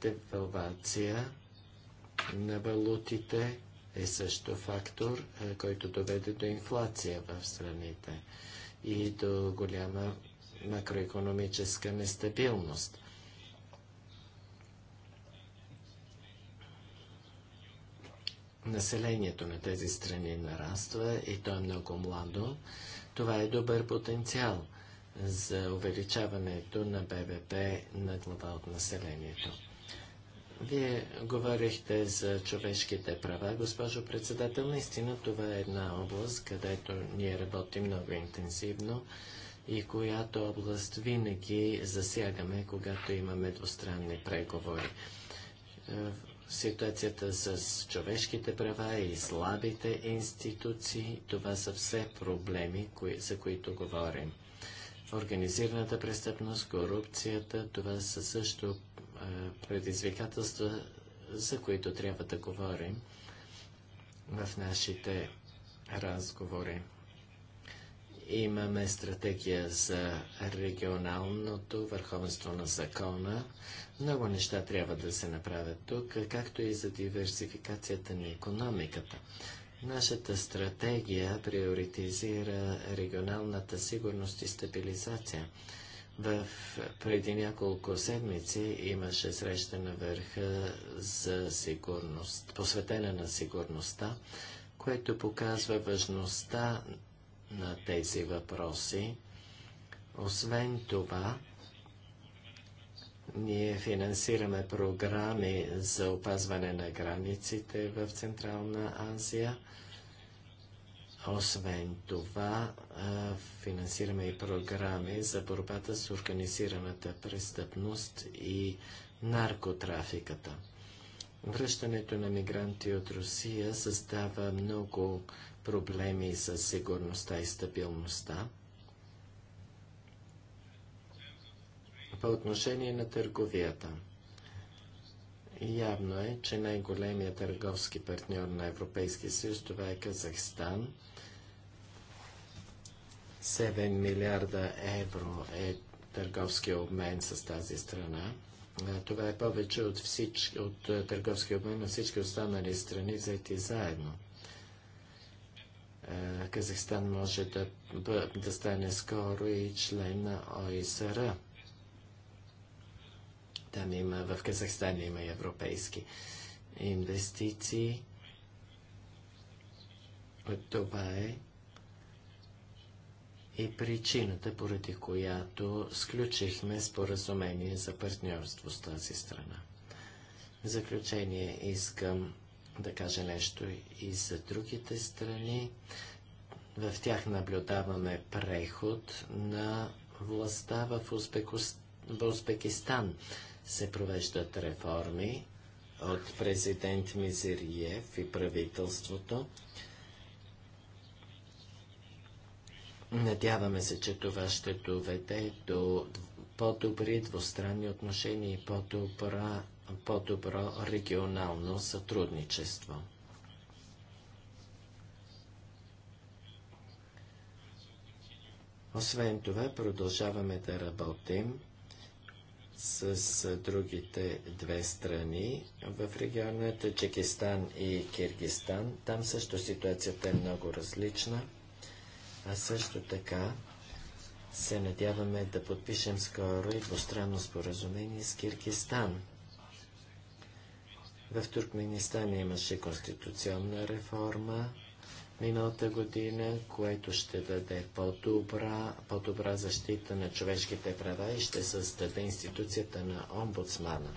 Девалвация на валутите е също фактор, който доведе до инфлация в страните и до голяма макроекономическа нестабилност. Населението на тези страни нараства и то е много младо. Това е добър потенциал за увеличаването на БВП на глава от населението. Вие говорихте за човешките права, госпожо председател. Наистина това е една област, където ние работим много интенсивно и която област винаги засягаме, когато имаме двустранни преговори. Е, ситуацията с човешките права и слабите институции. Това са все проблеми, кои, за които говорим. Организираната престъпност, корупцията, това са също е, предизвикателства, за които трябва да говорим в нашите разговори. Имаме стратегия за регионалното върховенство на закона. Много неща трябва да се направят тук, както и за диверсификацията на економиката. Нашата стратегия приоритизира регионалната сигурност и стабилизация. В, преди няколко седмици имаше среща на върха за сигурност, посветена на сигурността, което показва важността на тези въпроси. Освен това, ние финансираме програми за опазване на границите в Централна Азия. Освен това, финансираме и програми за борбата с организираната престъпност и наркотрафиката. Връщането на мигранти от Русия създава много проблеми с сигурността и стабилността. По отношение на търговията. Явно е, че най-големият търговски партньор на Европейския съюз това е Казахстан. 7 милиарда евро е търговския обмен с тази страна. Това е повече от, всич... от търговския обмен на всички останали страни взети заедно. Е, Казахстан може да, да стане скоро и член на ОИСР. Там има, в Казахстан има европейски инвестиции. Това е и причината, поради която сключихме споразумение за партньорство с тази страна. В заключение искам да кажа нещо и за другите страни. В тях наблюдаваме преход на властта в, Узбекост... в Узбекистан. Се провеждат реформи от президент Мизериев и правителството. Надяваме се, че това ще доведе до по-добри двустранни отношения и по-добра по-добро регионално сътрудничество. Освен това, продължаваме да работим с другите две страни в региона Таджикистан и Киргистан. Там също ситуацията е много различна, а също така се надяваме да подпишем скоро и двустранно споразумение с Киргистан. В Туркменистан имаше конституционна реформа миналата година, което ще даде по-добра, по-добра защита на човешките права и ще създаде институцията на омбудсмана.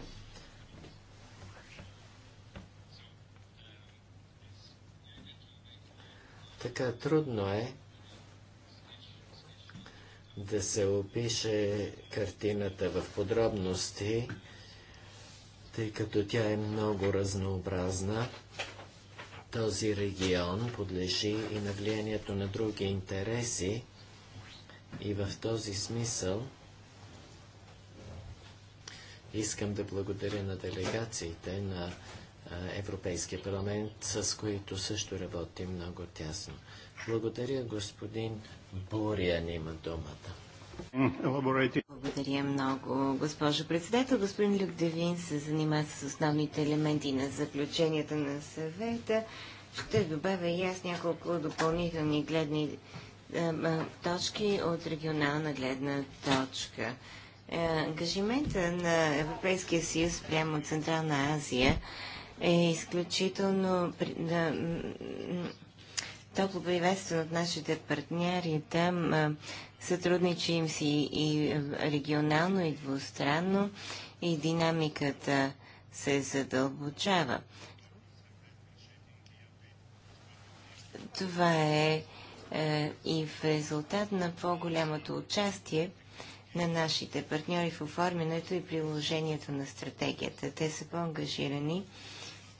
Така трудно е да се опише картината в подробности, тъй като тя е много разнообразна. Този регион подлежи и на влиянието на други интереси и в този смисъл искам да благодаря на делегациите на Европейския парламент, с които също работим много тясно. Благодаря, господин Бурян има думата. Благодаря много, госпожо председател. Господин Люк Девин се занимава с основните елементи на заключенията на съвета. Ще добавя и аз няколко допълнителни гледни е, е, точки от регионална гледна точка. Е, ангажимента на Европейския съюз прямо от Централна Азия е изключително да, топло приветстван от нашите партньори там. Сътрудничим си и е, регионално, и двустранно, и динамиката се задълбочава. Това е, е и в резултат на по-голямото участие на нашите партньори в оформянето и приложението на стратегията. Те са по-ангажирани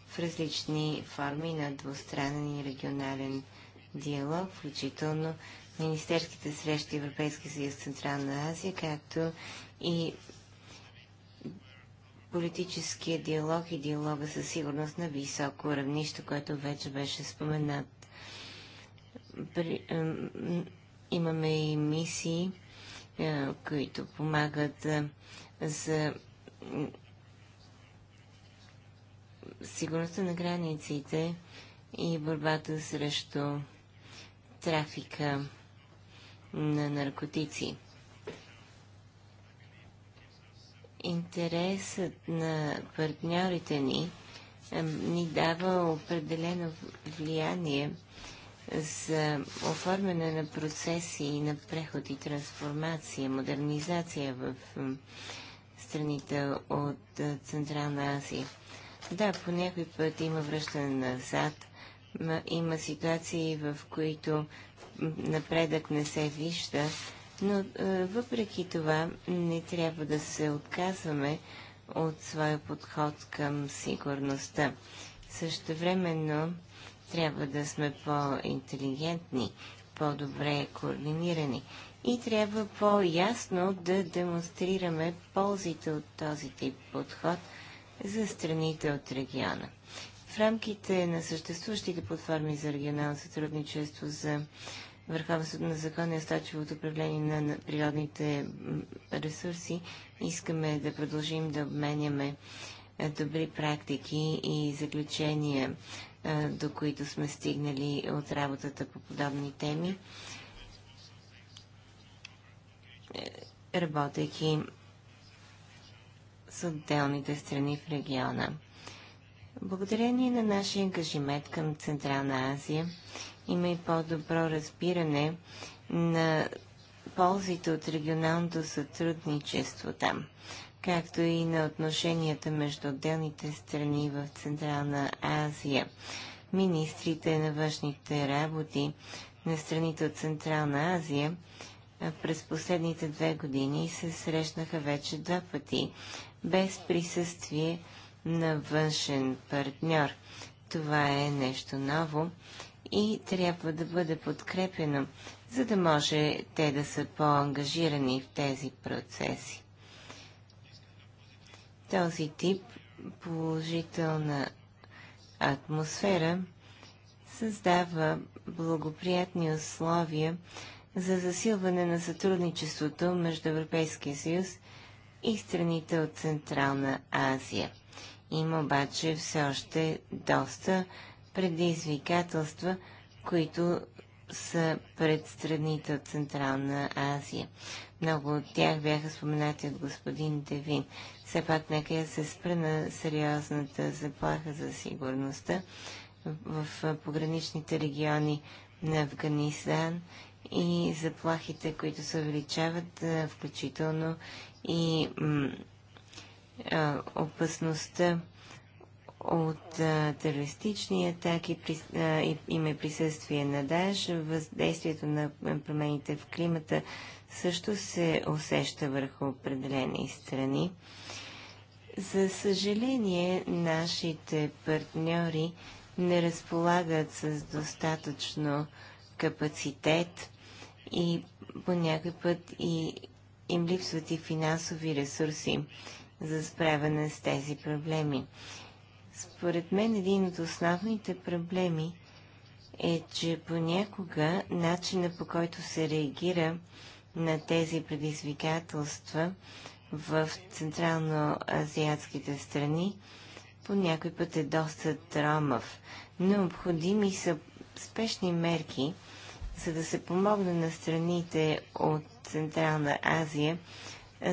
в различни форми на двустранен и регионален диалог, включително министерските срещи Европейски съюз Централна Азия, както и политическия диалог и диалога със сигурност на високо равнище, което вече беше споменат. При, имаме и мисии, е, които помагат е, за сигурността на границите и борбата срещу трафика на наркотици. Интересът на партньорите ни ни дава определено влияние за оформяне на процеси и на преход и трансформация, модернизация в страните от е, Централна Азия. Да, по някой път има връщане назад, има ситуации, в които напредък не се вижда, но въпреки това не трябва да се отказваме от своя подход към сигурността. Също времено трябва да сме по-интелигентни, по-добре координирани и трябва по-ясно да демонстрираме ползите от този тип подход за страните от региона. В рамките на съществуващите платформи за регионално сътрудничество за върха на закона и остачевото управление на природните ресурси, искаме да продължим да обменяме е, добри практики и заключения, е, до които сме стигнали от работата по подобни теми, е, работейки с отделните страни в региона. Благодарение на нашия ангажимент към Централна Азия има и по-добро разбиране на ползите от регионалното сътрудничество там, както и на отношенията между отделните страни в Централна Азия. Министрите на външните работи на страните от Централна Азия през последните две години се срещнаха вече два пъти, без присъствие на външен партньор. Това е нещо ново и трябва да бъде подкрепено, за да може те да са по-ангажирани в тези процеси. Този тип положителна атмосфера създава благоприятни условия за засилване на сътрудничеството между Европейския съюз и страните от Централна Азия. Има обаче все още доста предизвикателства, които са пред страните от Централна Азия. Много от тях бяха споменати от господин Девин. Все пак нека я се спра на сериозната заплаха за сигурността в пограничните региони на Афганистан и заплахите, които се увеличават, включително и опасността от терористични атаки, има и има присъствие на ДАЖ, въздействието на промените в климата също се усеща върху определени страни. За съжаление, нашите партньори не разполагат с достатъчно капацитет и по някой път и им липсват и финансови ресурси за справяне с тези проблеми. Според мен един от основните проблеми е, че понякога начина по който се реагира на тези предизвикателства в централно-азиатските страни по някой път е доста тромав. Необходими са спешни мерки, за да се помогне на страните от Централна Азия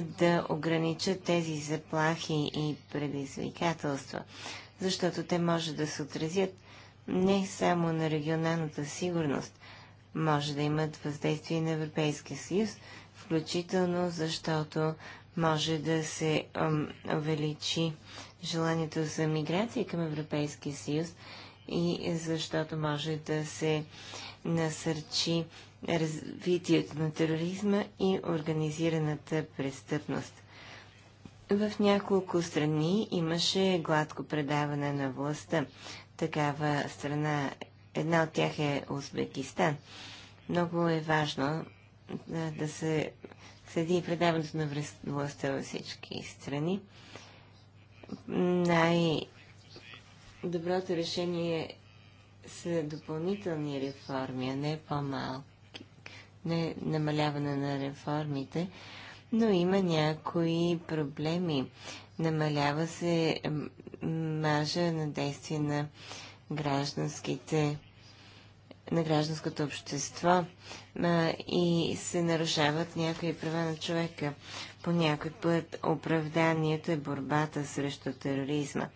да ограничат тези заплахи и предизвикателства защото те може да се отразят не само на регионалната сигурност, може да имат въздействие на Европейския съюз, включително защото може да се увеличи желанието за миграция към Европейския съюз и защото може да се насърчи развитието на тероризма и организираната престъпност. В няколко страни имаше гладко предаване на властта. Такава страна, една от тях е Узбекистан. Много е важно да, да се следи предаването на властта във всички страни. Най-доброто решение са допълнителни реформи, а не по-малки, не намаляване на реформите, но има някои проблеми. Намалява се мажа на действие на гражданските на гражданското общество а, и се нарушават някои права на човека. По някой път оправданието е борбата срещу тероризма.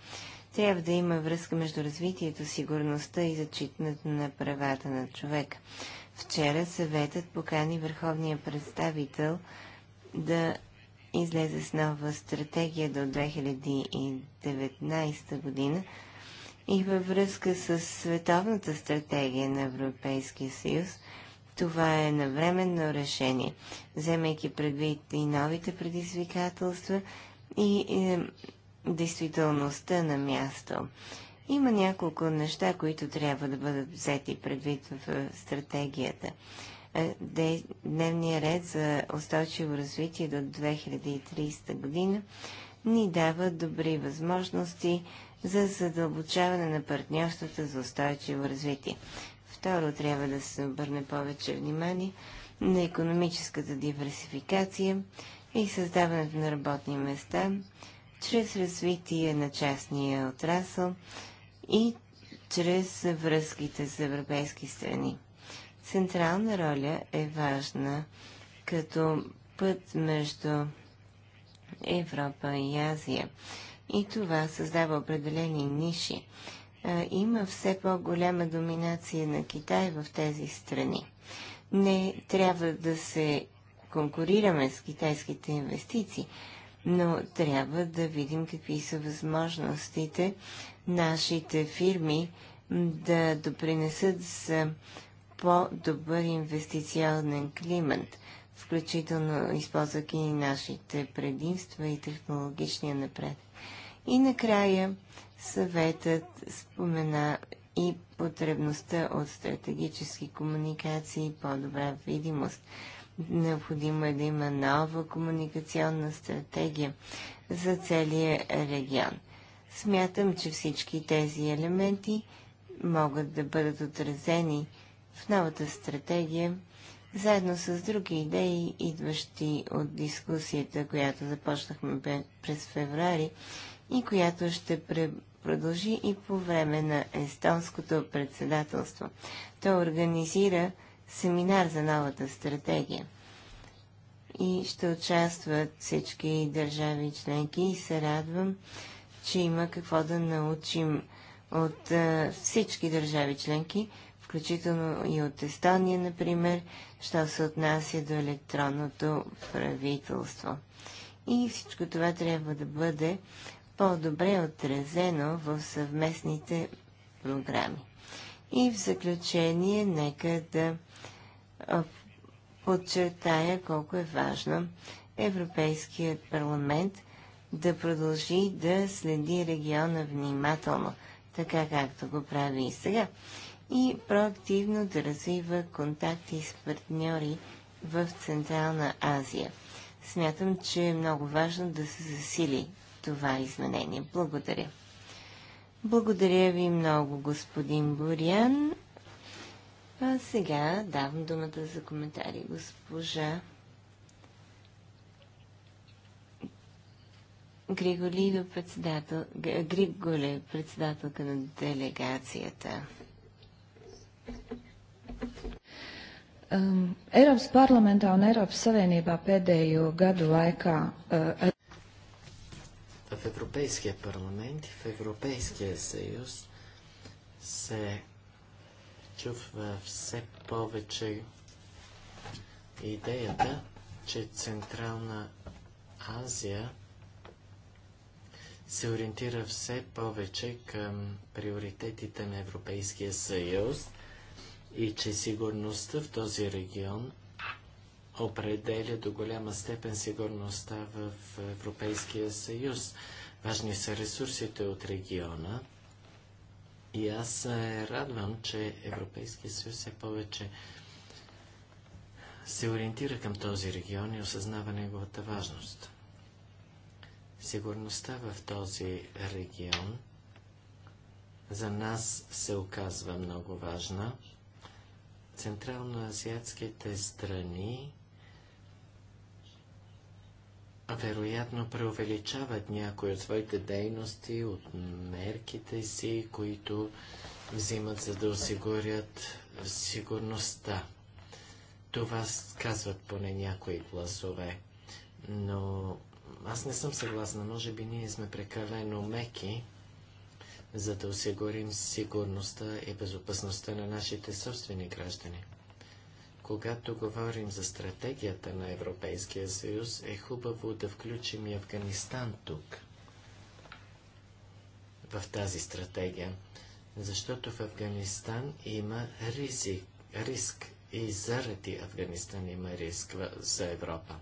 Трябва да има връзка между развитието, сигурността и зачитането на правата на човека. Вчера съветът покани върховния представител да излезе с нова стратегия до 2019 година и във връзка с световната стратегия на Европейския съюз, това е навременно решение, вземайки предвид и новите предизвикателства и е, действителността на място. Има няколко неща, които трябва да бъдат взети предвид в е, стратегията. Е, дневния ред за устойчиво развитие до 2030 година ни дава добри възможности за задълбочаване на партньорствата за устойчиво развитие. Второ, трябва да се обърне повече внимание на економическата диверсификация и създаването на работни места чрез развитие на частния отрасъл и чрез връзките с европейски страни централна роля е важна като път между Европа и Азия. И това създава определени ниши. има все по-голяма доминация на Китай в тези страни. Не трябва да се конкурираме с китайските инвестиции, но трябва да видим какви са възможностите нашите фирми да допринесат за по-добър инвестиционен климат, включително използвайки и нашите предимства и технологичния напред. И накрая съветът спомена и потребността от стратегически комуникации и по-добра видимост. Необходимо е да има нова комуникационна стратегия за целия регион. Смятам, че всички тези елементи могат да бъдат отразени в новата стратегия, заедно с други идеи, идващи от дискусията, която започнахме през феврари и която ще продължи и по време на естонското председателство. Той организира семинар за новата стратегия и ще участват всички държави членки и се радвам, че има какво да научим от а, всички държави членки, включително и от Естония, например, що се отнася до електронното правителство. И всичко това трябва да бъде по-добре отразено в съвместните програми. И в заключение, нека да подчертая колко е важно Европейският парламент да продължи да следи региона внимателно, така както го прави и сега и проактивно да развива контакти с партньори в Централна Азия. Смятам, че е много важно да се засили това изменение. Благодаря. Благодаря ви много, господин Борян. А сега давам думата за коментари госпожа Григолива, председател... Григоле, председателка на делегацията. Eiropas parlamentā un Eiropas Savienībā pēdējo gadu laikā. в Европейския парламент и в Европейския съюз се чувства все повече идеята, че Централна Азия се ориентира все повече към приоритетите на Европейския съюз – и че сигурността в този регион определя до голяма степен сигурността в Европейския съюз. Важни са ресурсите от региона и аз се радвам, че Европейския съюз е повече се ориентира към този регион и осъзнава неговата важност. Сигурността в този регион за нас се оказва много важна. Централноазиатските страни вероятно преувеличават някои от своите дейности, от мерките си, които взимат за да осигурят сигурността. Това казват поне някои гласове. Но аз не съм съгласна. Може би ние сме прекалено меки за да осигурим сигурността и безопасността на нашите собствени граждани. Когато говорим за стратегията на Европейския съюз, е хубаво да включим и Афганистан тук, в тази стратегия, защото в Афганистан има ризик, риск и заради Афганистан има риск за Европа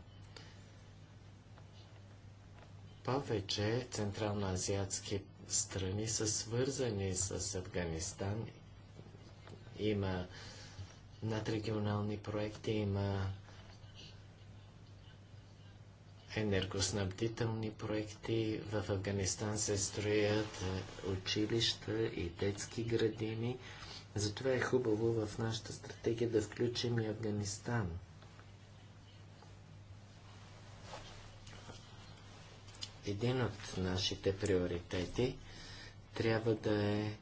повече централно азиатски страни са свързани с Афганистан. Има надрегионални проекти, има енергоснабдителни проекти. В Афганистан се строят е, училища и детски градини. Затова е хубаво в нашата стратегия да включим и Афганистан. един от нашите приоритети трябва да е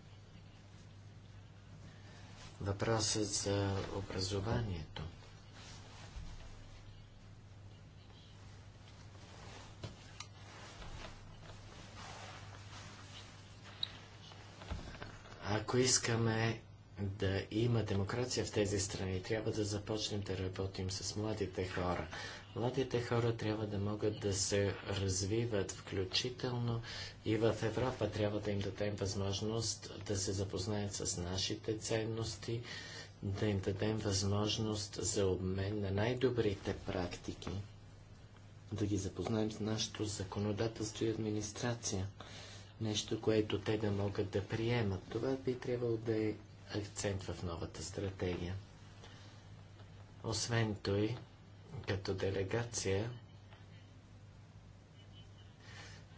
въпросът за образованието. Ако искаме да има демокрация в тези страни, трябва да започнем да работим с младите хора. Младите хора трябва да могат да се развиват включително и в Европа трябва да им дадем възможност да се запознаят с нашите ценности, да им дадем възможност за обмен на най-добрите практики, да ги запознаем с нашето законодателство и администрация. Нещо, което те да могат да приемат. Това би трябвало да е акцент в новата стратегия. Освен той, като делегация,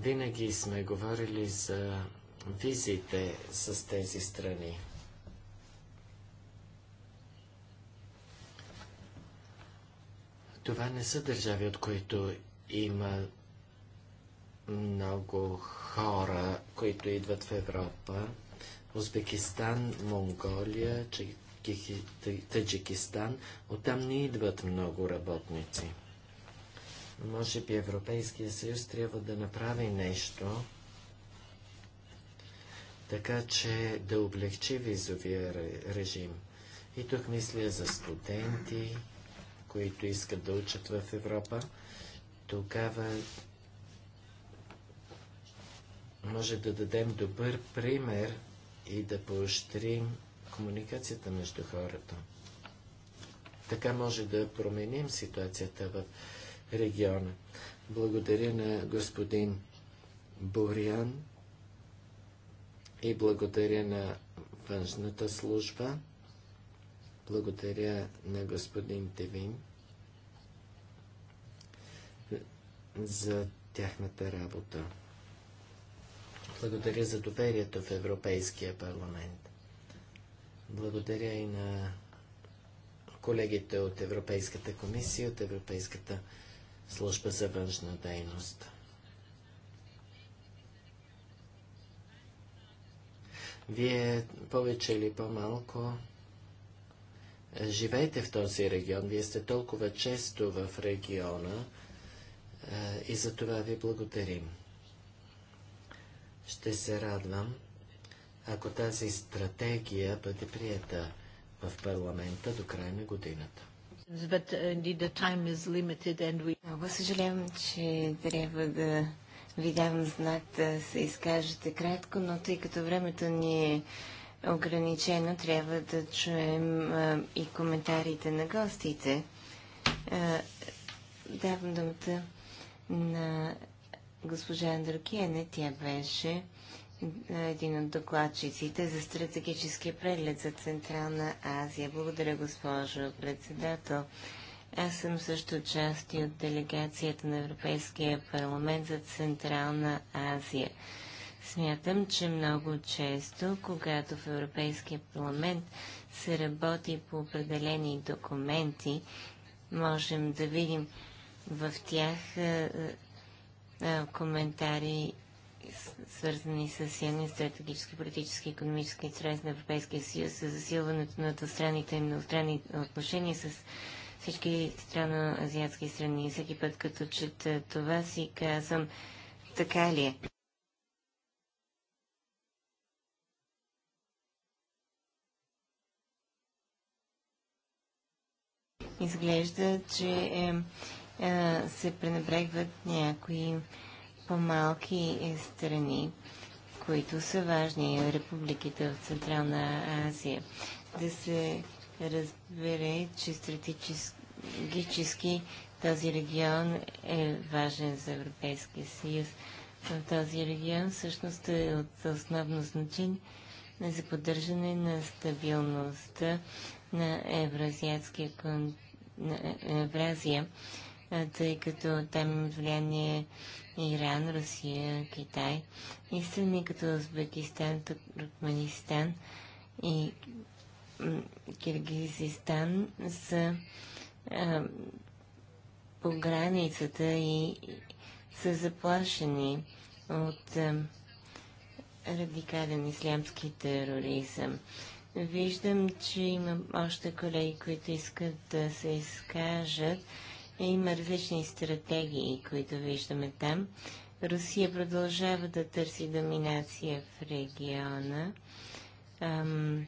винаги сме говорили за визите с тези страни. Това не са държави, от които има много хора, които идват в Европа Узбекистан, Монголия, Таджикистан. Оттам не идват много работници. Може би Европейския съюз трябва да направи нещо, така че да облегчи визовия режим. И тук мисля за студенти, които искат да учат в Европа. Тогава може да дадем добър пример и да поощрим комуникацията между хората. Така може да променим ситуацията в региона. Благодаря на господин Бориан и благодаря на външната служба. Благодаря на господин Тевин за тяхната работа. Благодаря за доверието в Европейския парламент. Благодаря и на колегите от Европейската комисия, от Европейската служба за външна дейност. Вие повече или по-малко живеете в този регион. Вие сте толкова често в региона е, и за това ви благодарим. Ще се радвам, ако тази стратегия бъде приета в парламента до края на годината. Uh, Много съжалявам, че трябва да ви давам знак да се изкажете кратко, но тъй като времето ни е ограничено, трябва да чуем а, и коментарите на гостите. А, давам думата на госпожа Андрокиене. Тя беше един от докладчиците за стратегическия преглед за Централна Азия. Благодаря, госпожо председател. Аз съм също част и от делегацията на Европейския парламент за Централна Азия. Смятам, че много често, когато в Европейския парламент се работи по определени документи, можем да видим в тях коментари, свързани с силни стратегически, политически, економически интерес на Европейския съюз, с засилването на двустранните и многостранни отношения с всички страно азиатски страни. Всеки път, като чета това си казвам, така ли е? Изглежда, че е, е, се пренебрегват някои по-малки страни, които са важни, републиките в Централна Азия. Да се разбере, че стратегически този регион е важен за Европейския съюз. В този регион всъщност е от основно значение за поддържане на стабилността на Евразиатския на е- Евразия тъй като там имат влияние Иран, Русия, Китай и страни е, като Узбекистан, Туркменистан и Киргизистан са а, по границата и са заплашени от а, радикален ислямски тероризъм. Виждам, че има още колеги, които искат да се изкажат. Има различни стратегии, които виждаме там. Русия продължава да търси доминация в региона. Ам,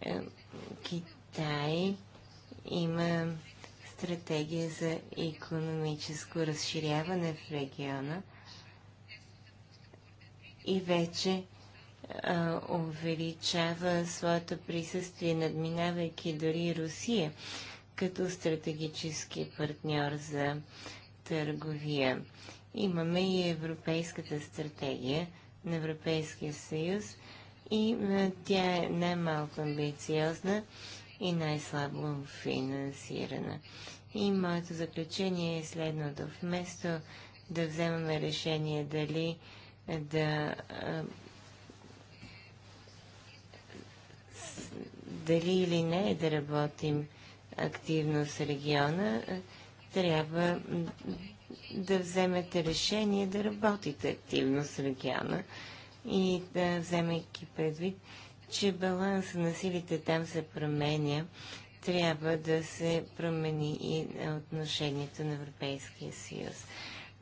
е, Китай има стратегия за економическо разширяване в региона и вече увеличава своето присъствие, надминавайки дори Русия като стратегически партньор за търговия. Имаме и Европейската стратегия на Европейския съюз и тя е най-малко амбициозна и най-слабо финансирана. И моето заключение е следното. Вместо да вземаме решение дали да дали или не да работим активност в региона, трябва да вземете решение да работите активно с региона и да вземайки предвид, че баланс на силите там се променя, трябва да се промени и отношението на Европейския съюз.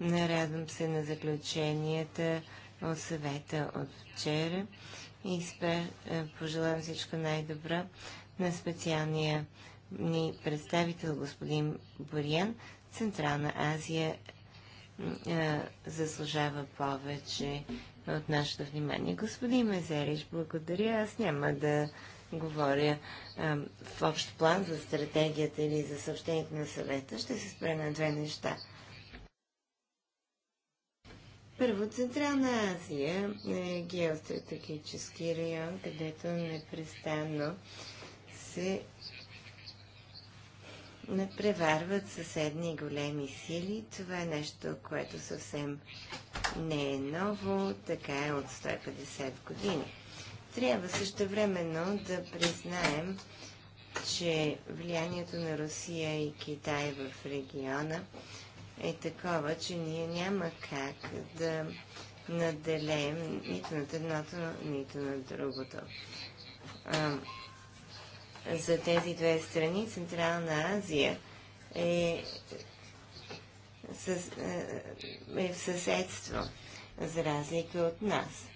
Нарадвам се на заключенията от съвета от вчера и е, пожелавам всичко най-добро на специалния ни представител господин Бориан, Централна Азия заслужава повече от нашето внимание. Господин Мезерич, благодаря. Аз няма да говоря а, в общ план за стратегията или за съобщението на съвета, ще се спра на две неща. Първо, Централна Азия е геостратегически район, където непрестанно се преварват съседни големи сили. Това е нещо, което съвсем не е ново, така е от 150 години. Трябва също времено да признаем, че влиянието на Русия и Китай в региона е такова, че ние няма как да наделеем нито над едното, нито на другото за тези две страни, Централна Азия е, е, е в съседство, за разлика от нас.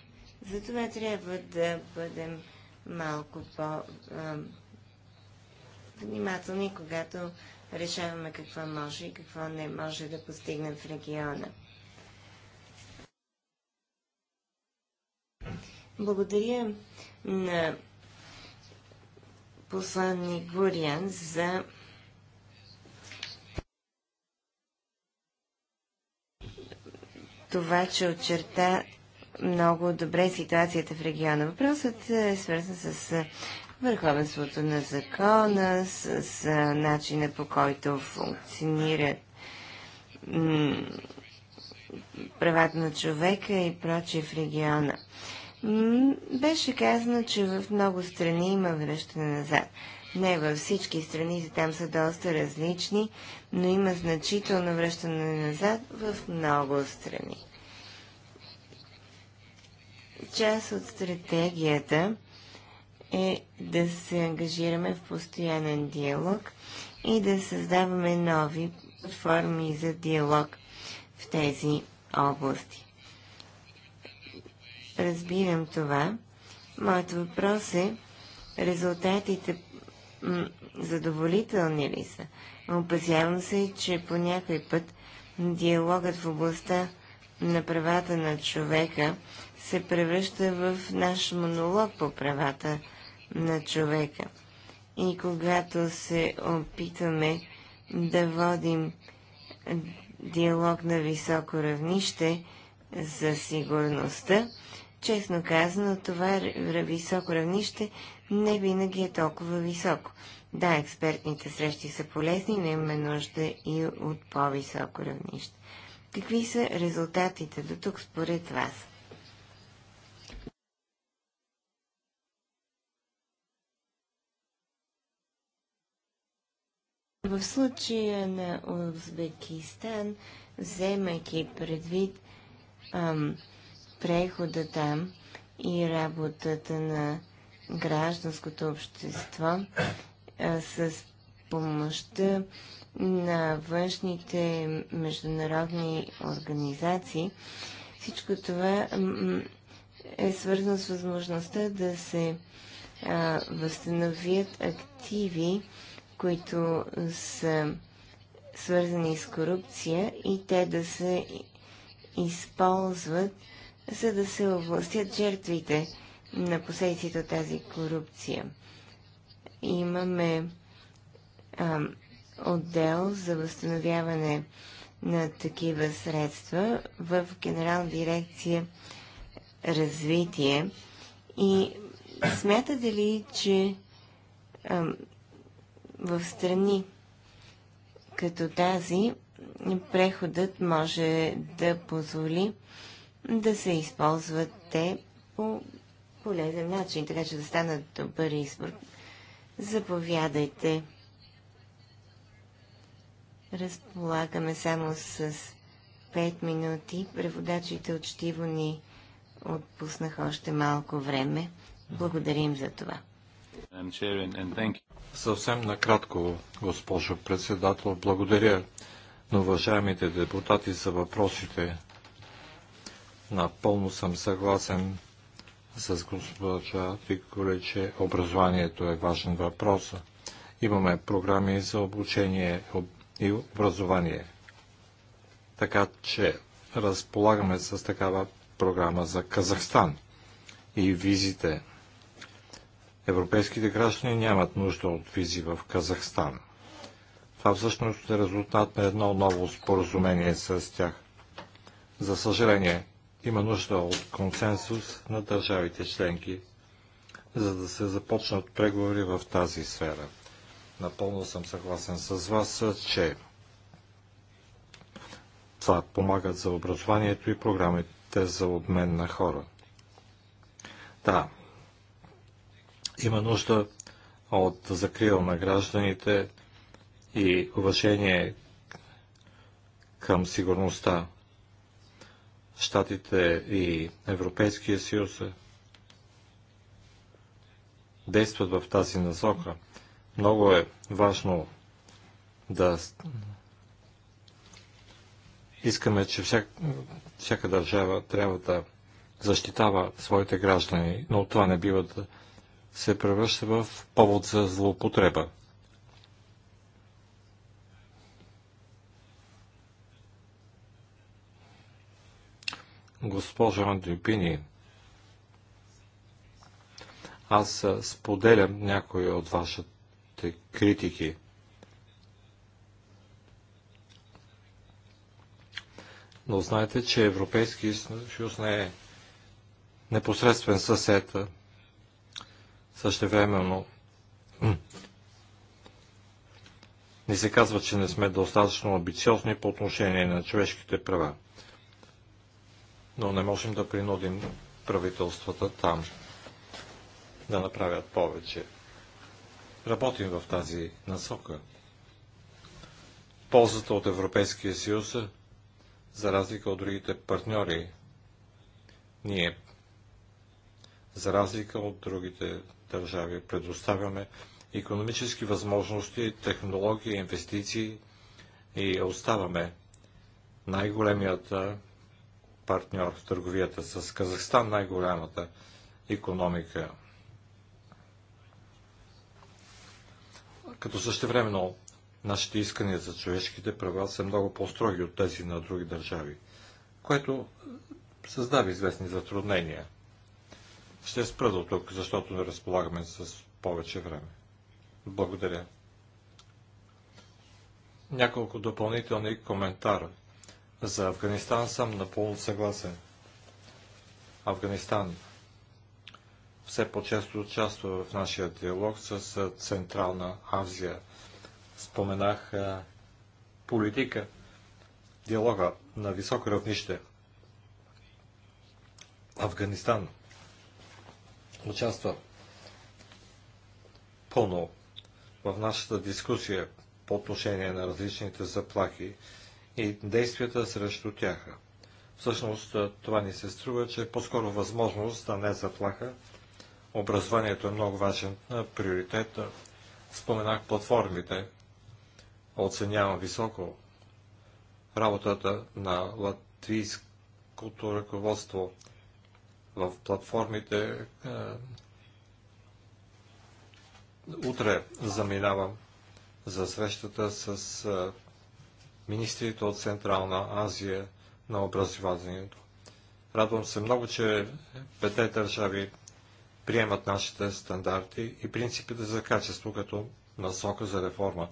Затова трябва да бъдем малко по-внимателни, когато решаваме какво може и какво не може да постигнем в региона. Благодаря на посланник Гуриан за това, че очерта много добре ситуацията в региона. Въпросът е свързан с върховенството на закона, с, с начина по който функционират правата на човека и прочие в региона. Беше казано, че в много страни има връщане назад. Не във всички страни, там са доста различни, но има значително връщане назад в много страни. Част от стратегията е да се ангажираме в постоянен диалог и да създаваме нови форми за диалог в тези области разбирам това. Моят въпрос е, резултатите задоволителни ли са? Опасявам се, че по някой път диалогът в областта на правата на човека се превръща в наш монолог по правата на човека. И когато се опитваме да водим диалог на високо равнище за сигурността, Честно казано, това високо равнище не винаги е толкова високо. Да, експертните срещи са полезни, но имаме нужда и от по-високо равнище. Какви са резултатите до тук според вас? В случая на Узбекистан, вземайки предвид ам, прехода там и работата на гражданското общество а, с помощта на външните международни организации. Всичко това е свързано с възможността да се а, възстановят активи, които са свързани с корупция и те да се използват за да се овластят жертвите на последиците от тази корупция. Имаме а, отдел за възстановяване на такива средства в Генерална дирекция развитие. И смятате ли, че а, в страни като тази преходът може да позволи да се използват те по полезен начин, така че да станат добър избор. Заповядайте. Разполагаме само с 5 минути. Преводачите учтиво ни отпуснаха още малко време. Благодарим за това. Съвсем накратко, госпожо председател, благодаря на уважаемите депутати за въпросите. Напълно съм съгласен с госпожа Фиколе, че образованието е важен въпрос. Имаме програми за обучение и образование. Така че разполагаме с такава програма за Казахстан и визите. Европейските граждани нямат нужда от визи в Казахстан. Това всъщност е резултат на едно ново споразумение с тях. За съжаление, има нужда от консенсус на държавите членки, за да се започнат преговори в тази сфера. Напълно съм съгласен с вас, че това помагат за образованието и програмите за обмен на хора. Да, има нужда от закрива на гражданите и уважение към сигурността. Штатите и Европейския съюз действат в тази насока. Много е важно да искаме, че всяка, всяка държава трябва да защитава своите граждани, но това не бива да се превръща в повод за злоупотреба. госпожа Андрюпини. Аз споделям някои от вашите критики. Но знаете, че Европейски съюз не е непосредствен съсед. Същевременно ни се казва, че не сме достатъчно амбициозни по отношение на човешките права но не можем да принудим правителствата там да направят повече. Работим в тази насока. Ползата от Европейския съюз, за разлика от другите партньори, ние, за разлика от другите държави, предоставяме економически възможности, технологии, инвестиции и оставаме най-големият партньор в търговията с Казахстан, най-голямата економика. Като същевременно нашите искания за човешките права са много по-строги от тези на други държави, което създава известни затруднения. Ще спра до тук, защото не разполагаме с повече време. Благодаря. Няколко допълнителни коментара за Афганистан съм напълно съгласен. Афганистан все по-често участва в нашия диалог с Централна Азия. Споменах политика, диалога на високо равнище. Афганистан участва пълно в нашата дискусия по отношение на различните заплахи и действията срещу тях. Всъщност това ни се струва, че е по-скоро възможност, да не заплаха. Образованието е много важен приоритет. Споменах платформите. Оценявам високо работата на латвийското ръководство в платформите. Утре заминавам за срещата с министрите от Централна Азия на образованието. Радвам се много, че петте държави приемат нашите стандарти и принципите за качество като насока за реформа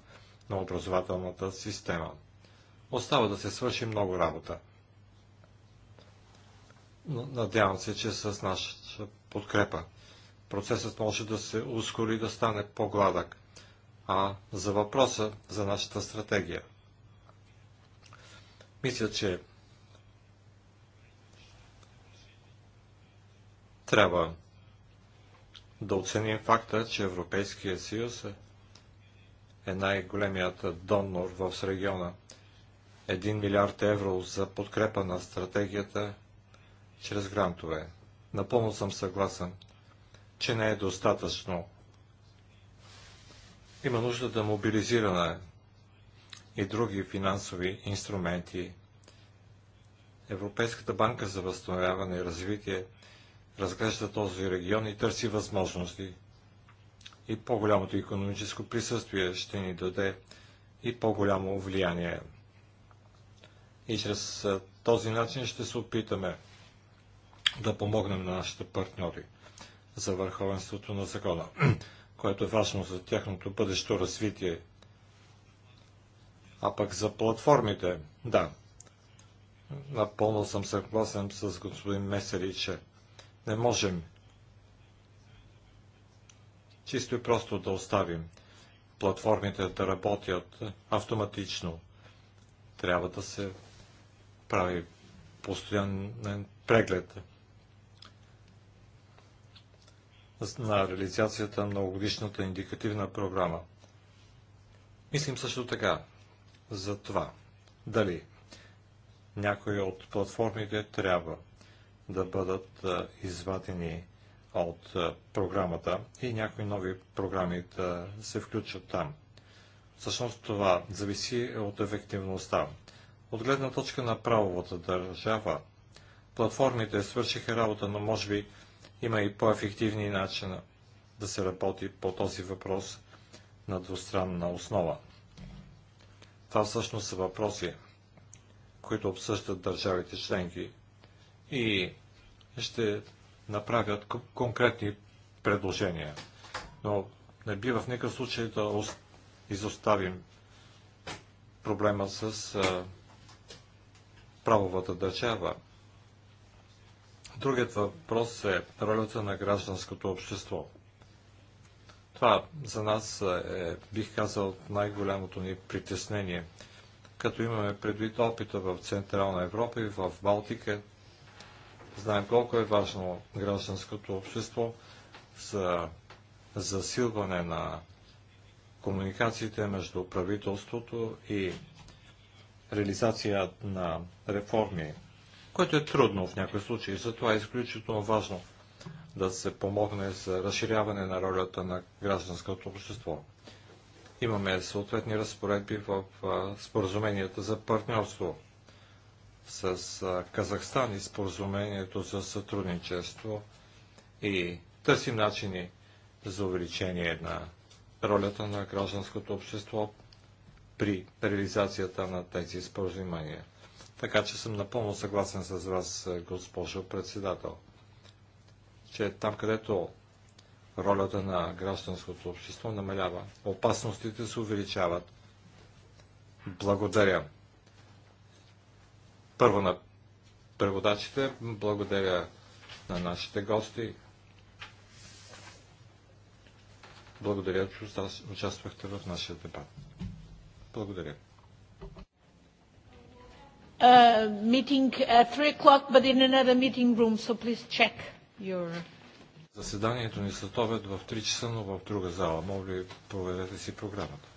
на образователната система. Остава да се свърши много работа. Надявам се, че с нашата подкрепа процесът може да се ускори да стане по-гладък. А за въпроса за нашата стратегия. Мисля, че трябва да оценим факта, че Европейския съюз е, е най-големият донор в региона. 1 милиард евро за подкрепа на стратегията чрез грантове. Напълно съм съгласен, че не е достатъчно. Има нужда да мобилизираме и други финансови инструменти. Европейската банка за възстановяване и развитие разглежда този регион и търси възможности. И по-голямото економическо присъствие ще ни даде и по-голямо влияние. И чрез този начин ще се опитаме да помогнем на нашите партньори за върховенството на закона, което е важно за тяхното бъдещо развитие – а пък за платформите, да. Напълно съм съгласен с господин Месери, че Не можем чисто и просто да оставим платформите да работят автоматично. Трябва да се прави постоянен преглед на реализацията на годишната индикативна програма. Мислим също така, за това. Дали някои от платформите трябва да бъдат извадени от програмата и някои нови програми да се включат там. Всъщност това зависи от ефективността. От гледна точка на правовата държава, платформите свършиха работа, но може би има и по-ефективни начина да се работи по този въпрос на двустранна основа. Това всъщност са въпроси, които обсъждат държавите членки и ще направят конкретни предложения. Но не бива в никакъв случай да изоставим проблема с правовата държава. Другият въпрос е ролята на гражданското общество – това за нас е, бих казал, най-голямото ни притеснение. Като имаме предвид опита в Централна Европа и в Балтика, знаем колко е важно гражданското общество за засилване на комуникациите между правителството и реализация на реформи, което е трудно в някои случаи. Затова е изключително важно да се помогне за разширяване на ролята на гражданското общество. Имаме съответни разпоредби в споразуменията за партньорство с Казахстан и споразумението за сътрудничество и търсим начини за увеличение на ролята на гражданското общество при реализацията на тези споразумения. Така че съм напълно съгласен с вас, госпожо председател че там, където ролята на гражданското общество намалява, опасностите се увеличават. Благодаря. Първо на преводачите, благодаря на нашите гости. Благодаря, че участвахте в нашия дебат. Благодаря. Uh, meeting at uh, 3 o'clock, but in another meeting room, so please check your... Заседанието ни се в 3 часа, но в друга зала. Моля ви, проверете си програмата.